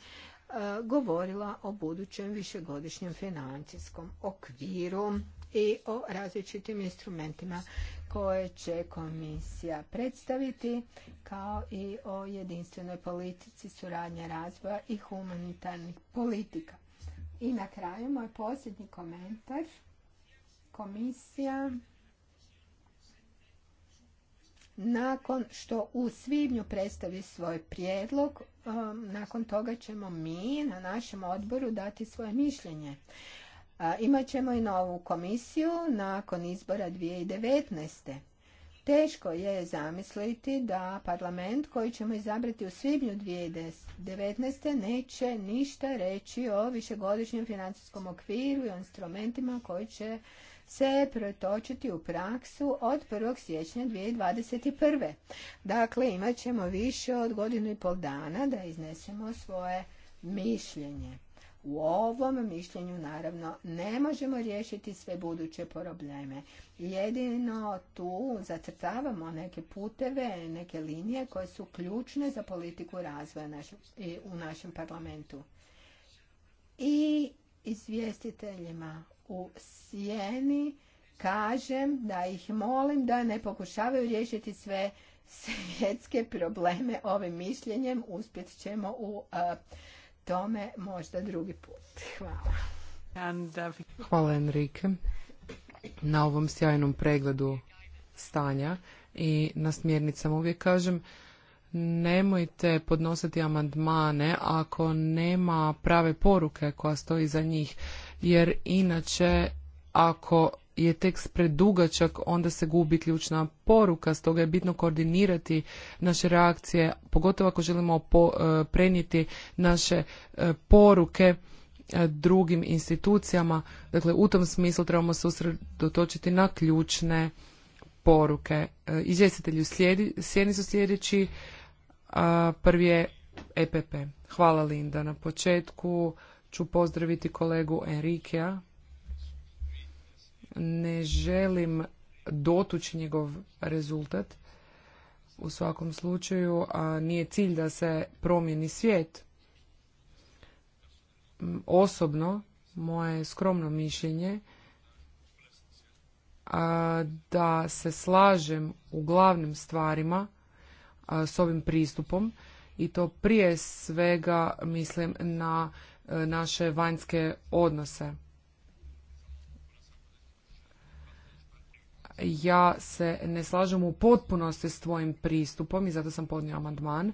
govorila o budućem višegodišnjem financijskom okviru i o različitim instrumentima koje će komisija predstaviti kao i o jedinstvenoj politici suradnje razvoja i humanitarnih politika. I na kraju moj posljednji komentar. Komisija nakon što u svibnju predstavi svoj prijedlog, um, nakon toga ćemo mi na našem odboru dati svoje mišljenje. Imaćemo i novu komisiju nakon izbora 2019. Teško je zamisliti da parlament koji ćemo izabrati u svibnju 2019. neće ništa reći o višegodišnjem financijskom okviru i o instrumentima koji će se pretočiti u praksu od 1. siječnja 2021. Dakle, imat ćemo više od godinu i pol dana da iznesemo svoje mišljenje u ovom mišljenju naravno ne možemo riješiti sve buduće probleme. Jedino tu zacrtavamo neke puteve, neke linije koje su ključne za politiku razvoja u našem parlamentu. I izvjestiteljima u sjeni kažem da ih molim da ne pokušavaju riješiti sve svjetske probleme ovim mišljenjem. Uspjet ćemo u tome možda drugi put. Hvala. Uh, Hvala Enrike na ovom sjajnom pregledu stanja i na smjernicama uvijek kažem nemojte podnositi amandmane ako nema prave poruke koja stoji za njih jer inače ako je tekst predugačak, onda se gubi ključna poruka, stoga je bitno koordinirati naše reakcije, pogotovo ako želimo e, prenijeti naše e, poruke e, drugim institucijama. Dakle, u tom smislu trebamo se usredotočiti na ključne poruke. Izvjestitelji sjeni su sljedeći, prvi je EPP. Hvala Linda. Na početku ću pozdraviti kolegu Enrikea ne želim dotući njegov rezultat. U svakom slučaju a nije cilj da se promijeni svijet. Osobno, moje skromno mišljenje, a, da se slažem u glavnim stvarima s ovim pristupom i to prije svega mislim na e, naše vanjske odnose ja se ne slažem u potpunosti s tvojim pristupom i zato sam podnio amandman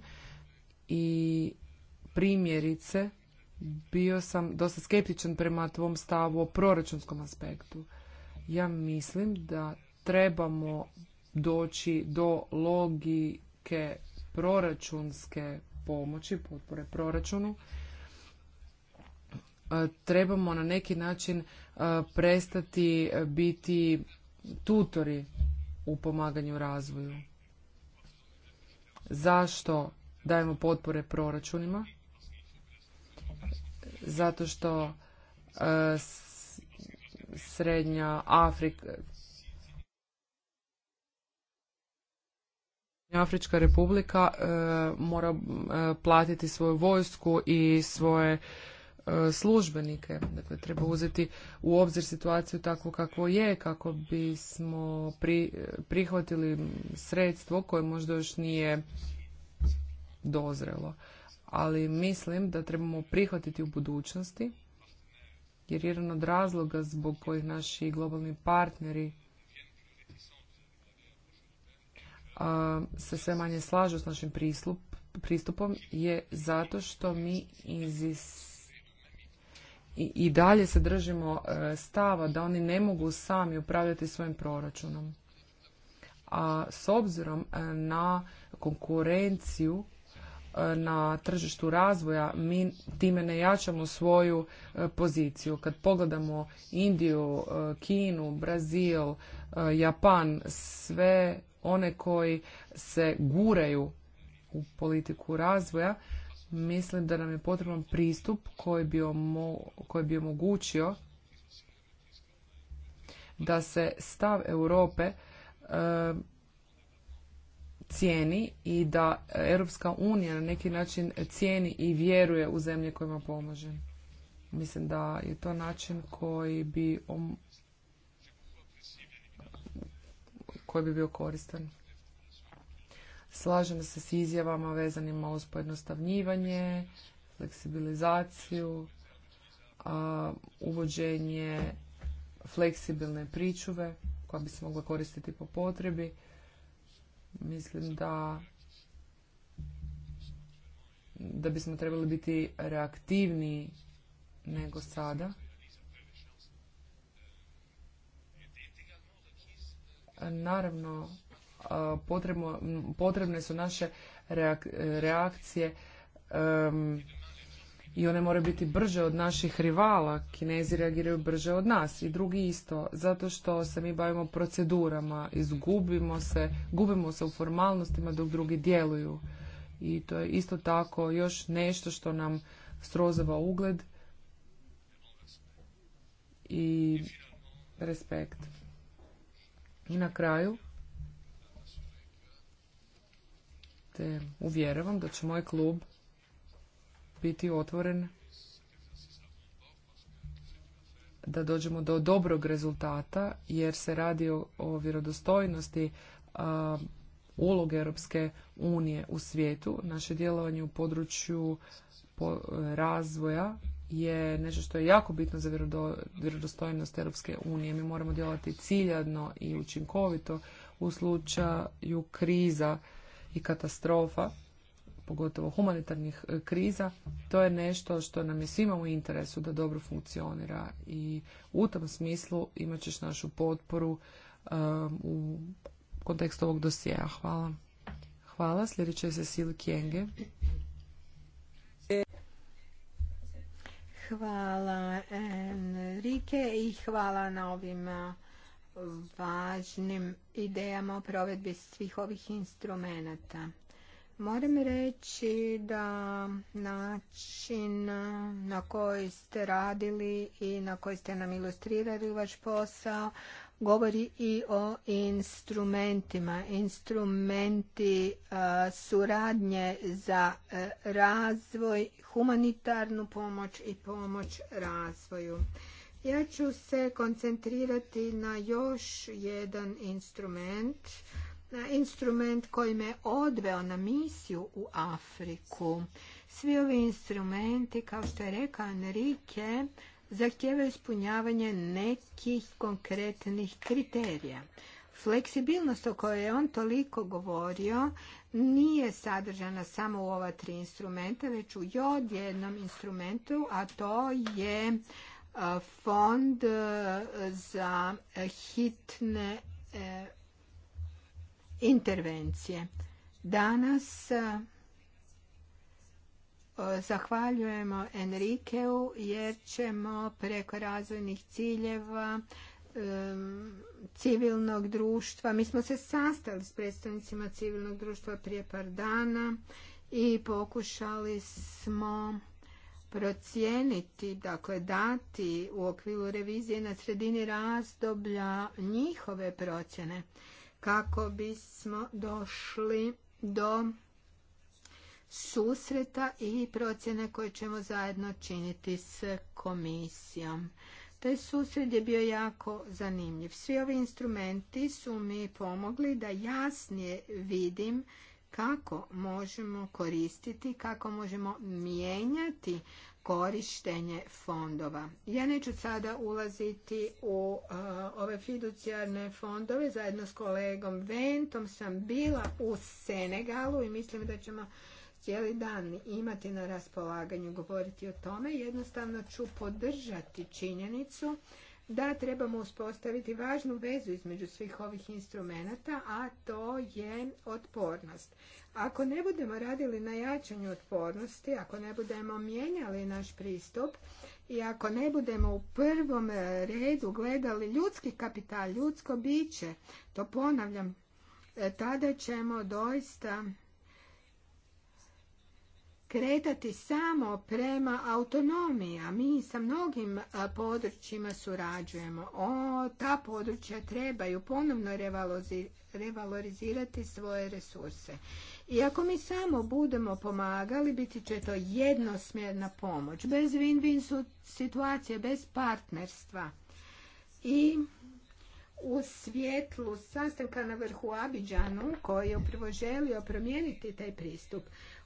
i primjerice bio sam dosta skeptičan prema tvom stavu o proračunskom aspektu. Ja mislim da trebamo doći do logike proračunske pomoći, potpore proračunu. E, trebamo na neki način e, prestati biti tutori u pomaganju razvoju. Zašto dajemo potpore proračunima? Zato što e, srednja Afrika Afrička republika e, mora e, platiti svoju vojsku i svoje E, službenike. Dakle, treba uzeti u obzir situaciju takvu kakvo je, kako bismo prihvatili sredstvo koje možda još nije dozrelo. Ali mislim da trebamo prihvatiti u budućnosti, jer jedan od razloga zbog kojih naši globalni partneri a, se sve manje slažu s našim pristupom je zato što mi inzistiramo i, dalje se držimo e, stava da oni ne mogu sami upravljati svojim proračunom. A s obzirom e, na konkurenciju e, na tržištu razvoja, mi time ne jačamo svoju poziciju. Kad pogledamo Indiju, Kinu, Brazil, Japan, sve one koji se guraju u politiku razvoja, mislim da nam je potreban pristup koji bi, omo, koji bi omogućio da se stav Europe cijeni i da Europska unija na neki način cijeni i vjeruje u zemlje kojima pomaže. Mislim da je to način koji bi koji bi bio koristan. Slažem se s izjavama vezanima uz pojednostavnjivanje, fleksibilizaciju, a, uvođenje fleksibilne pričuve koja bi se mogla koristiti po potrebi. Mislim da da bismo trebali biti reaktivni nego sada. Naravno, potrebne su naše reakcije i one moraju biti brže od naših rivala. Kinezi reagiraju brže od nas i drugi isto, zato što se mi bavimo procedurama, izgubimo se, gubimo se u formalnostima dok drugi djeluju. I to je isto tako još nešto što nam strozava ugled i respekt. I na kraju, te uvjeravam da će moj klub biti otvoren da dođemo do dobrog rezultata jer se radi o, vjerodostojnosti a, uloge Europske unije u svijetu. Naše djelovanje u području razvoja je nešto što je jako bitno za vjerodostojnost Europske unije. Mi moramo djelovati ciljadno i učinkovito u slučaju kriza i katastrofa, pogotovo humanitarnih e, kriza, to je nešto što nam je svima u interesu da dobro funkcionira i u tom smislu imat ćeš našu potporu e, u kontekstu ovog dosjea. Hvala. Hvala. Sljedeće je Cecilie Kjenge. Hvala Rike i hvala na ovim važnim idejama o provedbi svih ovih instrumenata. Moram reći da način na koji ste radili i na koji ste nam ilustrirali vaš posao govori i o instrumentima. Instrumenti e, suradnje za e, razvoj, humanitarnu pomoć i pomoć razvoju. Ja ću se koncentrirati na još jedan instrument, na instrument koji me odveo na misiju u Afriku. Svi ovi instrumenti, kao što je rekao Enrique, zahtijevaju ispunjavanje nekih konkretnih kriterija. Fleksibilnost o kojoj je on toliko govorio nije sadržana samo u ova tri instrumenta, već u još jednom instrumentu, a to je fond e, za hitne e, intervencije. Danas e, zahvaljujemo Enrikeu jer ćemo preko razvojnih ciljeva civilnog društva. Mi smo se sastali s predstavnicima civilnog društva prije par dana i pokušali smo procijeniti, dakle dati u okviru revizije na sredini razdoblja njihove procjene kako bismo došli do susreta i procjene koje ćemo zajedno činiti s komisijom. Taj susret je bio jako zanimljiv. Svi ovi instrumenti su mi pomogli da jasnije vidim kako možemo koristiti, kako možemo mijenjati korištenje fondova. Ja neću sada ulaziti u e, ove fiducijarne fondove. Zajedno s kolegom Ventom sam bila u Senegalu i mislim da ćemo cijeli dan imati na raspolaganju govoriti o tome. Jednostavno ću podržati činjenicu da trebamo uspostaviti važnu vezu između svih ovih instrumenata, a to je otpornost. Ako ne budemo radili na jačanju otpornosti, ako ne budemo mijenjali naš pristup i ako ne budemo u prvom redu gledali ljudski kapital, ljudsko biće, to ponavljam, e, tada ćemo doista kretati samo prema autonomiji, a mi sa mnogim područjima surađujemo. O, ta područja trebaju ponovno revalorizirati svoje resurse. I ako mi samo budemo pomagali, biti će to jednosmjerna pomoć, bez win-win situacije, bez partnerstva. I u svjetlu sastanka na vrhu Abidžanu koji je upravo želio promijeniti taj pristup.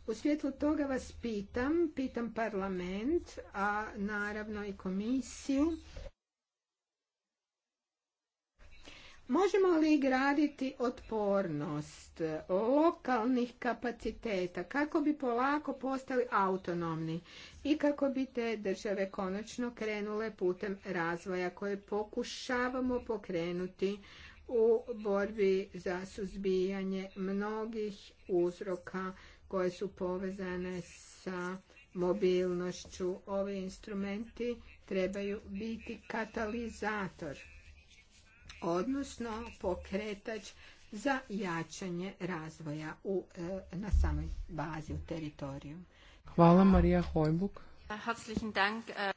U svjetlu toga vas pitam, pitam parlament, a naravno i komisiju, Možemo li graditi otpornost lokalnih kapaciteta kako bi polako postali autonomni i kako bi te države konačno krenule putem razvoja koje pokušavamo pokrenuti u borbi za suzbijanje mnogih uzroka koje su povezane sa mobilnošću. Ovi instrumenti trebaju biti katalizator, odnosno pokretač za jačanje razvoja u, e, na samoj bazi u teritoriju. Hvala Marija Hojbuk. E.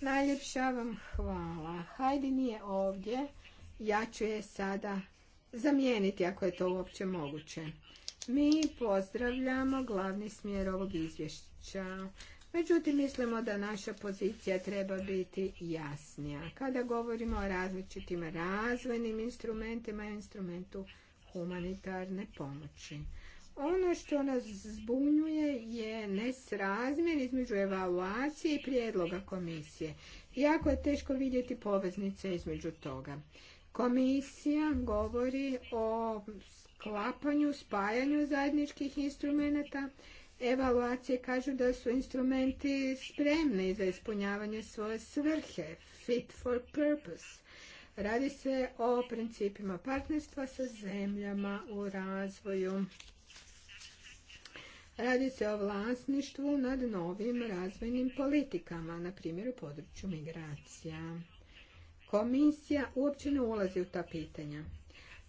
Najljepša vam hvala. Hajdi nije ovdje. Ja ću je sada zamijeniti ako je to uopće moguće. Mi pozdravljamo glavni smjer ovog izvješća. Međutim, mislimo da naša pozicija treba biti jasnija. Kada govorimo o različitim razvojnim instrumentima i instrumentu humanitarne pomoći. Ono što nas zbunjuje je nesrazmjer između evaluacije i prijedloga komisije. Jako je teško vidjeti poveznice između toga. Komisija govori o sklapanju, spajanju zajedničkih instrumenata. Evaluacije kažu da su instrumenti spremni za ispunjavanje svoje svrhe, fit for purpose. Radi se o principima partnerstva sa zemljama u razvoju. Radi se o vlasništvu nad novim razvojnim politikama, na primjer u području migracija. Komisija uopće ne ulazi u ta pitanja.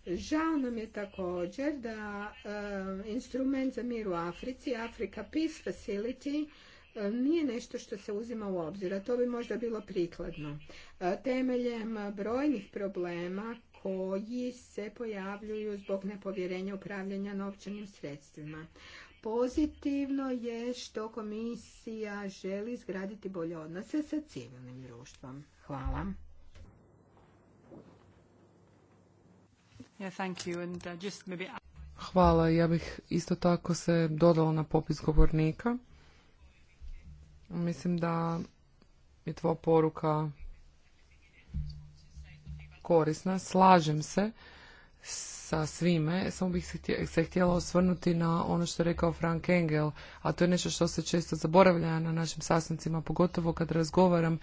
Žao nam je također da e, instrument za mir u Africi, Africa Peace Facility, e, nije nešto što se uzima u obzir, a to bi možda bilo prikladno. E, temeljem brojnih problema koji se pojavljuju zbog nepovjerenja upravljanja novčanim sredstvima. Pozitivno je što komisija želi izgraditi bolje odnose sa civilnim društvom. Hvala. Uh, Hvala. Ja bih isto tako se dodala na popis govornika. Mislim da je tvoja poruka korisna. Slažem se sa svime, samo bih se htjela osvrnuti na ono što je rekao Frank Engel, a to je nešto što se često zaboravlja na našim sastancima, pogotovo kad razgovaram e,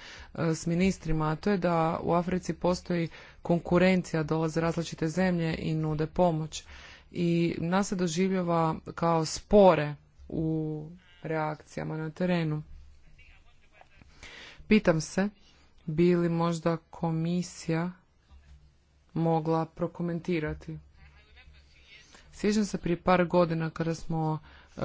s ministrima, a to je da u Africi postoji konkurencija, dolaze različite zemlje i nude pomoć. I nas se doživljava kao spore u reakcijama na terenu. Pitam se, bi li možda komisija mogla prokomentirati. Sjećam se prije par godina kada smo e,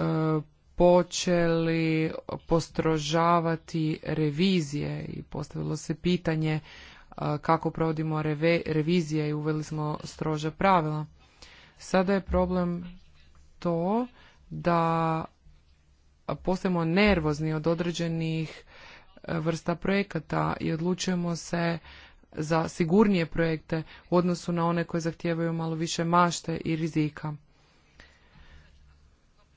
počeli postrožavati revizije i postavilo se pitanje e, kako provodimo revizije i uveli smo stroža pravila. Sada je problem to da postajemo nervozni od određenih e, vrsta projekata i odlučujemo se za sigurnije projekte u odnosu na one koje zahtijevaju malo više mašte i rizika.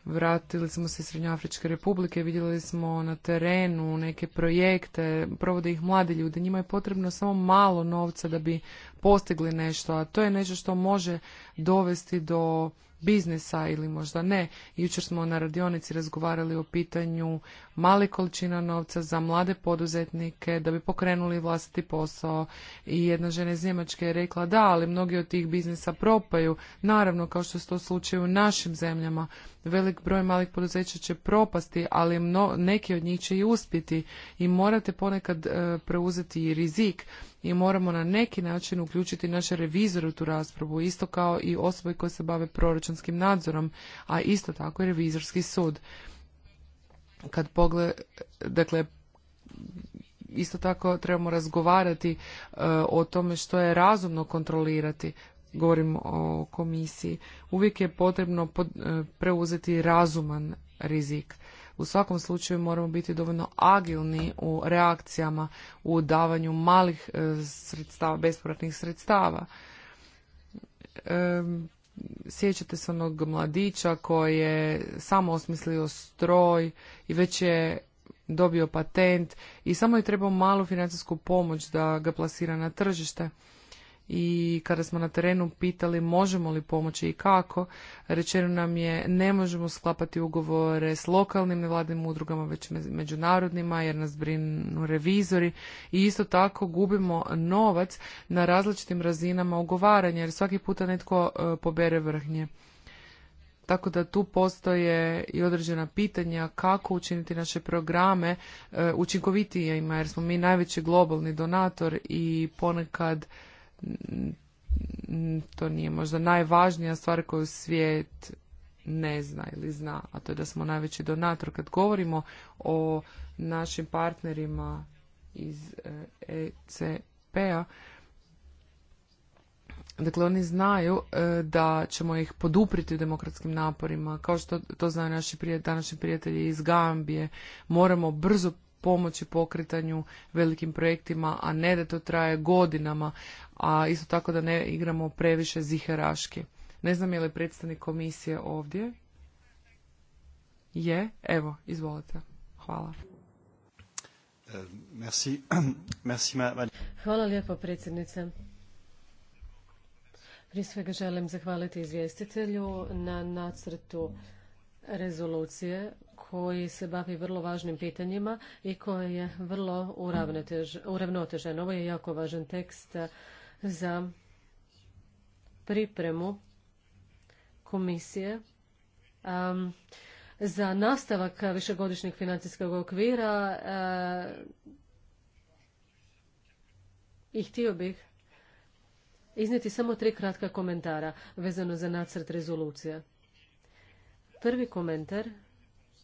Vratili smo se iz Srednjoafričke republike, vidjeli smo na terenu neke projekte, provode ih mladi ljudi, njima je potrebno samo malo novca da bi postigli nešto, a to je nešto što može dovesti do biznisa ili možda ne. Jučer smo na radionici razgovarali o pitanju male količina novca za mlade poduzetnike da bi pokrenuli vlastiti posao i jedna žena iz Njemačke je rekla da, ali mnogi od tih biznisa propaju. Naravno, kao što se to slučaju u našim zemljama, velik broj malih poduzeća će propasti, ali mno, neki od njih će i uspjeti i morate ponekad e, preuzeti i rizik i moramo na neki način uključiti naše revizore u tu raspravu, isto kao i osobe koje se bave proračunskim nadzorom, a isto tako i revizorski sud. Kad pogled, dakle, isto tako trebamo razgovarati e, o tome što je razumno kontrolirati govorim o komisiji uvijek je potrebno e, preuzeti razuman rizik u svakom slučaju moramo biti dovoljno agilni u reakcijama, u davanju malih e, sredstava, bespovratnih sredstava. sjećate se onog mladića koji je samo osmislio stroj i već je dobio patent i samo je trebao malu financijsku pomoć da ga plasira na tržište i kada smo na terenu pitali možemo li pomoći i kako, rečeno nam je ne možemo sklapati ugovore s lokalnim nevladnim udrugama, već međunarodnima jer nas brinu revizori i isto tako gubimo novac na različitim razinama ugovaranja jer svaki puta netko e, pobere vrhnje. Tako da tu postoje i određena pitanja kako učiniti naše programe e, učinkovitijima jer smo mi najveći globalni donator i ponekad Mm, to nije možda najvažnija stvar koju svijet ne zna ili zna, a to je da smo najveći donator. Kad govorimo o našim partnerima iz ECP-a, eh, e Dakle, oni znaju eh, da ćemo ih podupriti u demokratskim naporima, kao što to znaju naši prijatelji, današnji prijatelji iz Gambije. Moramo brzo pomoći pokretanju velikim projektima, a ne da to traje godinama, a isto tako da ne igramo previše ziheraški. Ne znam je li predstavnik komisije ovdje? Je? Evo, izvolite. Hvala. Eh, Hvala lijepo predsjednice. Prije svega želim zahvaliti izvjestitelju na nacrtu rezolucije koji se bavi vrlo važnim pitanjima i koje je vrlo uravnotežen. Ovo je jako važan tekst za pripremu komisije um, za nastavak višegodišnjeg financijskog okvira uh, i htio bih iznijeti samo tri kratka komentara vezano za nacrt rezolucije. Prvi komentar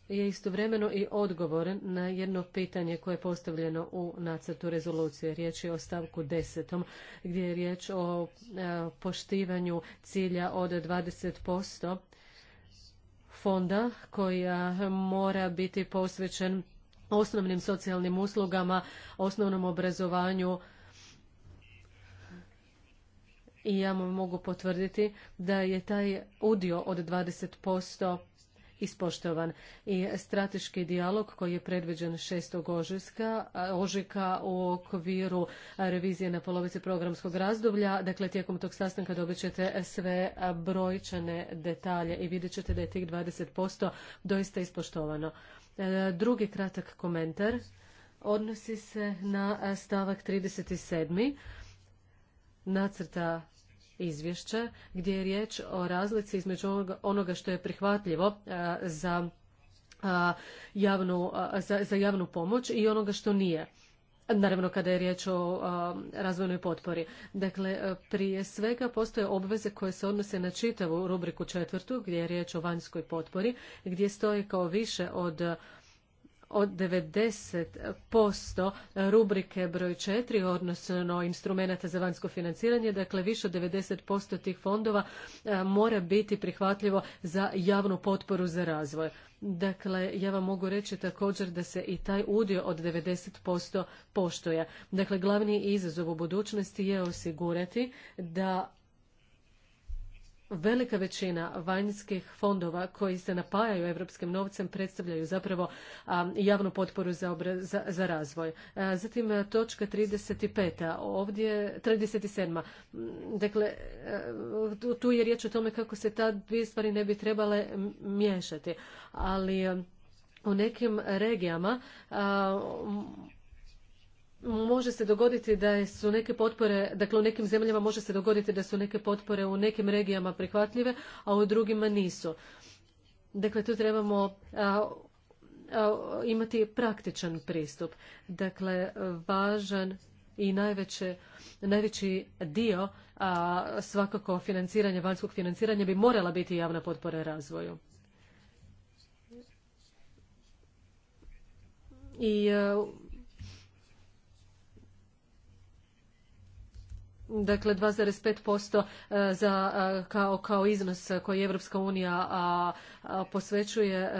je istovremeno i odgovor na jedno pitanje koje je postavljeno u nacrtu rezolucije. Riječ je o stavku desetom gdje je riječ o e, poštivanju cilja od 20% fonda koja mora biti posvećen osnovnim socijalnim uslugama, osnovnom obrazovanju i ja mogu potvrditi da je taj udio od 20% ispoštovan. I strateški dijalog koji je predviđen 6. ožujka, u okviru revizije na polovici programskog razdoblja. Dakle, tijekom tog sastanka dobit ćete sve brojčane detalje i vidjet ćete da je tih 20% doista ispoštovano. E, drugi kratak komentar odnosi se na stavak 37. nacrta izvješće gdje je riječ o razlici između onoga što je prihvatljivo e, e, e, za javnu, za, pomoć i onoga što nije. Naravno kada je riječ o razvojnoj potpori. Dakle, prije svega postoje obveze koje se odnose na čitavu rubriku četvrtu gdje je riječ o vanjskoj potpori, gdje stoji kao više od od 90% rubrike broj 4, odnosno instrumenata za vanjsko financiranje, dakle više od 90% tih fondova e, mora biti prihvatljivo za javnu potporu za razvoj. Dakle, ja vam mogu reći također da se i taj udio od 90% poštuje. Dakle, glavni izazov u budućnosti je osigurati da velika većina vanjskih fondova koji se napajaju europskim novcem predstavljaju zapravo javnu potporu za, razvoj. Zatim e, točka 35. Ovdje 37. Mm, dakle, e, tu je riječ o tome kako se ta dvije stvari ne bi trebale miješati. Ali e, u nekim regijama može se dogoditi da su neke potpore, dakle u nekim zemljama može se dogoditi da su neke potpore u nekim regijama prihvatljive, a u drugima nisu. Dakle, tu trebamo imati praktičan pristup. Dakle, važan i najveće, najveći dio svakako financiranja, vanjskog financiranja bi morala biti javna potpora razvoju. I dakle 2,5% e, za e, kao, kao iznos koji Europska unija posvećuje e,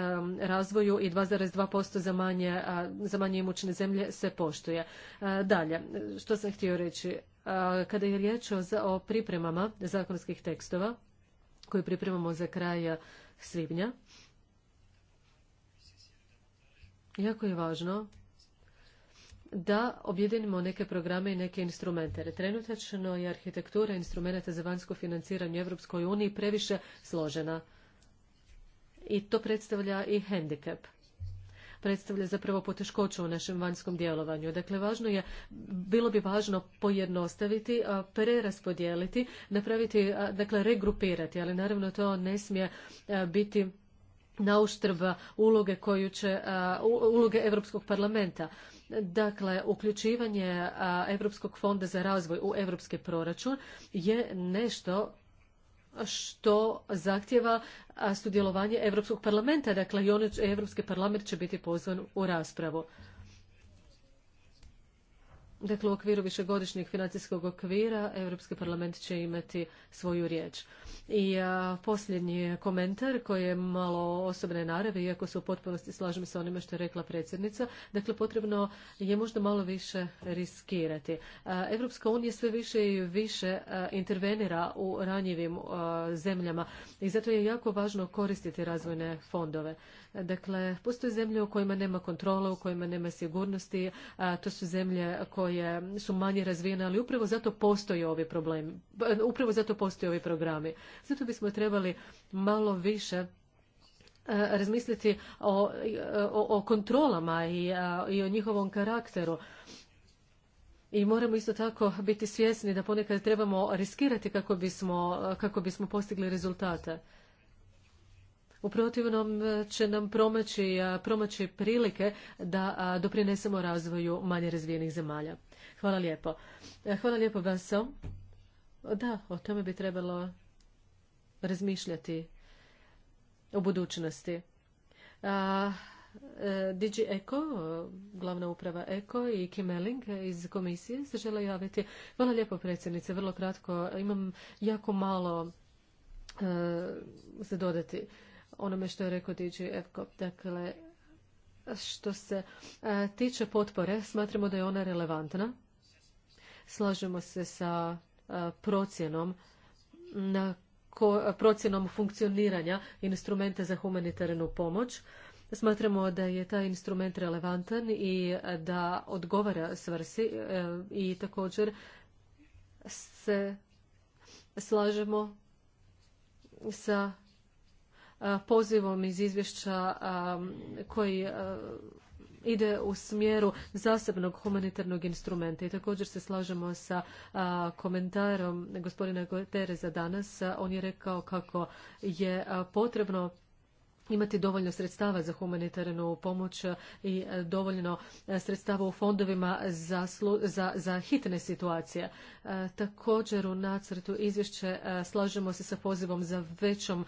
razvoju i 2,2% za manje za manje imućne zemlje se poštuje. Dalje, što sam htio reći, kada je riječ o, o pripremama zakonskih tekstova koje pripremamo za kraj svibnja, jako je važno da objedinimo neke programe i neke instrumente. Trenutačno je arhitektura instrumenta za vanjsko financiranje u Europskoj uniji previše složena. I to predstavlja i hendikep. Predstavlja zapravo poteškoću u našem vanjskom djelovanju. Dakle, važno je, bilo bi važno pojednostaviti, preraspodijeliti, napraviti, dakle, regrupirati, ali naravno to ne smije biti nauštrb uloge koju će uloge Europskog parlamenta. Dakle, uključivanje Europskog fonda za razvoj u europski proračun je nešto što zahtjeva sudjelovanje Europskog parlamenta. Dakle, i ono, Europski parlament će biti pozvan u raspravu. Dakle, u okviru višegodišnjeg financijskog okvira Europski parlament će imati svoju riječ. I posljednji komentar koji je malo osobne naravi, iako se u potpunosti slažem sa onime što je rekla predsjednica, dakle potrebno je možda malo više riskirati. A, Evropska unija sve više i više intervenira u ranjivim zemljama i zato je jako važno koristiti razvojne fondove. Dakle, postoje zemlje u kojima nema kontrole, u kojima nema sigurnosti. to su zemlje koje su manje razvijene, ali upravo zato postoje ovi problemi. Upravo zato postoje ovi programi. Zato bismo trebali malo više razmisliti o, o, kontrolama i, i o njihovom karakteru. I moramo isto tako biti svjesni da ponekad trebamo riskirati kako bismo, kako bismo postigli rezultate. U protivnom e, će nam promaći, e, promaći prilike da doprinesemo razvoju manje razvijenih zemalja. Hvala lijepo. E, hvala lijepo, Vaso. Da, o tome bi trebalo razmišljati u budućnosti. A, Digi Eko, glavna uprava Eko i Kim Elling iz komisije se žele javiti. Hvala lijepo predsjednice, vrlo kratko, imam jako malo za se dodati onome što je rekao DJ Evkop. Dakle, što se e, tiče potpore, smatramo da je ona relevantna. Slažemo se sa e, procjenom na procjenom funkcioniranja instrumenta za humanitarnu pomoć. Smatramo da je taj instrument relevantan i da odgovara svrsi e, i također se slažemo sa pozivom iz izvješća koji ide u smjeru zasebnog humanitarnog instrumenta i također se slažemo sa komentarom gospodina Tereza danas. On je rekao kako je potrebno imati dovoljno sredstava za humanitarnu pomoć i e, dovoljno e, sredstava u fondovima za, slu, za, za hitne situacije. E, također u nacrtu izvješće slažemo se sa pozivom za većom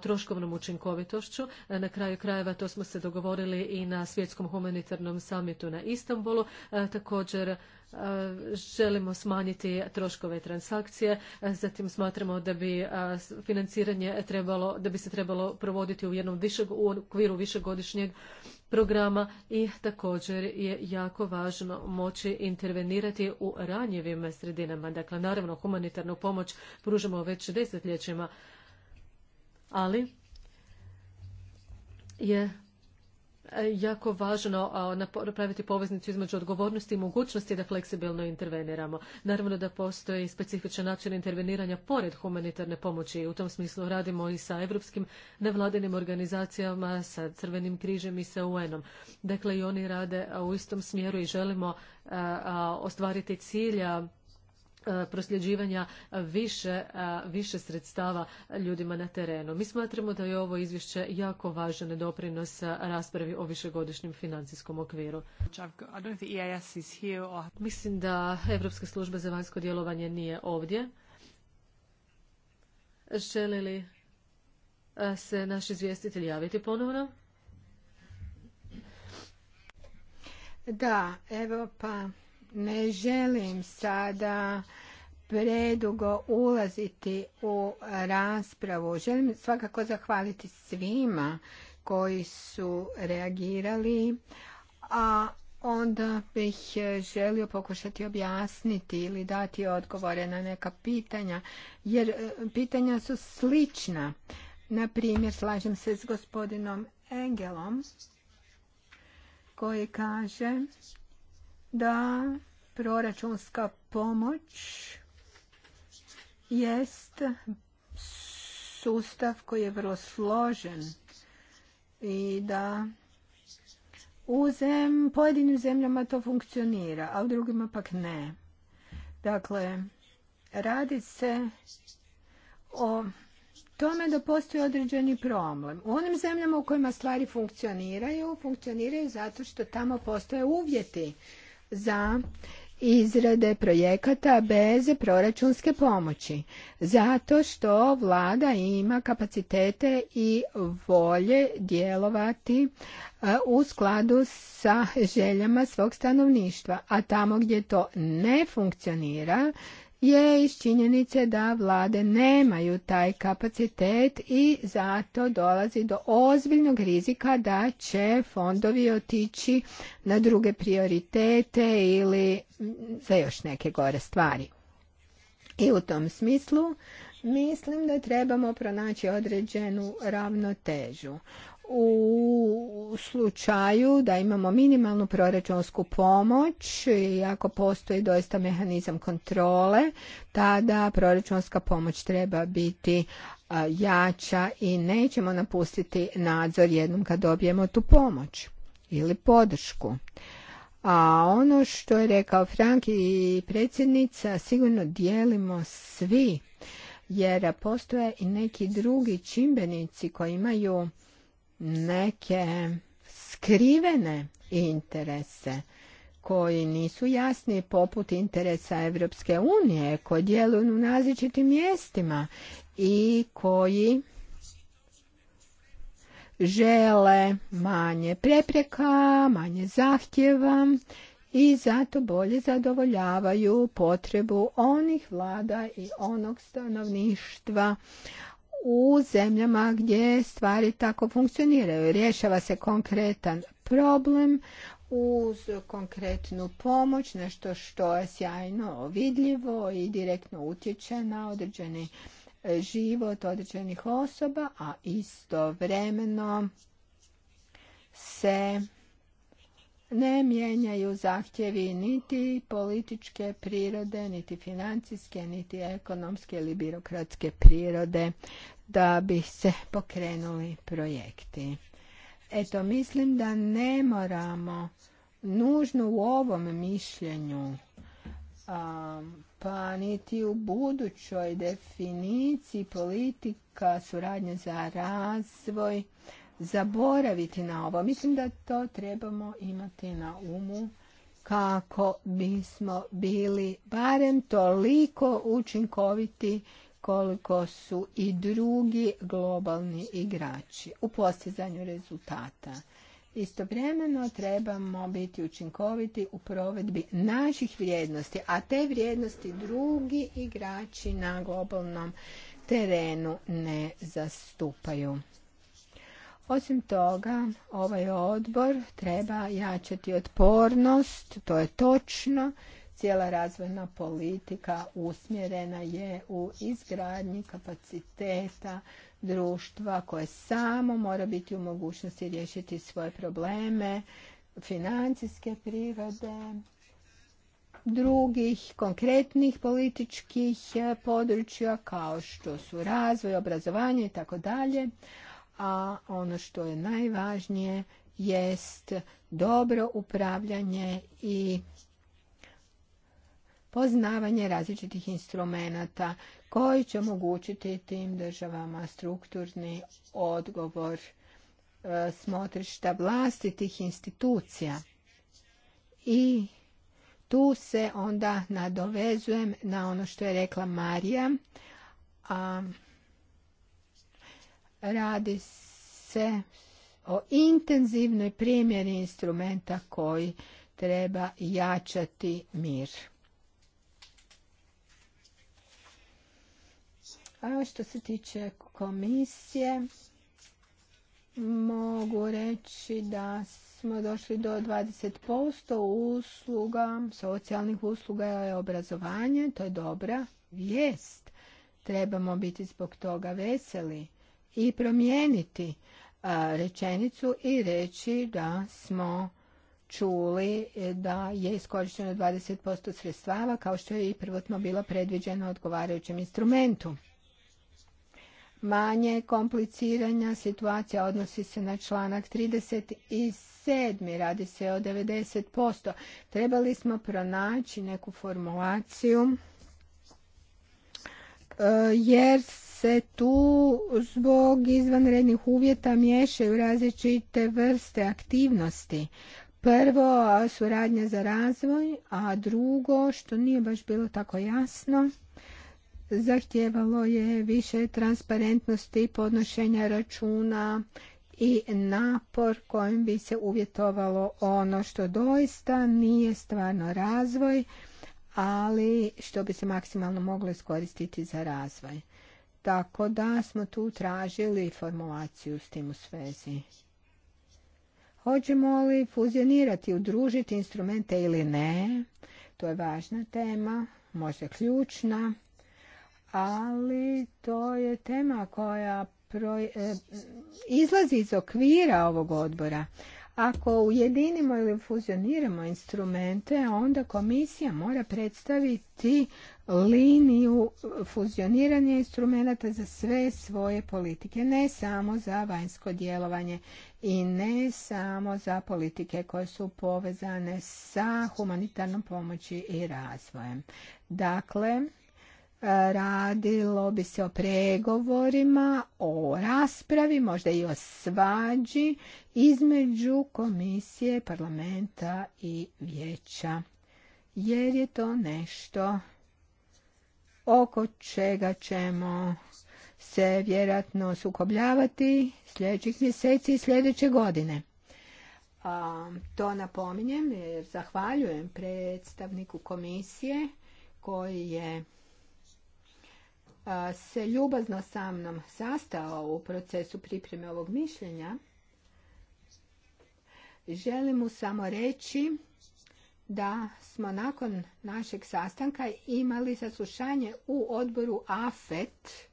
troškovnom učinkovitošću. na kraju krajeva to smo se dogovorili i na svjetskom humanitarnom samitu na Istanbulu. Također želimo smanjiti troškove transakcije, zatim smatramo da bi financiranje trebalo, da bi se trebalo provoditi u jednom u okviru višegodišnjeg programa i također je jako važno moći intervenirati u ranjivim sredinama. Dakle, naravno humanitarnu pomoć pružamo već desetljećima, ali je E, jako važno napraviti poveznicu između odgovornosti i mogućnosti da fleksibilno interveniramo. Naravno da postoji specifičan način interveniranja pored humanitarne pomoći u tom smislu radimo i sa evropskim nevladinim organizacijama, sa Crvenim križem i sa UN-om. Dakle, i oni rade u istom smjeru i želimo ostvariti cilja E, prosljeđivanja više, e, više sredstava ljudima na terenu. Mi smatramo da je ovo izvješće jako važan doprinos raspravi o višegodišnjem financijskom okviru. Mislim da Europska služba za vanjsko djelovanje nije ovdje. Želi li e, se naš izvjestitelj javiti ponovno? Da, pa... Ne želim sada predugo ulaziti u raspravu. Želim svakako zahvaliti svima koji su reagirali, a onda bih želio pokušati objasniti ili dati odgovore na neka pitanja, jer e, pitanja su slična. Na primjer, slažem se s gospodinom Engelom koji kaže da proračunska pomoć jest sustav koji je vrlo složen i da u zem, pojedinim zemljama to funkcionira, a u drugima pak ne. Dakle, radi se o tome da postoji određeni problem. U onim zemljama u kojima stvari funkcioniraju, funkcioniraju zato što tamo postoje uvjeti za izrade projekata bez proračunske pomoći zato što vlada ima kapacitete i volje djelovati e, u skladu sa željama svog stanovništva a tamo gdje to ne funkcionira je iz činjenice da vlade nemaju taj kapacitet i zato dolazi do ozbiljnog rizika da će fondovi otići na druge prioritete ili za još neke gore stvari. I u tom smislu mislim da trebamo pronaći određenu ravnotežu u slučaju da imamo minimalnu proračunsku pomoć i ako postoji doista mehanizam kontrole, tada proračunska pomoć treba biti jača i nećemo napustiti nadzor jednom kad dobijemo tu pomoć ili podršku. A ono što je rekao Frank i predsjednica sigurno dijelimo svi jer postoje i neki drugi čimbenici koji imaju neke skrivene interese koji nisu jasni poput interesa Evropske unije koji djeluju u različitim mjestima i koji žele manje prepreka, manje zahtjeva i zato bolje zadovoljavaju potrebu onih vlada i onog stanovništva u zemljama gdje stvari tako funkcioniraju. Rješava se konkretan problem uz konkretnu pomoć, nešto što je sjajno vidljivo i direktno utječe na određeni e, život određenih osoba, a istovremeno se ne mijenjaju zahtjevi niti političke prirode, niti financijske, niti ekonomske ili birokratske prirode da bi se pokrenuli projekti. Eto, mislim da ne moramo nužno u ovom mišljenju a, pa niti u budućoj definiciji politika suradnje za razvoj zaboraviti na ovo. Mislim da to trebamo imati na umu kako bismo bili barem toliko učinkoviti koliko su i drugi globalni igrači u postizanju rezultata. Istovremeno trebamo biti učinkoviti u provedbi naših vrijednosti, a te vrijednosti drugi igrači na globalnom terenu ne zastupaju. Osim toga, ovaj odbor treba jačati otpornost, to je točno. Cijela razvojna politika usmjerena je u izgradnji kapaciteta društva koje samo mora biti u mogućnosti riješiti svoje probleme, financijske prirode, drugih konkretnih političkih područja kao što su razvoj, obrazovanje i tako dalje, a ono što je najvažnije jest dobro upravljanje i poznavanje različitih instrumenata koji će omogućiti tim državama strukturni odgovor e, smotrišta vlastitih institucija. I tu se onda nadovezujem na ono što je rekla Marija, a Radi se o intenzivnoj primjeni instrumenta koji treba jačati mir. A što se tiče komisije, mogu reći da smo došli do 20% usluga, socijalnih usluga je obrazovanje, to je dobra vijest. Trebamo biti zbog toga veseli i promijeniti rečenicu i reći da smo čuli e, da je iskorišteno 20% sredstava kao što je i prvotno bilo predviđeno odgovarajućem instrumentu. Manje kompliciranja situacija odnosi se na članak 37. Radi se o 90%. Trebali smo pronaći neku formulaciju e, jer se tu zbog izvanrednih uvjeta miješaju različite vrste aktivnosti. Prvo, suradnja za razvoj, a drugo, što nije baš bilo tako jasno, zahtjevalo je više transparentnosti, podnošenja računa i napor kojim bi se uvjetovalo ono što doista nije stvarno razvoj, ali što bi se maksimalno moglo iskoristiti za razvoj. Tako da smo tu tražili formulaciju s tim u svezi. Hoćemo li fuzionirati, udružiti instrumente ili ne? To je važna tema, možda ključna, ali to je tema koja e, izlazi iz okvira ovog odbora. Ako ujedinimo ili fuzioniramo instrumente, onda komisija mora predstaviti liniju fuzioniranja instrumenta za sve svoje politike, ne samo za vanjsko djelovanje i ne samo za politike koje su povezane sa humanitarnom pomoći i razvojem. Dakle, radilo bi se o pregovorima, o raspravi, možda i o svađi između komisije, parlamenta i vijeća. Jer je to nešto oko čega ćemo se vjerojatno sukobljavati sljedećih mjeseci i sljedeće godine. to napominjem jer zahvaljujem predstavniku komisije koji je se ljubazno sa mnom sastao u procesu pripreme ovog mišljenja. Želim mu samo reći da smo nakon našeg sastanka imali saslušanje u odboru AFET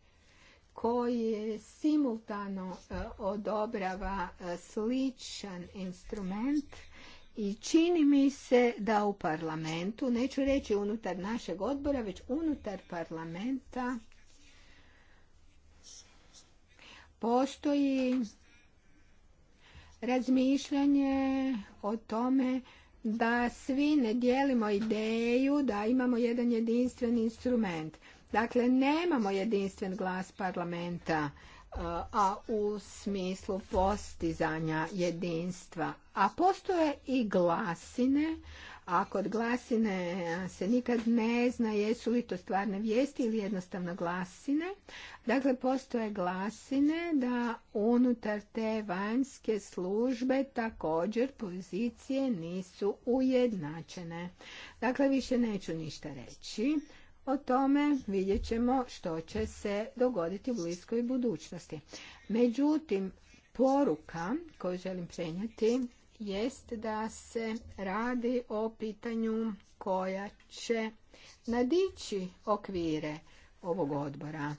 koji simultano e, odobrava e, sličan instrument i čini mi se da u parlamentu, neću reći unutar našeg odbora, već unutar parlamenta postoji razmišljanje o tome da svi ne dijelimo ideju da imamo jedan jedinstven instrument. Dakle, nemamo jedinstven glas parlamenta, e, a u smislu postizanja jedinstva. A postoje i glasine a kod glasine se nikad ne zna jesu li to stvarne vijesti ili jednostavno glasine. Dakle, postoje glasine da unutar te vanjske službe također pozicije nisu ujednačene. Dakle, više neću ništa reći. O tome vidjet ćemo što će se dogoditi u bliskoj budućnosti. Međutim, poruka koju želim prenijeti jest da se radi o pitanju koja će nadići okvire ovog odbora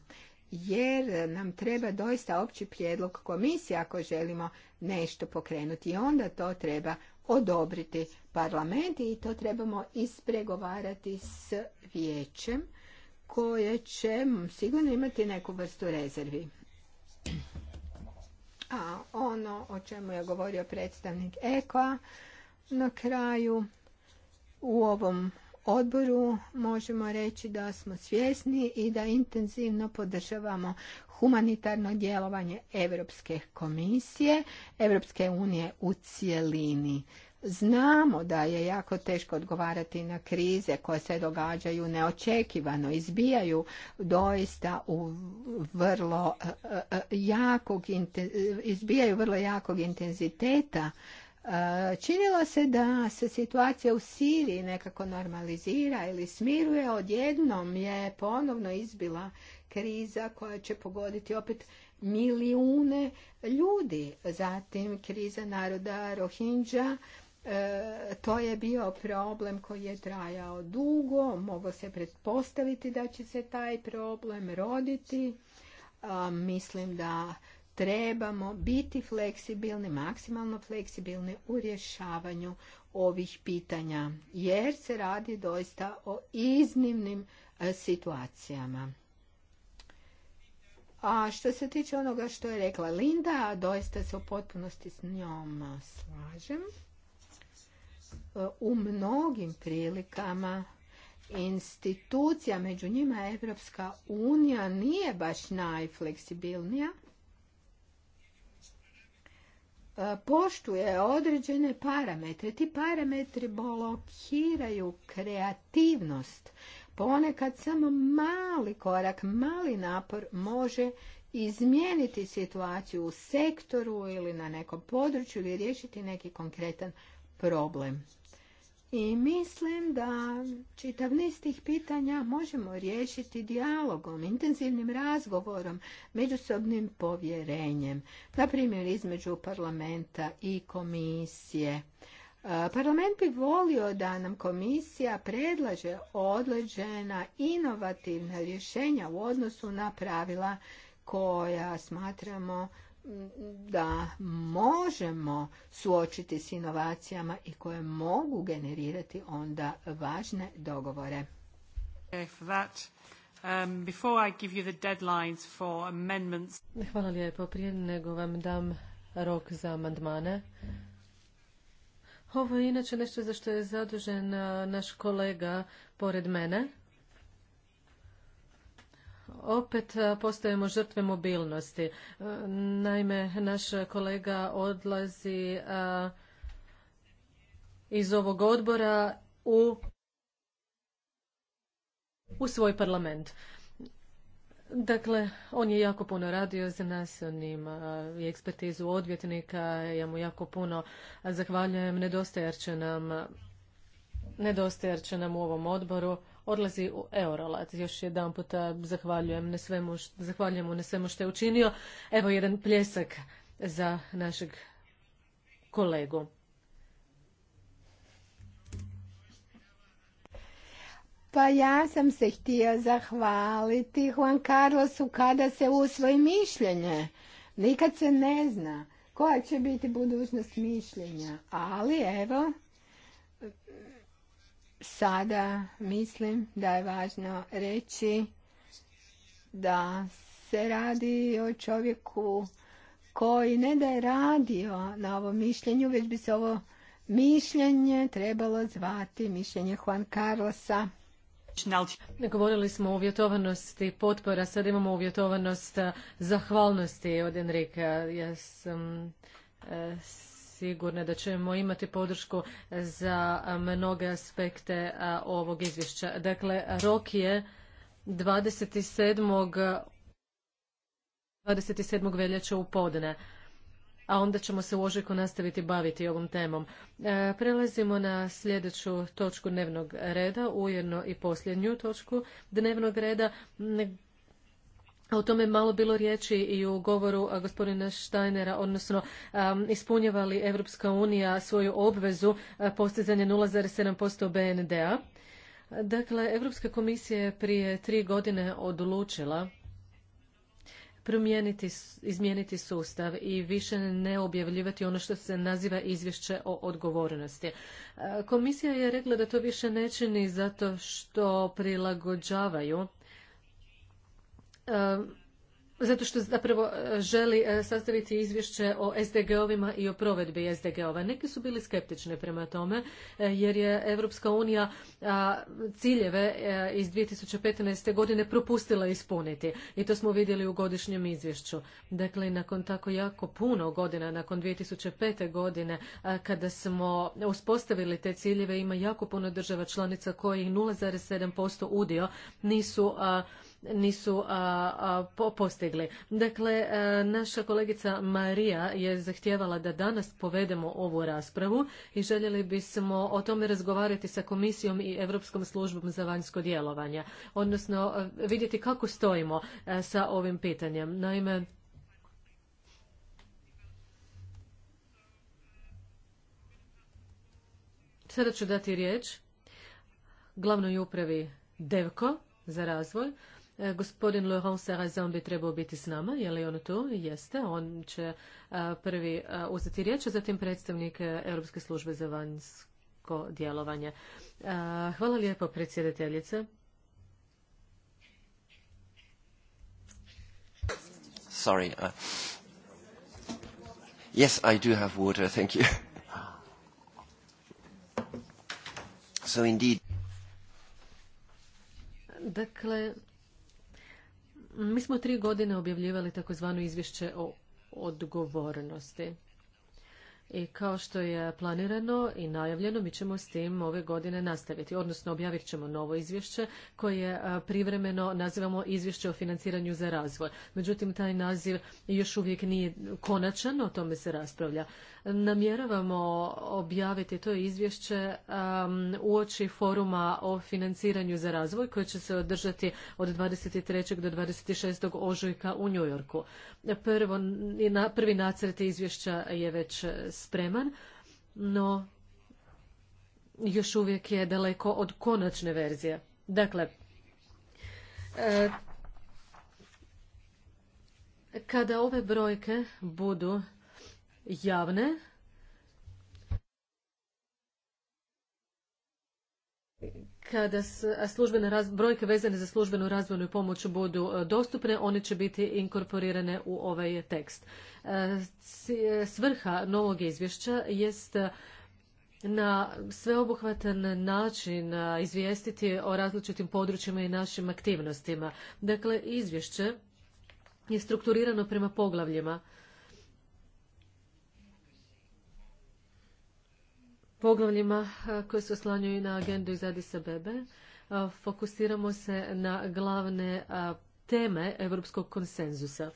jer nam treba doista opći prijedlog komisije ako želimo nešto pokrenuti i onda to treba odobriti parlament i to trebamo ispregovarati s vijećem koje će sigurno imati neku vrstu rezervi a ono o čemu je govorio predstavnik EKOA na kraju u ovom odboru možemo reći da smo svjesni i da intenzivno podržavamo humanitarno djelovanje Europske komisije, Europske unije u cijelini. Znamo da je jako teško odgovarati na krize koje se događaju neočekivano, izbijaju doista u vrlo e, e, e, jakog, izbijaju vrlo jakog intenziteta. Činilo se da se situacija u Siriji nekako normalizira ili smiruje, odjednom je ponovno izbila kriza koja će pogoditi opet milijune ljudi. Zatim kriza naroda Rohingya, E, to je bio problem koji je trajao dugo, moglo se pretpostaviti da će se taj problem roditi. Mislim da trebamo biti fleksibilni, maksimalno fleksibilni u rješavanju ovih pitanja, jer se radi doista o iznimnim e, situacijama. A što se tiče onoga što je rekla Linda, doista se u potpunosti s njom slažem u mnogim prilikama institucija, među njima Evropska unija, nije baš najfleksibilnija. E, poštuje određene parametre. Ti parametri blokiraju kreativnost. Ponekad samo mali korak, mali napor može izmijeniti situaciju u sektoru ili na nekom području ili riješiti neki konkretan problem. I mislim da čitav niz tih pitanja možemo riješiti dijalogom, intenzivnim razgovorom, međusobnim povjerenjem, na primjer između parlamenta i komisije. E, parlament bi volio da nam komisija predlaže odleđena, inovativna rješenja u odnosu na pravila koja smatramo da možemo suočiti s inovacijama i koje mogu generirati onda važne dogovore. Um, Hvala lijepo. Prije nego vam dam rok za amandmane. Ovo je inače nešto za što je zadužen uh, naš kolega pored mene opet e, postajemo žrtve mobilnosti. E, naime, naš kolega odlazi e, iz ovog odbora u, u svoj parlament. Dakle, on je jako puno radio za nas, on ima i ekspertizu odvjetnika, ja mu jako puno zahvaljujem, nedostajat nam, će nam u ovom odboru odlazi u Eurolat. Još jedan puta zahvaljujem na svemu, mu na svemu što je učinio. Evo jedan pljesak za našeg kolegu. Pa ja sam se htio zahvaliti Juan Carlosu kada se usvoji mišljenje. Nikad se ne zna koja će biti budućnost mišljenja, ali evo, sada mislim da je važno reći da se radi o čovjeku koji ne da je radio na ovom mišljenju, već bi se ovo mišljenje trebalo zvati mišljenje Juan Carlosa. Govorili smo o uvjetovanosti potpora, sad imamo uvjetovanost eh, zahvalnosti od Enrika. Ja sam eh, sigurna da ćemo imati podršku za mnoge aspekte ovog izvješća. Dakle, rok je 27. 27. veljače u podne a onda ćemo se u ožujku nastaviti baviti ovom temom. E, prelazimo na sljedeću točku dnevnog reda, ujedno i posljednju točku dnevnog reda. O tome je malo bilo riječi i u govoru gospodina Steinera, odnosno ispunjava li Evropska unija svoju obvezu postizanja 0,7% BND-a. Dakle, Europska komisija je prije tri godine odlučila izmijeniti sustav i više ne objavljivati ono što se naziva izvješće o odgovornosti. Komisija je rekla da to više ne čini zato što prilagođavaju E, zato što zapravo e, želi e, sastaviti izvješće o SDG-ovima i o provedbi SDG-ova. Neki su bili skeptični prema tome, jer je Evropska unija ciljeve iz 2015. godine propustila ispuniti. I to smo vidjeli u godišnjem izvješću. Dakle, nakon tako jako puno godina, nakon 2005. godine, kada smo uspostavili te ciljeve, ima jako puno država članica koji 0,7% udio nisu nisu postigli. Dakle, e, naša kolegica Marija je zahtjevala da danas povedemo ovu raspravu i željeli bismo o tome razgovarati sa komisijom i Europskom službom za vanjsko djelovanje, odnosno e, vidjeti kako stojimo e, sa ovim pitanjem. Naime, Sada ću dati riječ glavnoj upravi Devko za razvoj, E, gospodin Laurent Sarazan bi trebao biti s nama, je li on tu? Jeste, on će e, prvi e, uzeti riječ, a zatim predstavnik Europske službe za vanjsko djelovanje. Hvala lijepo, predsjedateljice. Sorry. Uh, yes, I do have water, thank you. So indeed. Dakle, mi smo tri godine objavljivali takozvano izvješće o odgovornosti i kao što je planirano i najavljeno, mi ćemo s tim ove godine nastaviti, odnosno objavit ćemo novo izvješće koje privremeno nazivamo izvješće o financiranju za razvoj. Međutim, taj naziv još uvijek nije konačan, o tome se raspravlja. Namjeravamo objaviti to izvješće u oči foruma o financiranju za razvoj koje će se održati od 23. do 26. ožujka u Njujorku. Prvo, prvi nacrt izvješća je već spreman, no još uvijek je daleko od konačne verzije. Dakle, e, kada ove brojke budu javne, da brojke vezane za službenu razvojnu pomoć budu e, dostupne, one će biti inkorporirane u ovaj tekst. E, e, svrha novog izvješća jest na sveobuhvatan način izvijestiti o različitim područjima i našim aktivnostima. Dakle, izvješće je strukturirano prema poglavljima poglavljima eh, koje se oslanjuju na agendu iz Adisa Bebe. Eh, fokusiramo se na glavne eh, teme europskog konsenzusa.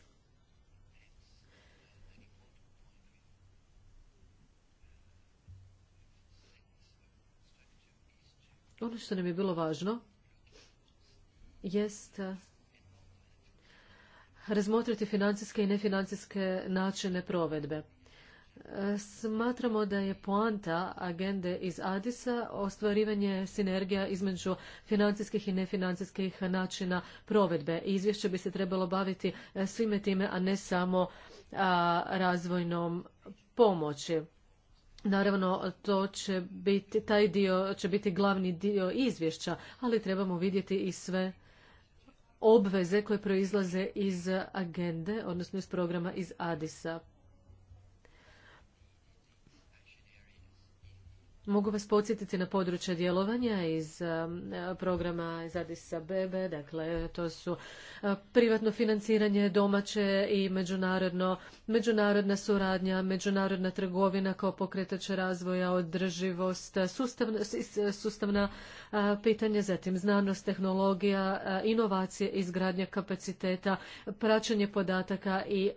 Ono što nam je bilo važno jest razmotriti financijske i nefinancijske načine provedbe. Smatramo da je poanta agende iz Adisa ostvarivanje sinergija između financijskih i nefinancijskih načina provedbe. Izvješće bi se trebalo baviti e, svime time, a ne samo razvojnom pomoći. Naravno, to će biti, taj dio će biti glavni dio izvješća, ali trebamo vidjeti i sve obveze koje proizlaze iz agende, odnosno iz programa iz Adisa. Mogu vas podsjetiti na područje djelovanja iz eh, programa iz Bebe, dakle to su eh, privatno financiranje domaće i međunarodno, međunarodna suradnja, međunarodna trgovina kao pokretač razvoja, održivost, sustavna, sustavna eh, pitanja, zatim znanost, tehnologija, inovacije, izgradnja kapaciteta, praćenje podataka i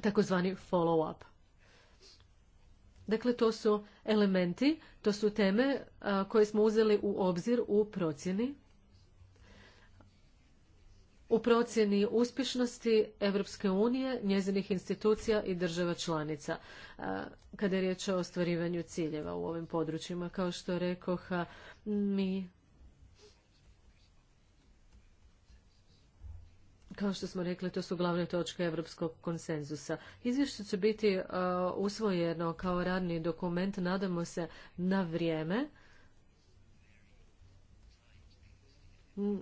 takozvani follow-up. Dakle, to su elementi, to su teme koje smo uzeli u obzir u procjeni. U procjeni uspješnosti Europske unije, njezinih institucija i država članica, kada je riječ o ostvarivanju ciljeva u ovim područjima. Kao što rekoh, mi Kao što smo rekli, to su glavne točke evropskog konsenzusa. Izvješće će biti e, usvojeno kao radni dokument, nadamo se, na vrijeme. Mm.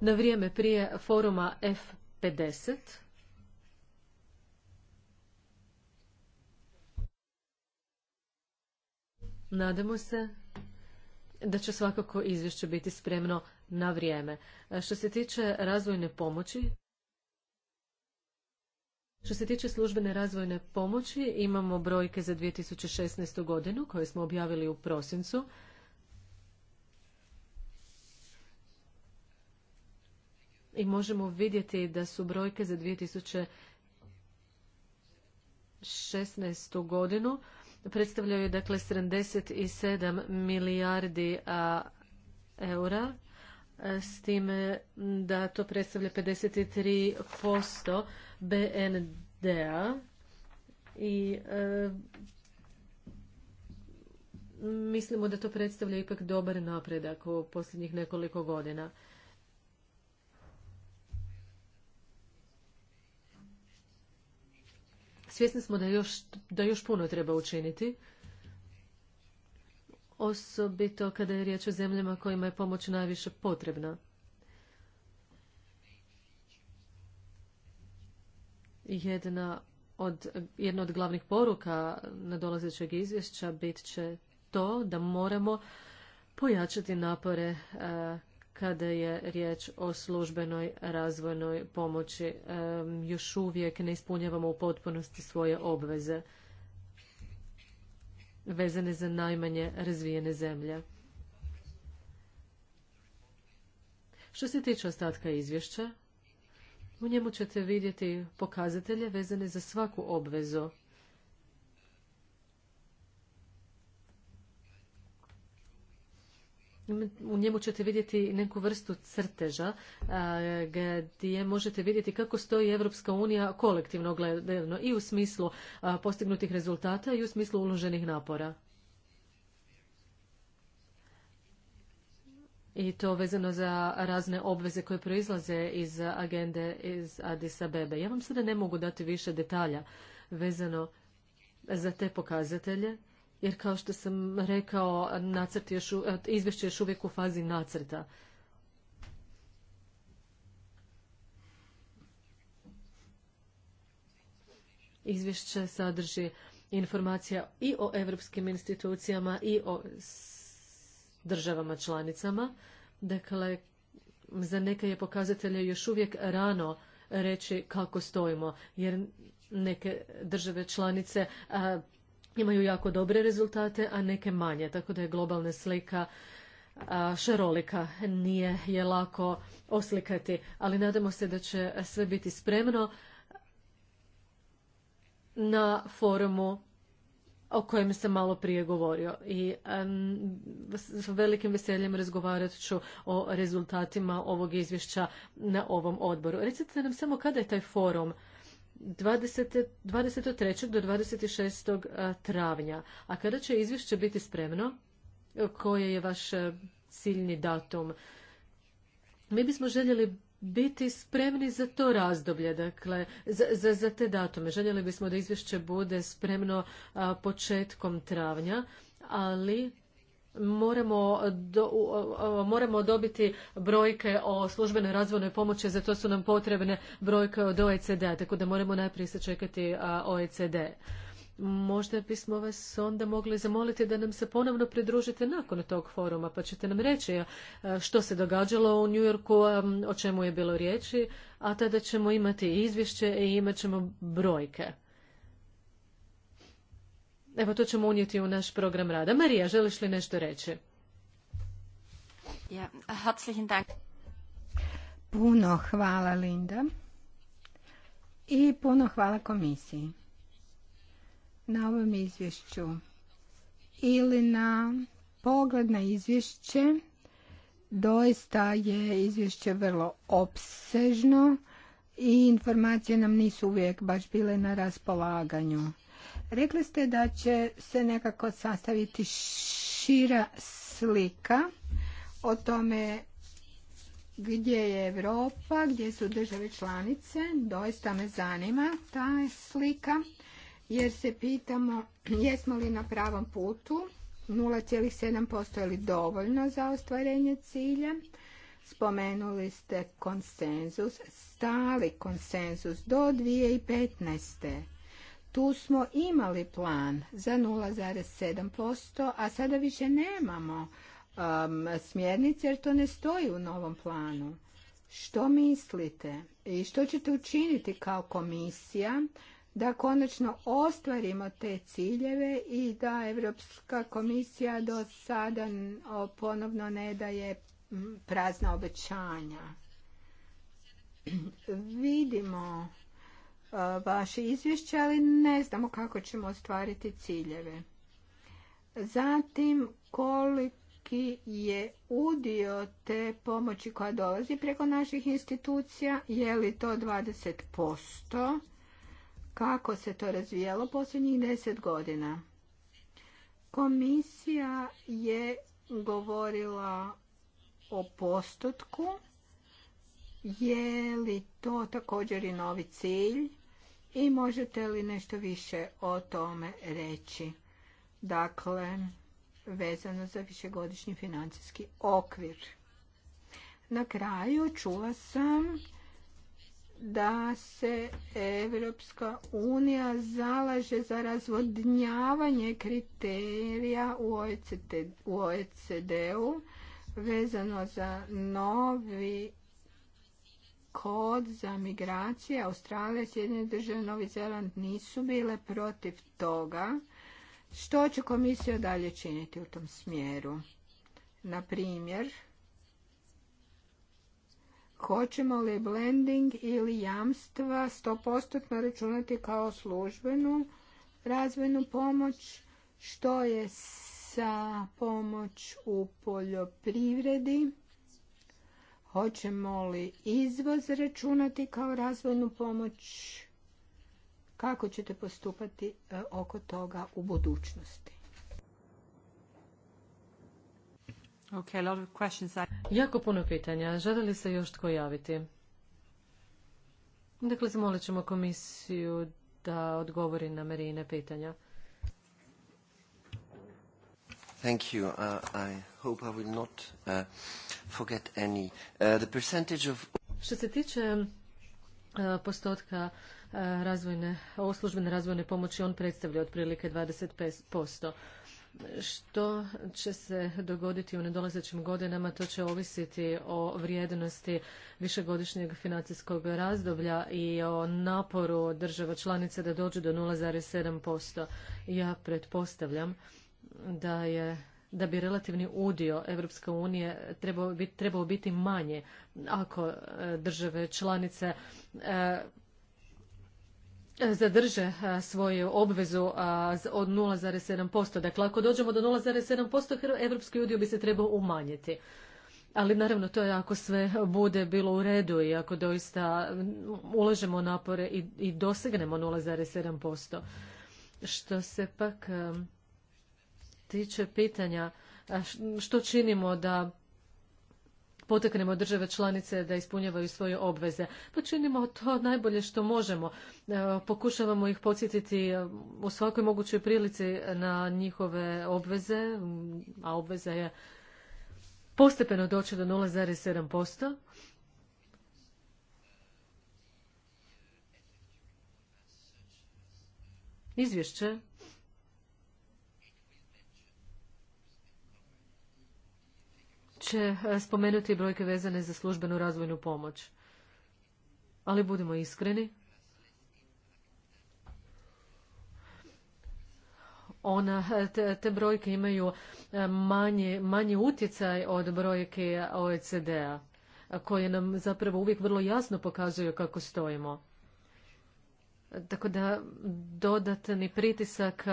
na vrijeme prije foruma F50. Nadamo se da će svakako izvješće biti spremno na vrijeme. E, što se tiče razvojne pomoći, što se tiče službene razvojne pomoći, imamo brojke za 2016. godinu koje smo objavili u prosincu. I možemo vidjeti da su brojke za 2016. godinu predstavljaju dakle 77 milijardi eura s time da to predstavlja 53% BND-a i e, mislimo da to predstavlja ipak dobar napredak u posljednjih nekoliko godina. Svjesni smo da još, da još puno treba učiniti, osobito kada je riječ o zemljama kojima je pomoć najviše potrebna. Jedna od, od glavnih poruka nadolazećeg izvješća bit će to da moramo pojačati napore eh, kada je riječ o službenoj razvojnoj pomoći. Još uvijek ne ispunjavamo u potpunosti svoje obveze vezane za najmanje razvijene zemlje. Što se tiče ostatka izvješća, u njemu ćete vidjeti pokazatelje vezane za svaku obvezu u njemu ćete vidjeti neku vrstu crteža gdje možete vidjeti kako stoji Evropska unija kolektivno gledano i u smislu postignutih rezultata i u smislu uloženih napora. i to vezano za razne obveze koje proizlaze iz agende iz Addis Abebe. Ja vam sada ne mogu dati više detalja vezano za te pokazatelje jer kao što sam rekao, nacrt još, e, izvješće još uvijek u fazi nacrta. Izvješće sadrži informacija i o europskim institucijama i o državama članicama. Dakle, za neke je pokazatelje još uvijek rano reći kako stojimo, jer neke države članice imaju jako dobre rezultate, a neke manje, tako da je globalna slika šarolika. Nije je lako oslikati, ali nadamo se da će sve biti spremno na forumu o kojem sam malo prije govorio i s velikim veseljem razgovarat ću o rezultatima ovog izvješća na ovom odboru. Recite nam samo kada je taj forum 20, 23. do 26. travnja. A kada će izvješće biti spremno? E, Koje je vaš e, ciljni datum? Mi bismo željeli biti spremni za to razdoblje, dakle, za, za, za te datume. Željeli bismo da izvješće bude spremno početkom travnja, ali Moramo, do, moramo dobiti brojke o službenoj razvojnoj pomoći, za to su nam potrebne brojke od oecd tako da moramo najprije čekati OECD. Možda bismo vas onda mogli zamoliti da nam se ponovno pridružite nakon tog foruma, pa ćete nam reći što se događalo u New Yorku o čemu je bilo riječi, a tada ćemo imati izvješće i imat ćemo brojke. Evo, to ćemo unijeti u naš program rada. Marija, želiš li nešto reći? Ja, Puno hvala, Linda. I puno hvala komisiji na ovom izvješću ili na pogled na izvješće. Doista je izvješće vrlo opsežno i informacije nam nisu uvijek baš bile na raspolaganju. Rekli ste da će se nekako sastaviti šira slika o tome gdje je Europa, gdje su države članice. Doista me zanima ta slika jer se pitamo jesmo li na pravom putu. 0,7% je li dovoljno za ostvarenje cilja? Spomenuli ste konsenzus, stali konsenzus do 2015 tu smo imali plan za 0,7%, a sada više nemamo um, smjernice jer to ne stoji u novom planu. Što mislite i što ćete učiniti kao komisija da konačno ostvarimo te ciljeve i da Europska komisija do sada ponovno ne daje prazna obećanja? Vidimo E, vaše izvješće, ali ne znamo kako ćemo ostvariti ciljeve. Zatim, koliki je udio te pomoći koja dolazi preko naših institucija, je li to 20%, kako se to razvijalo posljednjih 10 godina. Komisija je govorila o postotku, je li to također i novi cilj? i možete li nešto više o tome reći? Dakle, vezano za višegodišnji financijski okvir. Na kraju čula sam da se Evropska unija zalaže za razvodnjavanje kriterija u OECD-u vezano za novi kod za migracije Australije, Sjedinje države, Novi Zeland nisu bile protiv toga. Što će komisija dalje činiti u tom smjeru? Na primjer, hoćemo li blending ili jamstva 100% računati kao službenu razvojnu pomoć? Što je sa pomoć u poljoprivredi? Hoćemo li izvoz računati kao razvojnu pomoć? Kako ćete postupati e, oko toga u budućnosti? Jako puno pitanja. Želi li se još tko javiti? Dakle, zamolit ćemo komisiju da odgovori na Marijine pitanja. Thank you. Uh, I hope I will not uh, forget any. Uh, Što se tiče postotka razvojne, službene razvojne pomoći, on predstavlja otprilike 25%. Što će se dogoditi u nedolazećim godinama, to će ovisiti o vrijednosti višegodišnjeg financijskog razdoblja i o naporu država članica da dođu do 0,7%. Ja pretpostavljam da je da bi relativni udio Europske unije trebao biti, trebao biti manje ako e, države članice e, zadrže e, svoju obvezu od 0,7%. Dakle, ako dođemo do 0,7%, evropski udio bi se trebao umanjiti. Ali naravno to je ako sve bude bilo u redu i ako doista ulažemo napore i, i dosegnemo 0,7%. Što se pak tiče pitanja što činimo da poteknemo države članice da ispunjavaju svoje obveze. Pa činimo to najbolje što možemo. E, pokušavamo ih podsjetiti e, u svakoj mogućoj prilici na njihove obveze, a obveza je postepeno doći do 0,7%. Izvješće će e, spomenuti brojke vezane za službenu razvojnu pomoć. Ali budimo iskreni. Ona, e, te, brojke imaju e, manji, manji utjecaj od brojke OECD-a koje nam zapravo uvijek vrlo jasno pokazuju kako stojimo. Tako da dodatni pritisak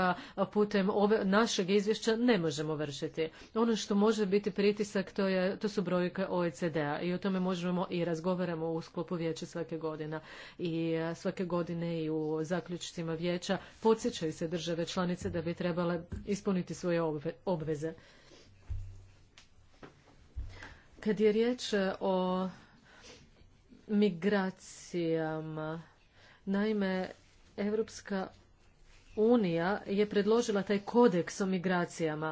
putem ove, našeg izvješća ne možemo vršiti. Ono što može biti pritisak to, je, to su brojke OECD-a i o tome možemo i razgovaramo u sklopu vijeća svake godine. I svake godine i u zaključcima vijeća podsjećaju se države članice da bi trebale ispuniti svoje obveze. Kad je riječ o migracijama, Naime, Evropska unija je predložila taj kodeks o migracijama.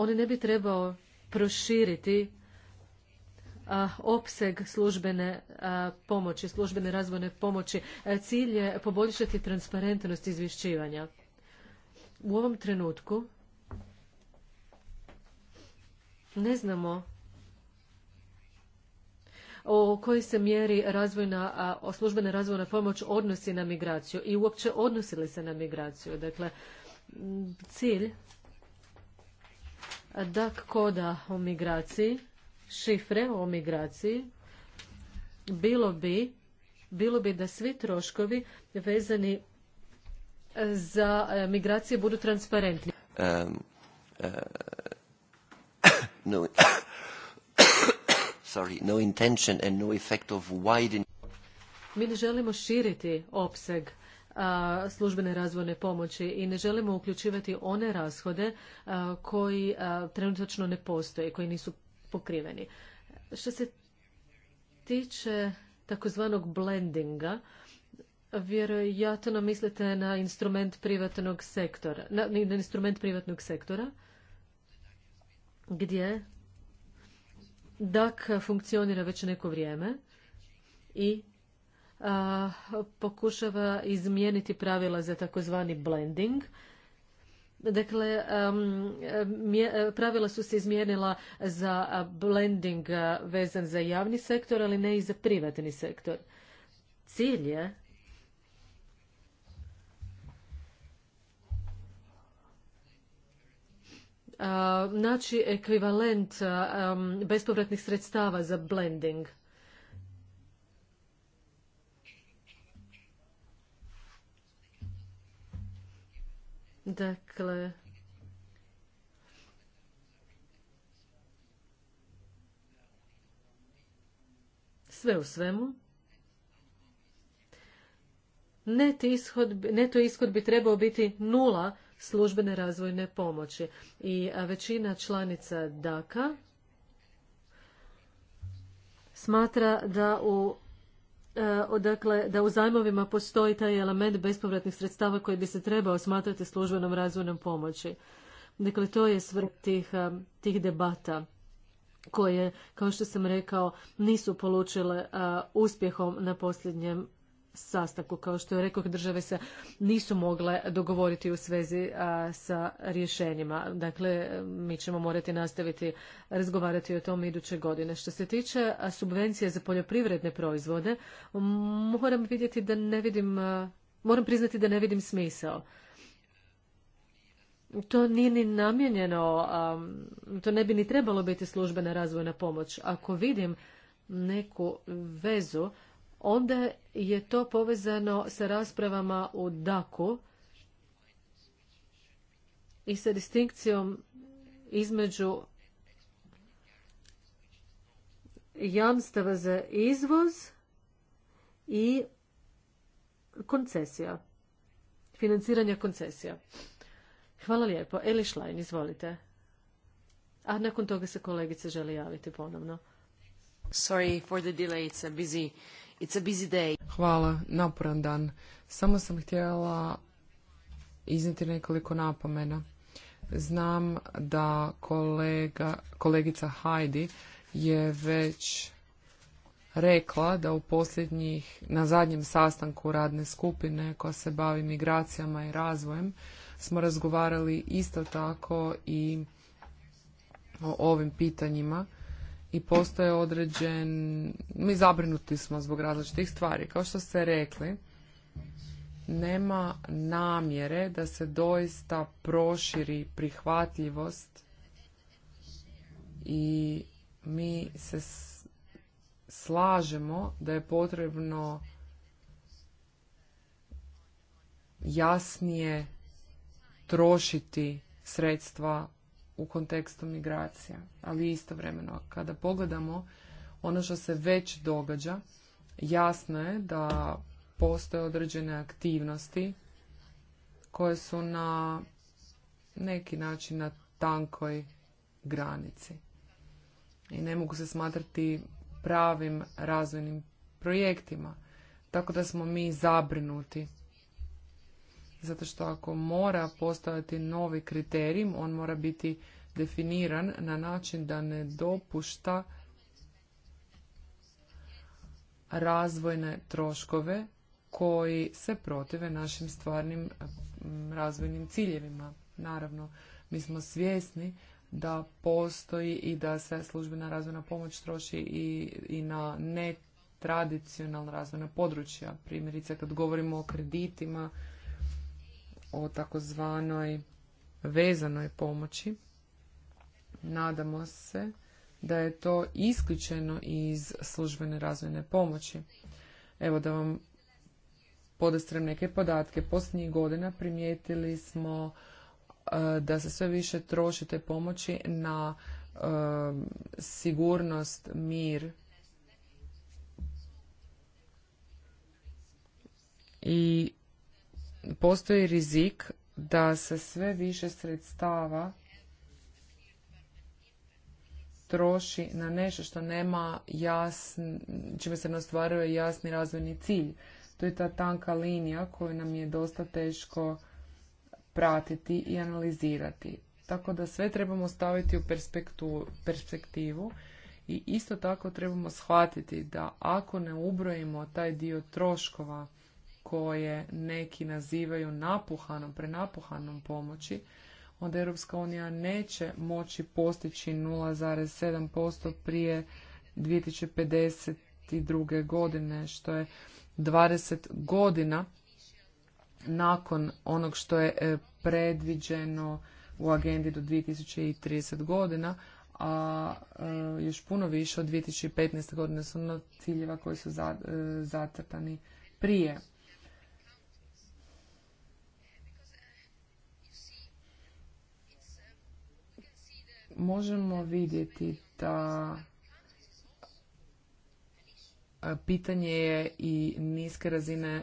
On ne bi trebao proširiti a, opseg službene pomoći, službene razvojne pomoći. E, cilj je poboljšati transparentnost izvješćivanja. U ovom trenutku ne znamo o kojoj se mjeri razvojna, službena razvojna pomoć odnosi na migraciju i uopće odnosi li se na migraciju. Dakle, cilj DAK koda o migraciji, šifre o migraciji, bilo bi, da svi troškovi vezani e, za e, migracije budu transparentni. E, sorry, Mi ne želimo širiti opseg službene razvojne pomoći i ne želimo uključivati one rashode koji trenutno trenutačno ne postoje, koji nisu pokriveni. Što se tiče takozvanog blendinga, vjerojatno mislite na instrument privatnog sektora, na instrument privatnog sektora, gdje DAK funkcionira već neko vrijeme i pokušava izmijeniti pravila za takozvani blending. Dakle, pravila su se izmijenila za blending vezan za javni sektor, ali ne i za privatni sektor. Cilj je naći ekvivalent bespovratnih sredstava za blending. Dakle, sve u svemu, neto ishod, neto ishod bi trebao biti nula službene razvojne pomoći. I većina članica DAKA smatra da u e, odakle da u zajmovima postoji taj element bespovratnih sredstava koji bi se trebao smatrati službenom razvojnom pomoći. Dakle, to je svrh tih, tih debata koje, kao što sam rekao, nisu polučile uspjehom na posljednjem sastanku. Kao što je rekao, države se nisu mogle dogovoriti u svezi sa rješenjima. Dakle, mi ćemo morati nastaviti razgovarati o tom iduće godine. Što se tiče subvencije za poljoprivredne proizvode, moram vidjeti da ne vidim, moram priznati da ne vidim smisao. To nije ni namjenjeno, to ne bi ni trebalo biti službena razvojna pomoć. Ako vidim neku vezu onda je to povezano sa raspravama u DAKU i sa distinkcijom između jamstava za izvoz i koncesija, financiranja koncesija. Hvala lijepo. Eli Šlajn, izvolite. A nakon toga se kolegice želi javiti ponovno. Sorry for the delay, it's a busy It's a Hvala, naporan dan. Samo sam htjela iznijeti nekoliko napomena. Znam da kolega, kolegica Heidi je već rekla da u posljednjih, na zadnjem sastanku radne skupine koja se bavi migracijama i razvojem, smo razgovarali isto tako i o ovim pitanjima i postoje određen... Mi zabrinuti smo zbog različitih stvari. Kao što ste rekli, nema namjere da se doista proširi prihvatljivost i mi se slažemo da je potrebno jasnije trošiti sredstva u kontekstu migracija. Ali istovremeno, kada pogledamo ono što se već događa, jasno je da postoje određene aktivnosti koje su na neki način na tankoj granici. I ne mogu se smatrati pravim razvojnim projektima. Tako da smo mi zabrinuti zato što ako mora postaviti novi kriterij, on mora biti definiran na način da ne dopušta razvojne troškove koji se protive našim stvarnim razvojnim ciljevima. Naravno, mi smo svjesni da postoji i da se službena razvojna pomoć troši i, i na netradicionalna razvojna područja. Primjerice, kad govorimo o kreditima, o takozvanoj vezanoj pomoći. Nadamo se da je to isključeno iz službene razvojne pomoći. Evo da vam podestrem neke podatke. Posljednjih godina primijetili smo e, da se sve više trošite pomoći na e, sigurnost, mir i postoji rizik da se sve više sredstava troši na nešto što nema jasn, čime se ne ostvaruje jasni razvojni cilj. To je ta tanka linija koju nam je dosta teško pratiti i analizirati. Tako da sve trebamo staviti u perspektivu i isto tako trebamo shvatiti da ako ne ubrojimo taj dio troškova koje neki nazivaju napuhanom, prenapuhanom pomoći, onda Europska unija neće moći postići 0,7% prije 2052. godine, što je 20 godina nakon onog što je e, predviđeno u agendi do 2030 godina, a e, još puno više od 2015. godine su ono ciljeva koji su zatrtani e, prije možemo vidjeti da pitanje je i niske razine e,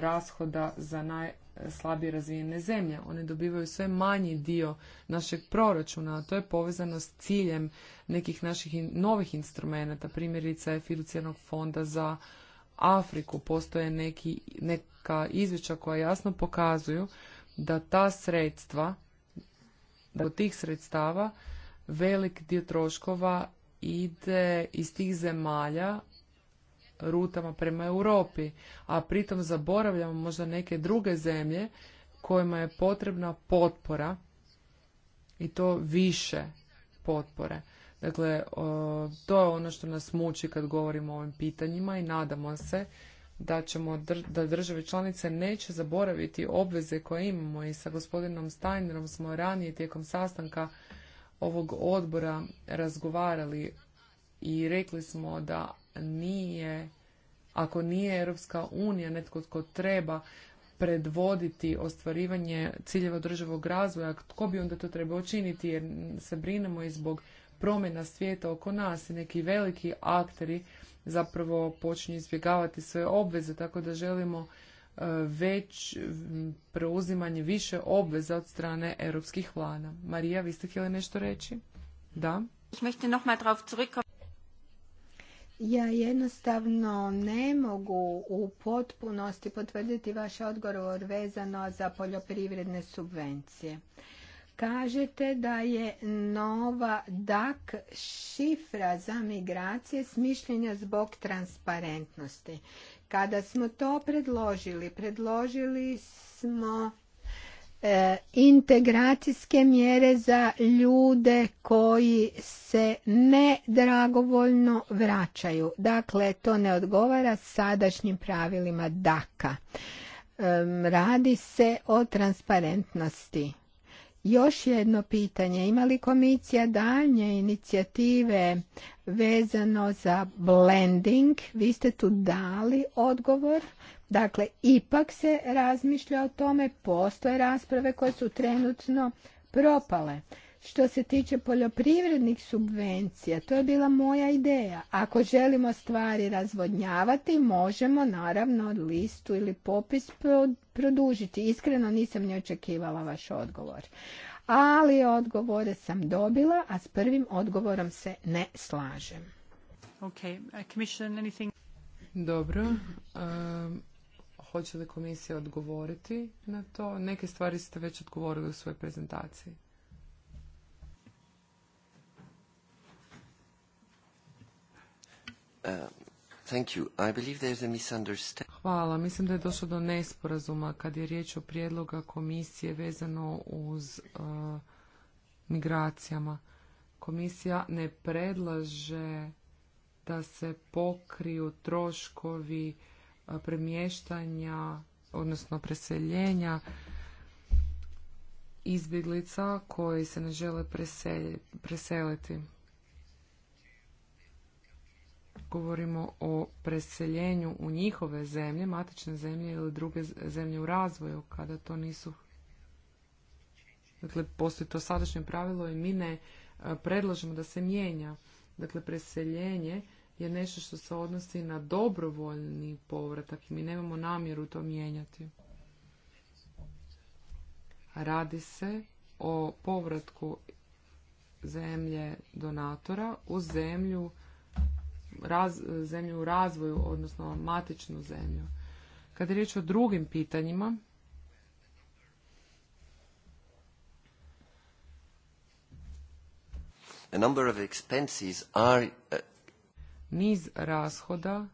rashoda za najslabije razvijene zemlje. One dobivaju sve manji dio našeg proračuna, a to je povezano s ciljem nekih naših novih instrumenta, primjerice Fiducijalnog fonda za Afriku. Postoje neki, neka izvješća koja jasno pokazuju da ta sredstva Dakle, od tih sredstava velik dio troškova ide iz tih zemalja rutama prema Europi, a pritom zaboravljamo možda neke druge zemlje kojima je potrebna potpora i to više potpore. Dakle, to je ono što nas muči kad govorimo o ovim pitanjima i nadamo se da ćemo da države članice neće zaboraviti obveze koje imamo i sa gospodinom Steinerom smo ranije tijekom sastanka ovog odbora razgovarali i rekli smo da nije ako nije Europska unija netko tko treba predvoditi ostvarivanje ciljeva državog razvoja, tko bi onda to trebao činiti jer se brinemo i zbog promjena svijeta oko nas i neki veliki akteri zapravo počinju izbjegavati svoje obveze, tako da želimo e, već preuzimanje više obveza od strane europskih vlada. Marija, vi ste htjeli nešto reći? Da. Ja jednostavno ne mogu u potpunosti potvrditi vaš odgovor vezano za poljoprivredne subvencije. Kažete da je nova DAK šifra za migracije smišljenja zbog transparentnosti. Kada smo to predložili, predložili smo e, integracijske mjere za ljude koji se ne dragovoljno vraćaju. Dakle, to ne odgovara sadašnjim pravilima DAK-a. radi se o transparentnosti još jedno pitanje, ima li komisija daljnje inicijative vezano za blending? Vi ste tu dali odgovor, dakle ipak se razmišlja o tome, postoje rasprave koje su trenutno propale. Što se tiče poljoprivrednih subvencija, to je bila moja ideja. Ako želimo stvari razvodnjavati, možemo naravno listu ili popis produžiti. Iskreno nisam ne očekivala vaš odgovor. Ali odgovore sam dobila, a s prvim odgovorom se ne slažem. Uh, Dobro. Um, hoće li komisija odgovoriti na to? Neke stvari ste već odgovorili u svojoj prezentaciji. Uh, thank Hvala. Mislim da je došlo do nesporazuma kad je riječ o prijedloga komisije vezano uz uh, migracijama. Komisija ne predlaže da se pokriju troškovi uh, premještanja, odnosno preseljenja izbjeglica koji se ne žele preseliti govorimo o preseljenju u njihove zemlje, matične zemlje ili druge zemlje u razvoju, kada to nisu... Dakle, postoji to sadašnje pravilo i mi ne e, predlažemo da se mijenja. Dakle, preseljenje je nešto što se odnosi na dobrovoljni povratak i mi nemamo namjeru to mijenjati. Radi se o povratku zemlje donatora u zemlju raz, zemlju u razvoju, odnosno matičnu zemlju. Kad je riječ o drugim pitanjima, A number of expenses are... Uh, niz rashoda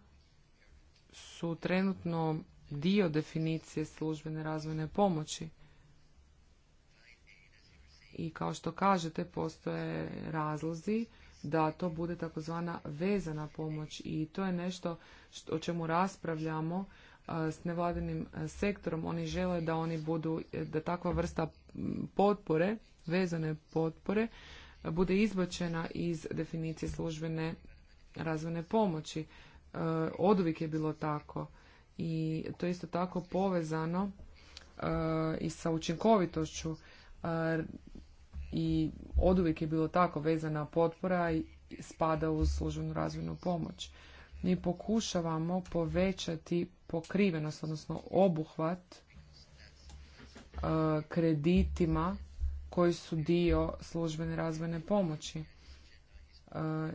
su trenutno dio definicije službene razvojne pomoći. I kao što kažete, postoje razlozi da to bude takozvana vezana pomoć i to je nešto o čemu raspravljamo s nevladinim sektorom. Oni žele da oni budu, da takva vrsta potpore, vezane potpore, bude izbačena iz definicije službene razvojne pomoći. E, oduvijek je bilo tako i to je isto tako povezano e, i sa učinkovitošću e, i oduvijek je bilo tako vezana potpora i spada u službenu razvojnu pomoć. Mi pokušavamo povećati pokrivenost, odnosno obuhvat e, kreditima koji su dio službene razvojne pomoći. E,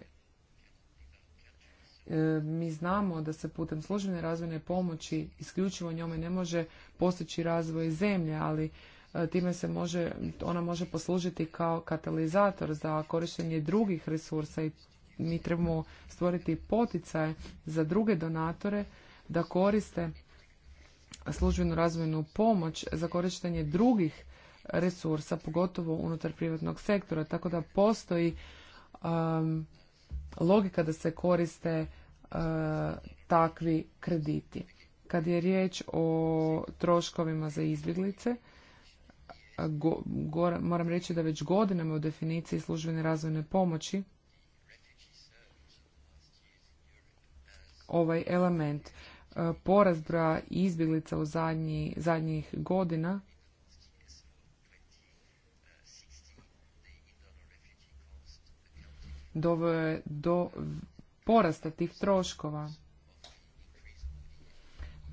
e, mi znamo da se putem službene razvojne pomoći isključivo njome ne može postići razvoj zemlje, ali E, time se može, ona može poslužiti kao katalizator za korištenje drugih resursa i mi trebamo stvoriti poticaje za druge donatore da koriste službenu razvojnu pomoć za korištenje drugih resursa, pogotovo unutar privatnog sektora, tako da postoji um, logika da se koriste uh, takvi krediti. Kad je riječ o troškovima za izbjeglice, go, moram reći da već godinama u definiciji službene razvojne pomoći ovaj element e, porast broja izbjeglica u zadnji, zadnjih godina doveo je do porasta tih troškova.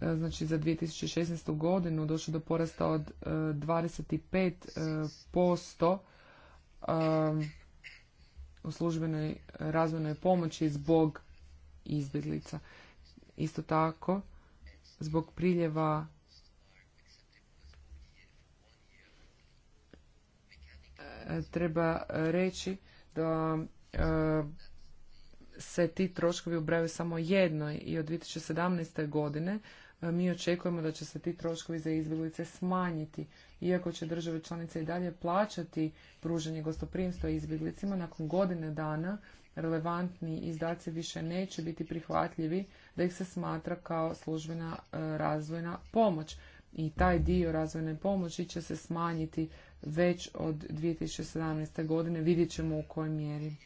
E, znači za 2016. godinu došlo do porasta od 25% e, e, u službenoj razvojnoj pomoći zbog izbjeglica. Isto tako, zbog priljeva treba reći da se ti troškovi ubraju samo jednoj i od 2017. godine mi očekujemo da će se ti troškovi za izbjeglice smanjiti, iako će države članice i dalje plaćati pružanje gostoprimstva izbjeglicima nakon godine dana relevantni izdaci više neće biti prihvatljivi da ih se smatra kao službena e, razvojna pomoć i taj dio razvojne pomoći će se smanjiti već od 2017. godine, vidjet ćemo u kojoj mjeri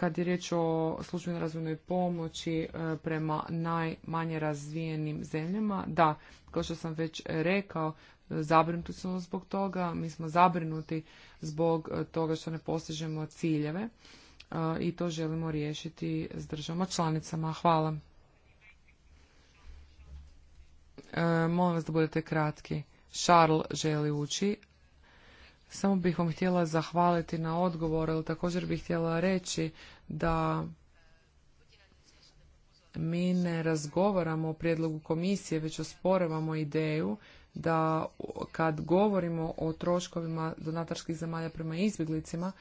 kad je riječ o službenoj razvojnoj pomoći e, prema najmanje razvijenim zemljama, da, kao što sam već rekao, zabrinuti smo zbog toga, mi smo zabrinuti zbog e, toga što ne postižemo ciljeve e, i to želimo riješiti s državama članicama. Hvala. Molim vas da budete kratki. Charles želi ući, samo bih vam htjela zahvaliti na odgovor, ali također bih htjela reći da mi ne razgovaramo o prijedlogu komisije, već osporavamo ideju da kad govorimo o troškovima donatarskih zemalja prema izbjeglicima,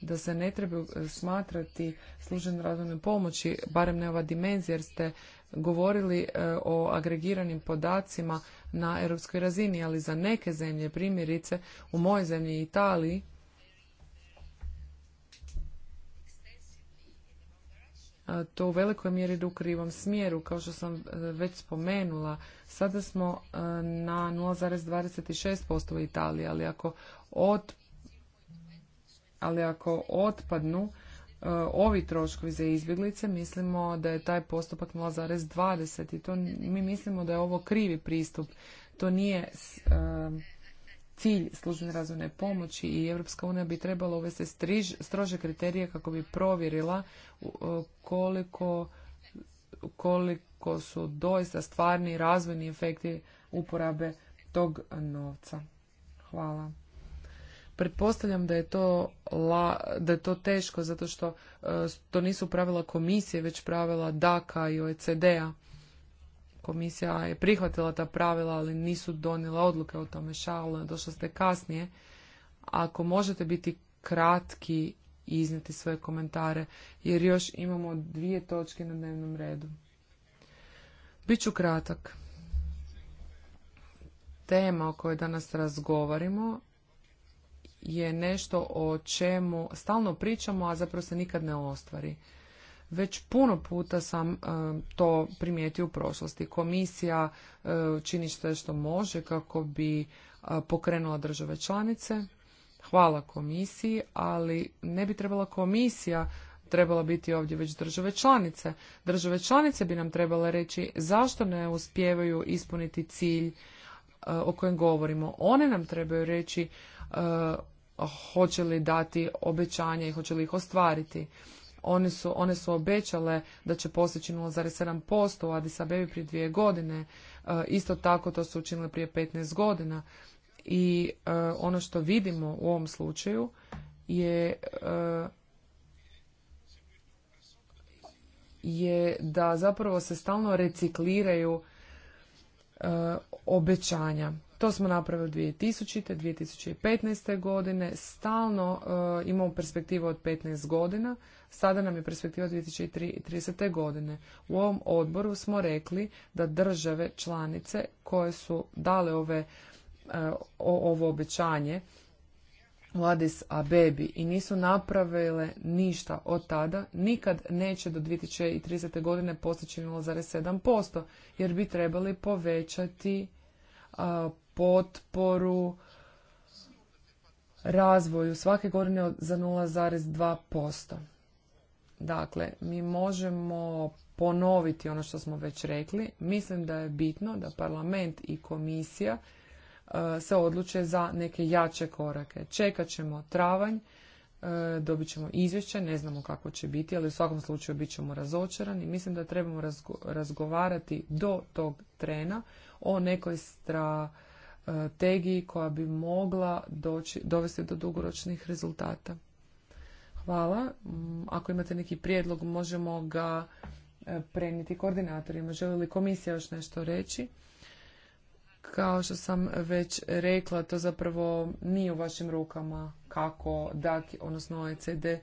da se ne treba smatrati služen razvojne pomoći, barem ne ova dimenzija, jer ste govorili e, o agregiranim podacima na europskoj razini, ali za neke zemlje, primjerice u mojoj zemlji Italiji, e, to u velikoj mjeri idu u krivom smjeru. Kao što sam e, već spomenula, sada smo na 0,26% u Italiji, ali ako, ali ako otpadnu ovi troškovi za izbjeglice, mislimo da je taj postupak 0,20 i to mi mislimo da je ovo krivi pristup. To nije cilj službene razvojne pomoći i Europska unija bi trebala uvesti strože kriterije kako bi provjerila e, koliko, koliko su doista stvarni razvojni efekti uporabe tog novca. Hvala. Pretpostavljam da je to, da je to teško zato što e, to nisu pravila komisije, već pravila DAKA i OECD-a. Komisija je prihvatila ta pravila, ali nisu donijela odluke o tome. šalu, Došla ste kasnije. Ako možete biti kratki i iznijeti svoje komentare, jer još imamo dvije točke na dnevnom redu. Biću kratak. Tema o kojoj danas razgovarimo je nešto o čemu stalno pričamo, a zapravo se nikad ne ostvari. Već puno puta sam e, to primijetio u prošlosti. Komisija e, čini sve što može kako bi e, pokrenula države članice. Hvala komisiji, ali ne bi trebala komisija trebala biti ovdje već države članice. Države članice bi nam trebala reći zašto ne uspijevaju ispuniti cilj o kojem govorimo. One nam trebaju reći hoće li dati obećanje i hoće li ih ostvariti. One su, one su obećale da će postići 0,7% u Addis Abebi prije dvije godine. E, isto tako to su učinile prije 15 godina. I e, ono što vidimo u ovom slučaju je e, je da zapravo se stalno recikliraju obećanja to smo napravili 2000. 2015. godine. Stalno e, imamo perspektivu od 15 godina. Sada nam je perspektiva 2030. godine. U ovom odboru smo rekli da države članice koje su dale ove, e, ovo obećanje Vladis a Abebi i nisu napravile ništa od tada, nikad neće do 2030. godine postići 0,7% jer bi trebali povećati potporu razvoju svake godine za 0,2%. Dakle, mi možemo ponoviti ono što smo već rekli. Mislim da je bitno da parlament i komisija e, se odluče za neke jače korake. Čekat ćemo travanj, e, dobit ćemo izvješće, ne znamo kako će biti, ali u svakom slučaju bit ćemo razočarani. Mislim da trebamo razgovarati do tog trena o nekoj stra strategiji koja bi mogla doći, dovesti do dugoročnih rezultata. Hvala. Mm, ako imate neki prijedlog, možemo ga e, prenijeti koordinatorima. Želi li komisija još nešto reći? Kao što sam već rekla, to zapravo nije u vašim rukama kako DAC, odnosno OECD, e,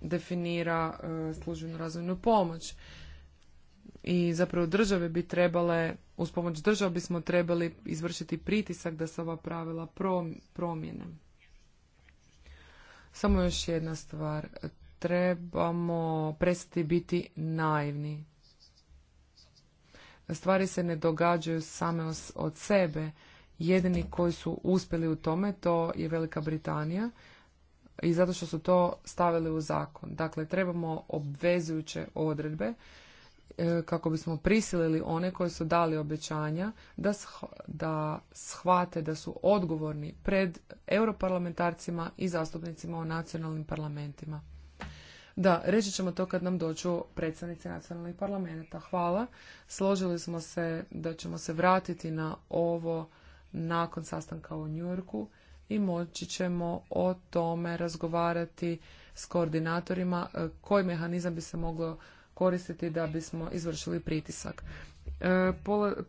definira e, službenu razvojnu pomoć. I zapravo države bi trebale uz pomoć država bismo trebali izvršiti pritisak da se ova pravila promijene. Samo još jedna stvar. Trebamo prestati biti naivni. Stvari se ne događaju same od sebe. Jedini koji su uspjeli u tome to je Velika Britanija i zato što su to stavili u zakon. Dakle, trebamo obvezujuće odredbe E, kako bismo prisilili one koji su dali obećanja da, da shvate da su odgovorni pred europarlamentarcima i zastupnicima u nacionalnim parlamentima. Da, reći ćemo to kad nam dođu predstavnici nacionalnih parlamenta. Hvala. Složili smo se da ćemo se vratiti na ovo nakon sastanka u Njurku i moći ćemo o tome razgovarati s koordinatorima e, koji mehanizam bi se moglo koristiti da bismo izvršili pritisak. E,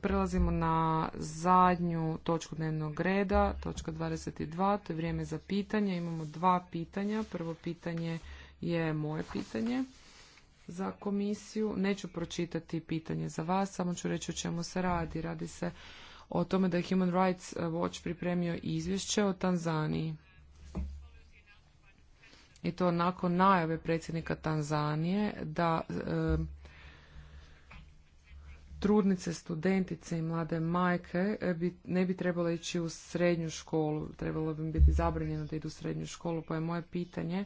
prelazimo na zadnju točku dnevnog reda, točka 22, to je vrijeme za pitanje. Imamo dva pitanja. Prvo pitanje je moje pitanje za komisiju. Neću pročitati pitanje za vas, samo ću reći o čemu se radi. Radi se o tome da je Human Rights Watch pripremio izvješće o Tanzaniji i to nakon najave predsjednika Tanzanije da trudnice, studentice i mlade majke ne bi trebale ići u srednju školu, trebalo bi im biti zabranjeno da idu u srednju školu, pa je moje pitanje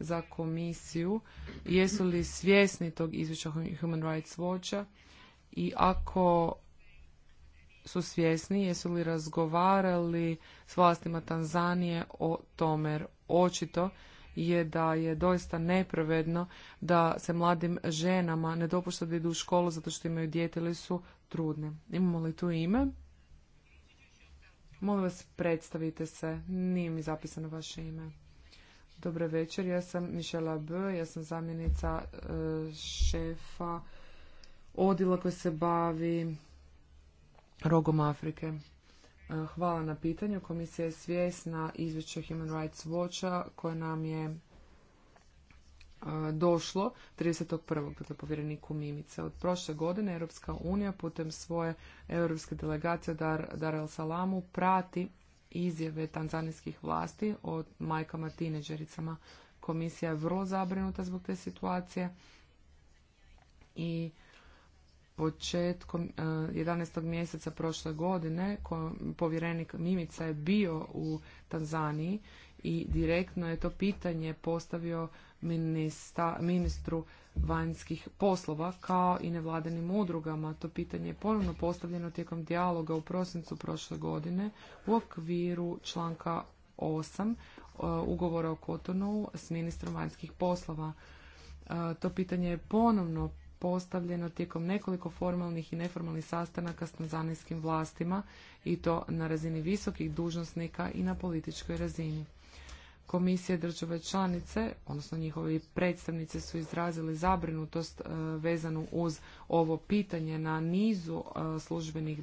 za komisiju jesu li svjesni tog izvješća Human Rights Watcha i ako su svjesni, jesu li razgovarali s vlastima Tanzanije o tome, očito je da je doista nepravedno da se mladim ženama ne dopušta da idu u školu zato što imaju dijete ili su trudne. Imamo li tu ime? Molim vas, predstavite se. Nije mi zapisano vaše ime. Dobar večer, ja sam Mišela B. Ja sam zamjenica e, šefa odila koji se bavi rogom Afrike. E, hvala na pitanju. Komisija je svjesna izvješća Human Rights Watcha koje nam je e, došlo 31. puta dakle, povjereniku Mimice. Od prošle godine Europska unija putem svoje europske delegacije Dar, el Salamu prati izjave tanzanijskih vlasti o majkama tineđericama. Komisija je vrlo zabrinuta zbog te situacije i početkom 11. E, mjeseca prošle godine povjerenik Mimica je bio u Tanzaniji i direktno je to pitanje postavio ministru vanjskih poslova kao i nevladanim udrugama. To pitanje je ponovno postavljeno tijekom dijaloga u prosincu prošle godine u okviru članka 8 e, ugovora o kotonu s ministrom vanjskih poslova. E, to pitanje je ponovno postavljeno tijekom nekoliko formalnih i neformalnih sastanaka s tanzanijskim vlastima i to na razini visokih dužnosnika i na političkoj razini. Komisije države članice, odnosno njihovi predstavnici su izrazili zabrinutost e, vezanu uz ovo pitanje na nizu e, službenih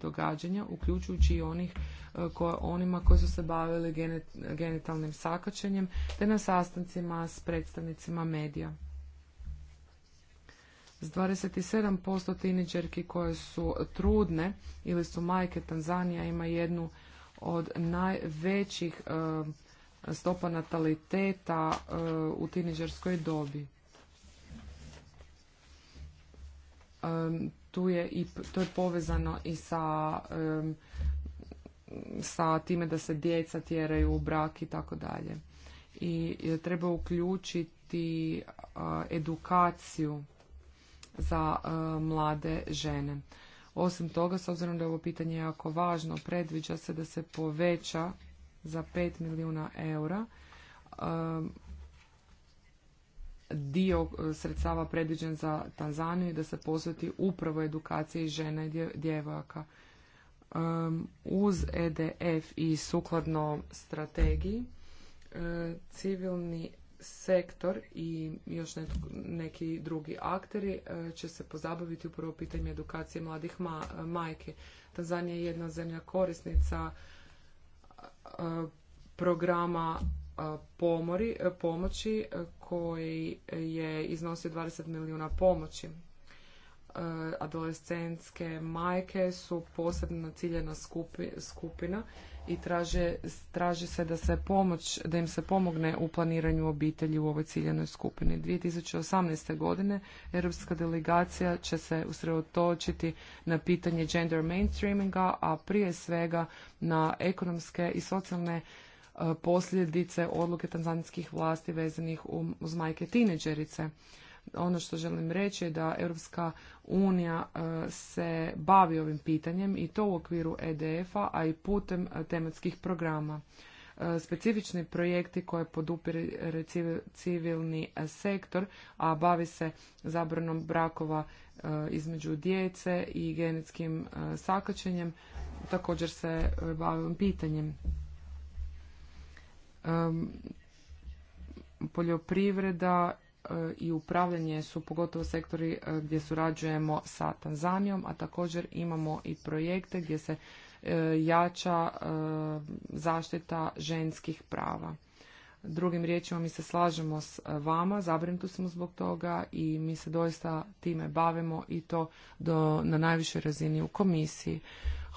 događanja, uključujući i onih e, onima koji su se bavili genitalnim sakačenjem, te na sastancima s predstavnicima medija. S 27% tiniđerki koje su trudne ili su majke, Tanzanija ima jednu od najvećih e, stopa nataliteta e, u tiniđerskoj dobi. E, je i, to je povezano i sa, sa time da se djeca tjeraju u brak i tako dalje. I treba uključiti edukaciju za e, mlade žene. Osim toga, s obzirom da je ovo pitanje jako važno, predviđa se da se poveća za 5 milijuna eura e, dio e, sredstava predviđen za Tanzaniju i da se posveti upravo edukaciji žena i djevojaka. Uz EDF i sukladno strategiji civilni sektor i još neki drugi akteri e, će se pozabaviti upravo pitanjem edukacije mladih majke. majki. Tanzanija je jedna zemlja korisnica e, programa e, pomori, pomoći koji je iznosio 20 milijuna pomoći. Adolescentske majke su posebno ciljena skupina i traže, traži se da se pomoć, da im se pomogne u planiranju obitelji u ovoj ciljenoj skupini. 2018. godine europska delegacija će se usredotočiti na pitanje gender mainstreaminga, a prije svega na ekonomske i socijalne e, posljedice odluke tanzanskih vlasti vezanih um, uz majke tineđerice. Ono što želim reći je da Europska unija e, se bavi ovim pitanjem i to u okviru EDF-a, a i putem e, tematskih programa. E, specifični projekti koje podupire civilni sektor, a bavi se zabranom brakova između djece i genetskim sakačenjem, također se bavi ovim pitanjem. Poljoprivreda i upravljanje su pogotovo sektori e, gdje surađujemo sa Tanzanijom, a također imamo i projekte gdje se e, jača e, zaštita ženskih prava. Drugim riječima mi se slažemo s eh, vama, zabrinuti smo zbog toga i mi se doista time bavimo i to do, na najvišoj razini u komisiji.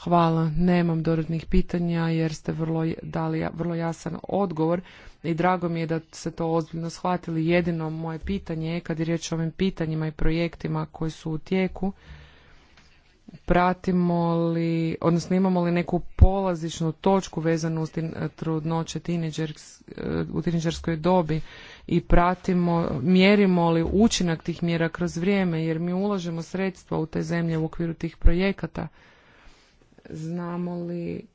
Hvala, nemam dodatnih pitanja jer ste vrlo dali vrlo jasan odgovor i drago mi je da se to ozbiljno shvatili. Jedino moje pitanje je kad je riječ o ovim pitanjima i projektima koji su u tijeku, pratimo li, odnosno imamo li neku polazišnu točku vezanu uz trudnoće eh, u tineđerskoj dobi i pratimo, mjerimo li učinak tih mjera kroz vrijeme, jer mi ulažemo sredstva u te zemlje u okviru tih projekata. Znamo li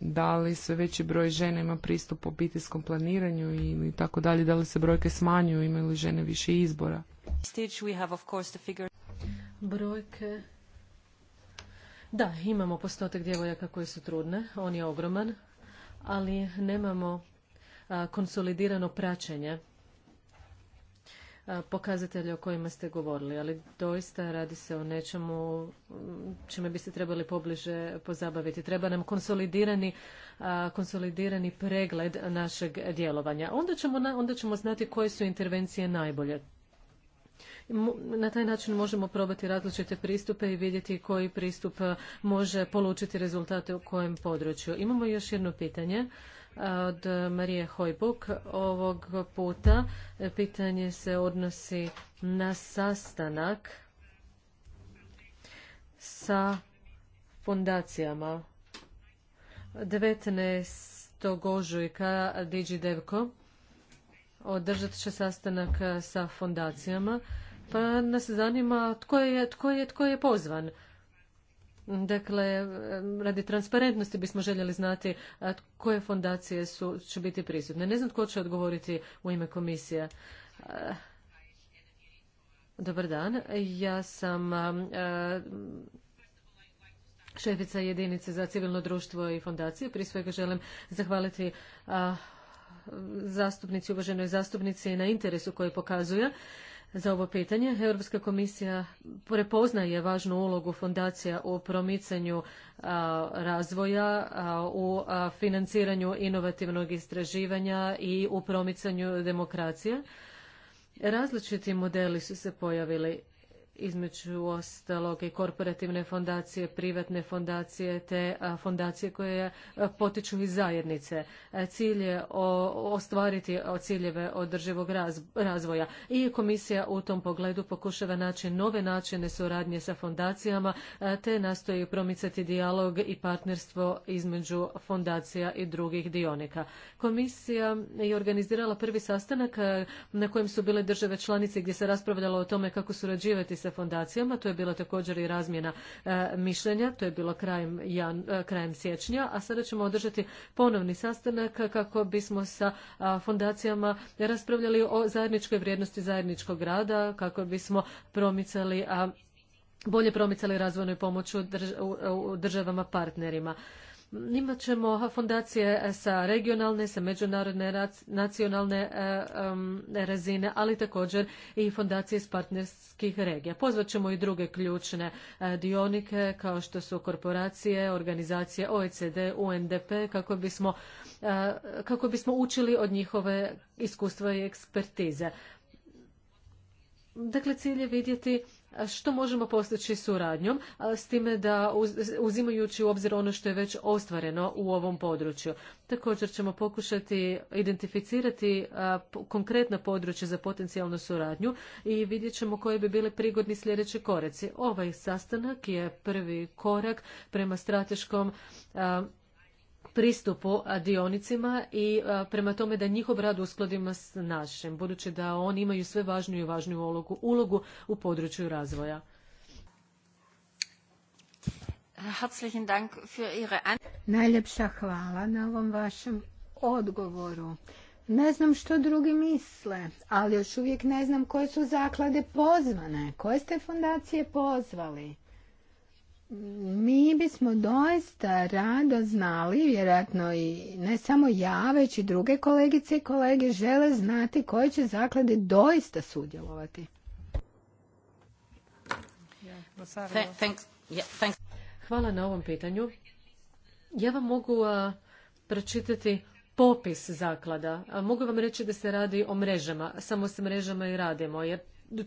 da li sve veći broj žena ima pristup obiteljskom planiranju i tako dalje, da li se brojke smanjuju, imaju li žene više izbora brojke. Da, imamo postotak djevojaka koje su trudne, on je ogroman, ali nemamo konsolidirano praćenje pokazatelja o kojima ste govorili, ali doista radi se o nečemu čime bi se trebali pobliže pozabaviti. Treba nam konsolidirani, konsolidirani pregled našeg djelovanja. Onda ćemo, onda ćemo znati koje su intervencije najbolje. Na taj način možemo probati različite pristupe i vidjeti koji pristup e, može polučiti rezultate u kojem području. Imamo još jedno pitanje e, od Marije Hojbuk. Ovog puta e, pitanje se odnosi na sastanak sa fondacijama. 19. ožujka Devko, održat će sastanak sa fondacijama pa nas zanima tko je, tko je, tko je pozvan. Dakle, radi transparentnosti bismo željeli znati koje fondacije su, će biti prisutne. Ne znam tko će odgovoriti u ime komisije. Dobar dan, ja sam šefica jedinice za civilno društvo i fondacije. Prije svega želim zahvaliti zastupnici, uvaženoj zastupnici na interesu koji pokazuje za ovo pitanje. Europska komisija prepoznaje važnu ulogu fondacija u promicanju razvoja, u financiranju inovativnog istraživanja i u promicanju demokracije. Različiti modeli su se pojavili između ostalog i korporativne fondacije, privatne fondacije te fondacije koje potiču iz zajednice. Cilj je ostvariti ciljeve održivog razvoja i komisija u tom pogledu pokušava naći nove načine suradnje sa fondacijama te nastoji promicati dijalog i partnerstvo između fondacija i drugih dionika. Komisija je organizirala prvi sastanak na kojem su bile države članice gdje se raspravljalo o tome kako surađivati sa sa fondacijama, to je bila također i razmjena e, mišljenja, to je bilo krajem, jan, e, krajem siječnja, a sada ćemo održati ponovni sastanak kako bismo sa fondacijama raspravljali o zajedničkoj vrijednosti zajedničkog rada, kako bismo promicali bolje promicali razvojnu pomoć u državama partnerima. Imat ćemo fondacije sa regionalne, sa međunarodne, nacionalne e, razine, ali također i fondacije iz partnerskih regija. Pozvat ćemo i druge ključne e, dionike kao što su korporacije, organizacije OECD, UNDP kako bismo, e, kako bismo učili od njihove iskustva i ekspertize. Dakle, cilj je vidjeti što možemo postići suradnjom s time da uzimajući u obzir ono što je već ostvareno u ovom području. Također ćemo pokušati identificirati konkretna područja za potencijalnu suradnju i vidjet ćemo koji bi bili prigodni sljedeći koreci. Ovaj sastanak je prvi korak prema strateškom pristupu dionicima i prema tome da njihov rad uskladimo s našim, budući da oni imaju sve važniju i važniju ulogu, ulogu u području razvoja. Najljepša hvala na ovom vašem odgovoru. Ne znam što drugi misle, ali još uvijek ne znam koje su zaklade pozvane, koje ste fondacije pozvali mi bismo doista rado znali, vjerojatno i ne samo ja, već i druge kolegice i kolege žele znati koje će zaklade doista sudjelovati. Hvala na ovom pitanju. Ja vam mogu pročitati popis zaklada. mogu vam reći da se radi o mrežama. Samo se mrežama i radimo, jer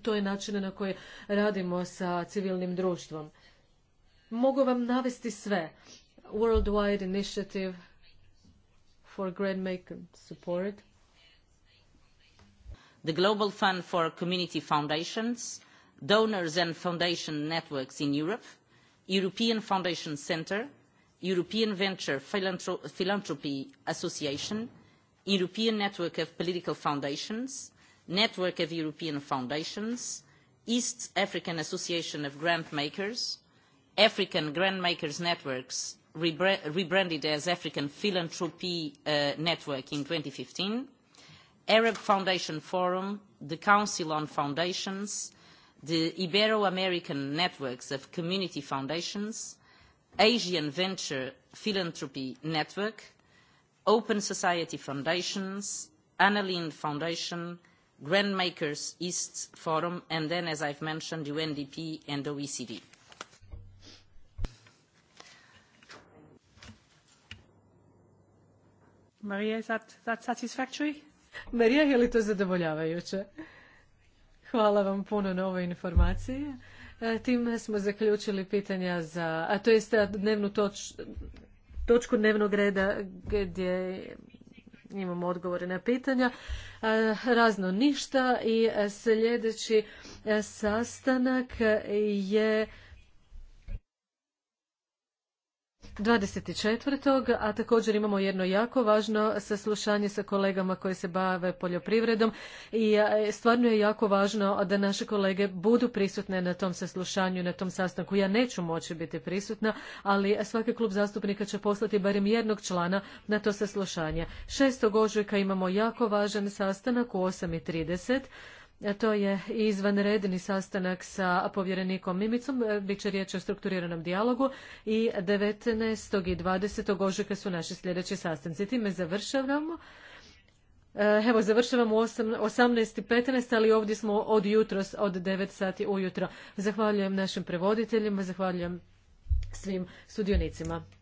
to je način na koji radimo sa civilnim društvom. Mogu vam navesti sve. Worldwide Initiative for Grandmaker Support. The Global Fund for Community Foundations, Donors and Foundation Networks in Europe, European Foundation Centre, European Venture Philanthropy Association, European Network of Political Foundations, Network of European Foundations, East African Association of Grant Makers, African Grandmakers Networks, rebranded as African Philanthropy uh, Network in 2015, Arab Foundation Forum, the Council on Foundations, the Ibero-American Networks of Community Foundations, Asian Venture Philanthropy Network, Open Society Foundations, Annaline Foundation, Grandmakers East Forum, and then, as I've mentioned, UNDP and OECD. Marija, je li to zadovoljavajuće? Hvala vam puno na ovoj informaciji. E, Time smo zaključili pitanja za, a to jest dnevnu točku dnevnog reda gdje imamo odgovore na pitanja. E, razno ništa i e, sljedeći sastanak je 24. a također imamo jedno jako važno saslušanje sa kolegama koji se bave poljoprivredom i e, stvarno je jako važno da naše kolege budu prisutne na tom saslušanju, na tom sastanku. Ja neću moći biti prisutna, ali svaki klub zastupnika će poslati barem jednog člana na to saslušanje. 6. ožujka imamo jako važan sastanak u 8.30 to je izvanredni sastanak sa povjerenikom Mimicom. E, Biće riječ o strukturiranom dijalogu i 19. i 20. ožujka su naši sljedeći sastanci. Time završavamo. E, evo, završavamo u 18.15, ali ovdje smo od jutros, od 9 sati ujutro. Zahvaljujem našim prevoditeljima, zahvaljujem svim sudionicima.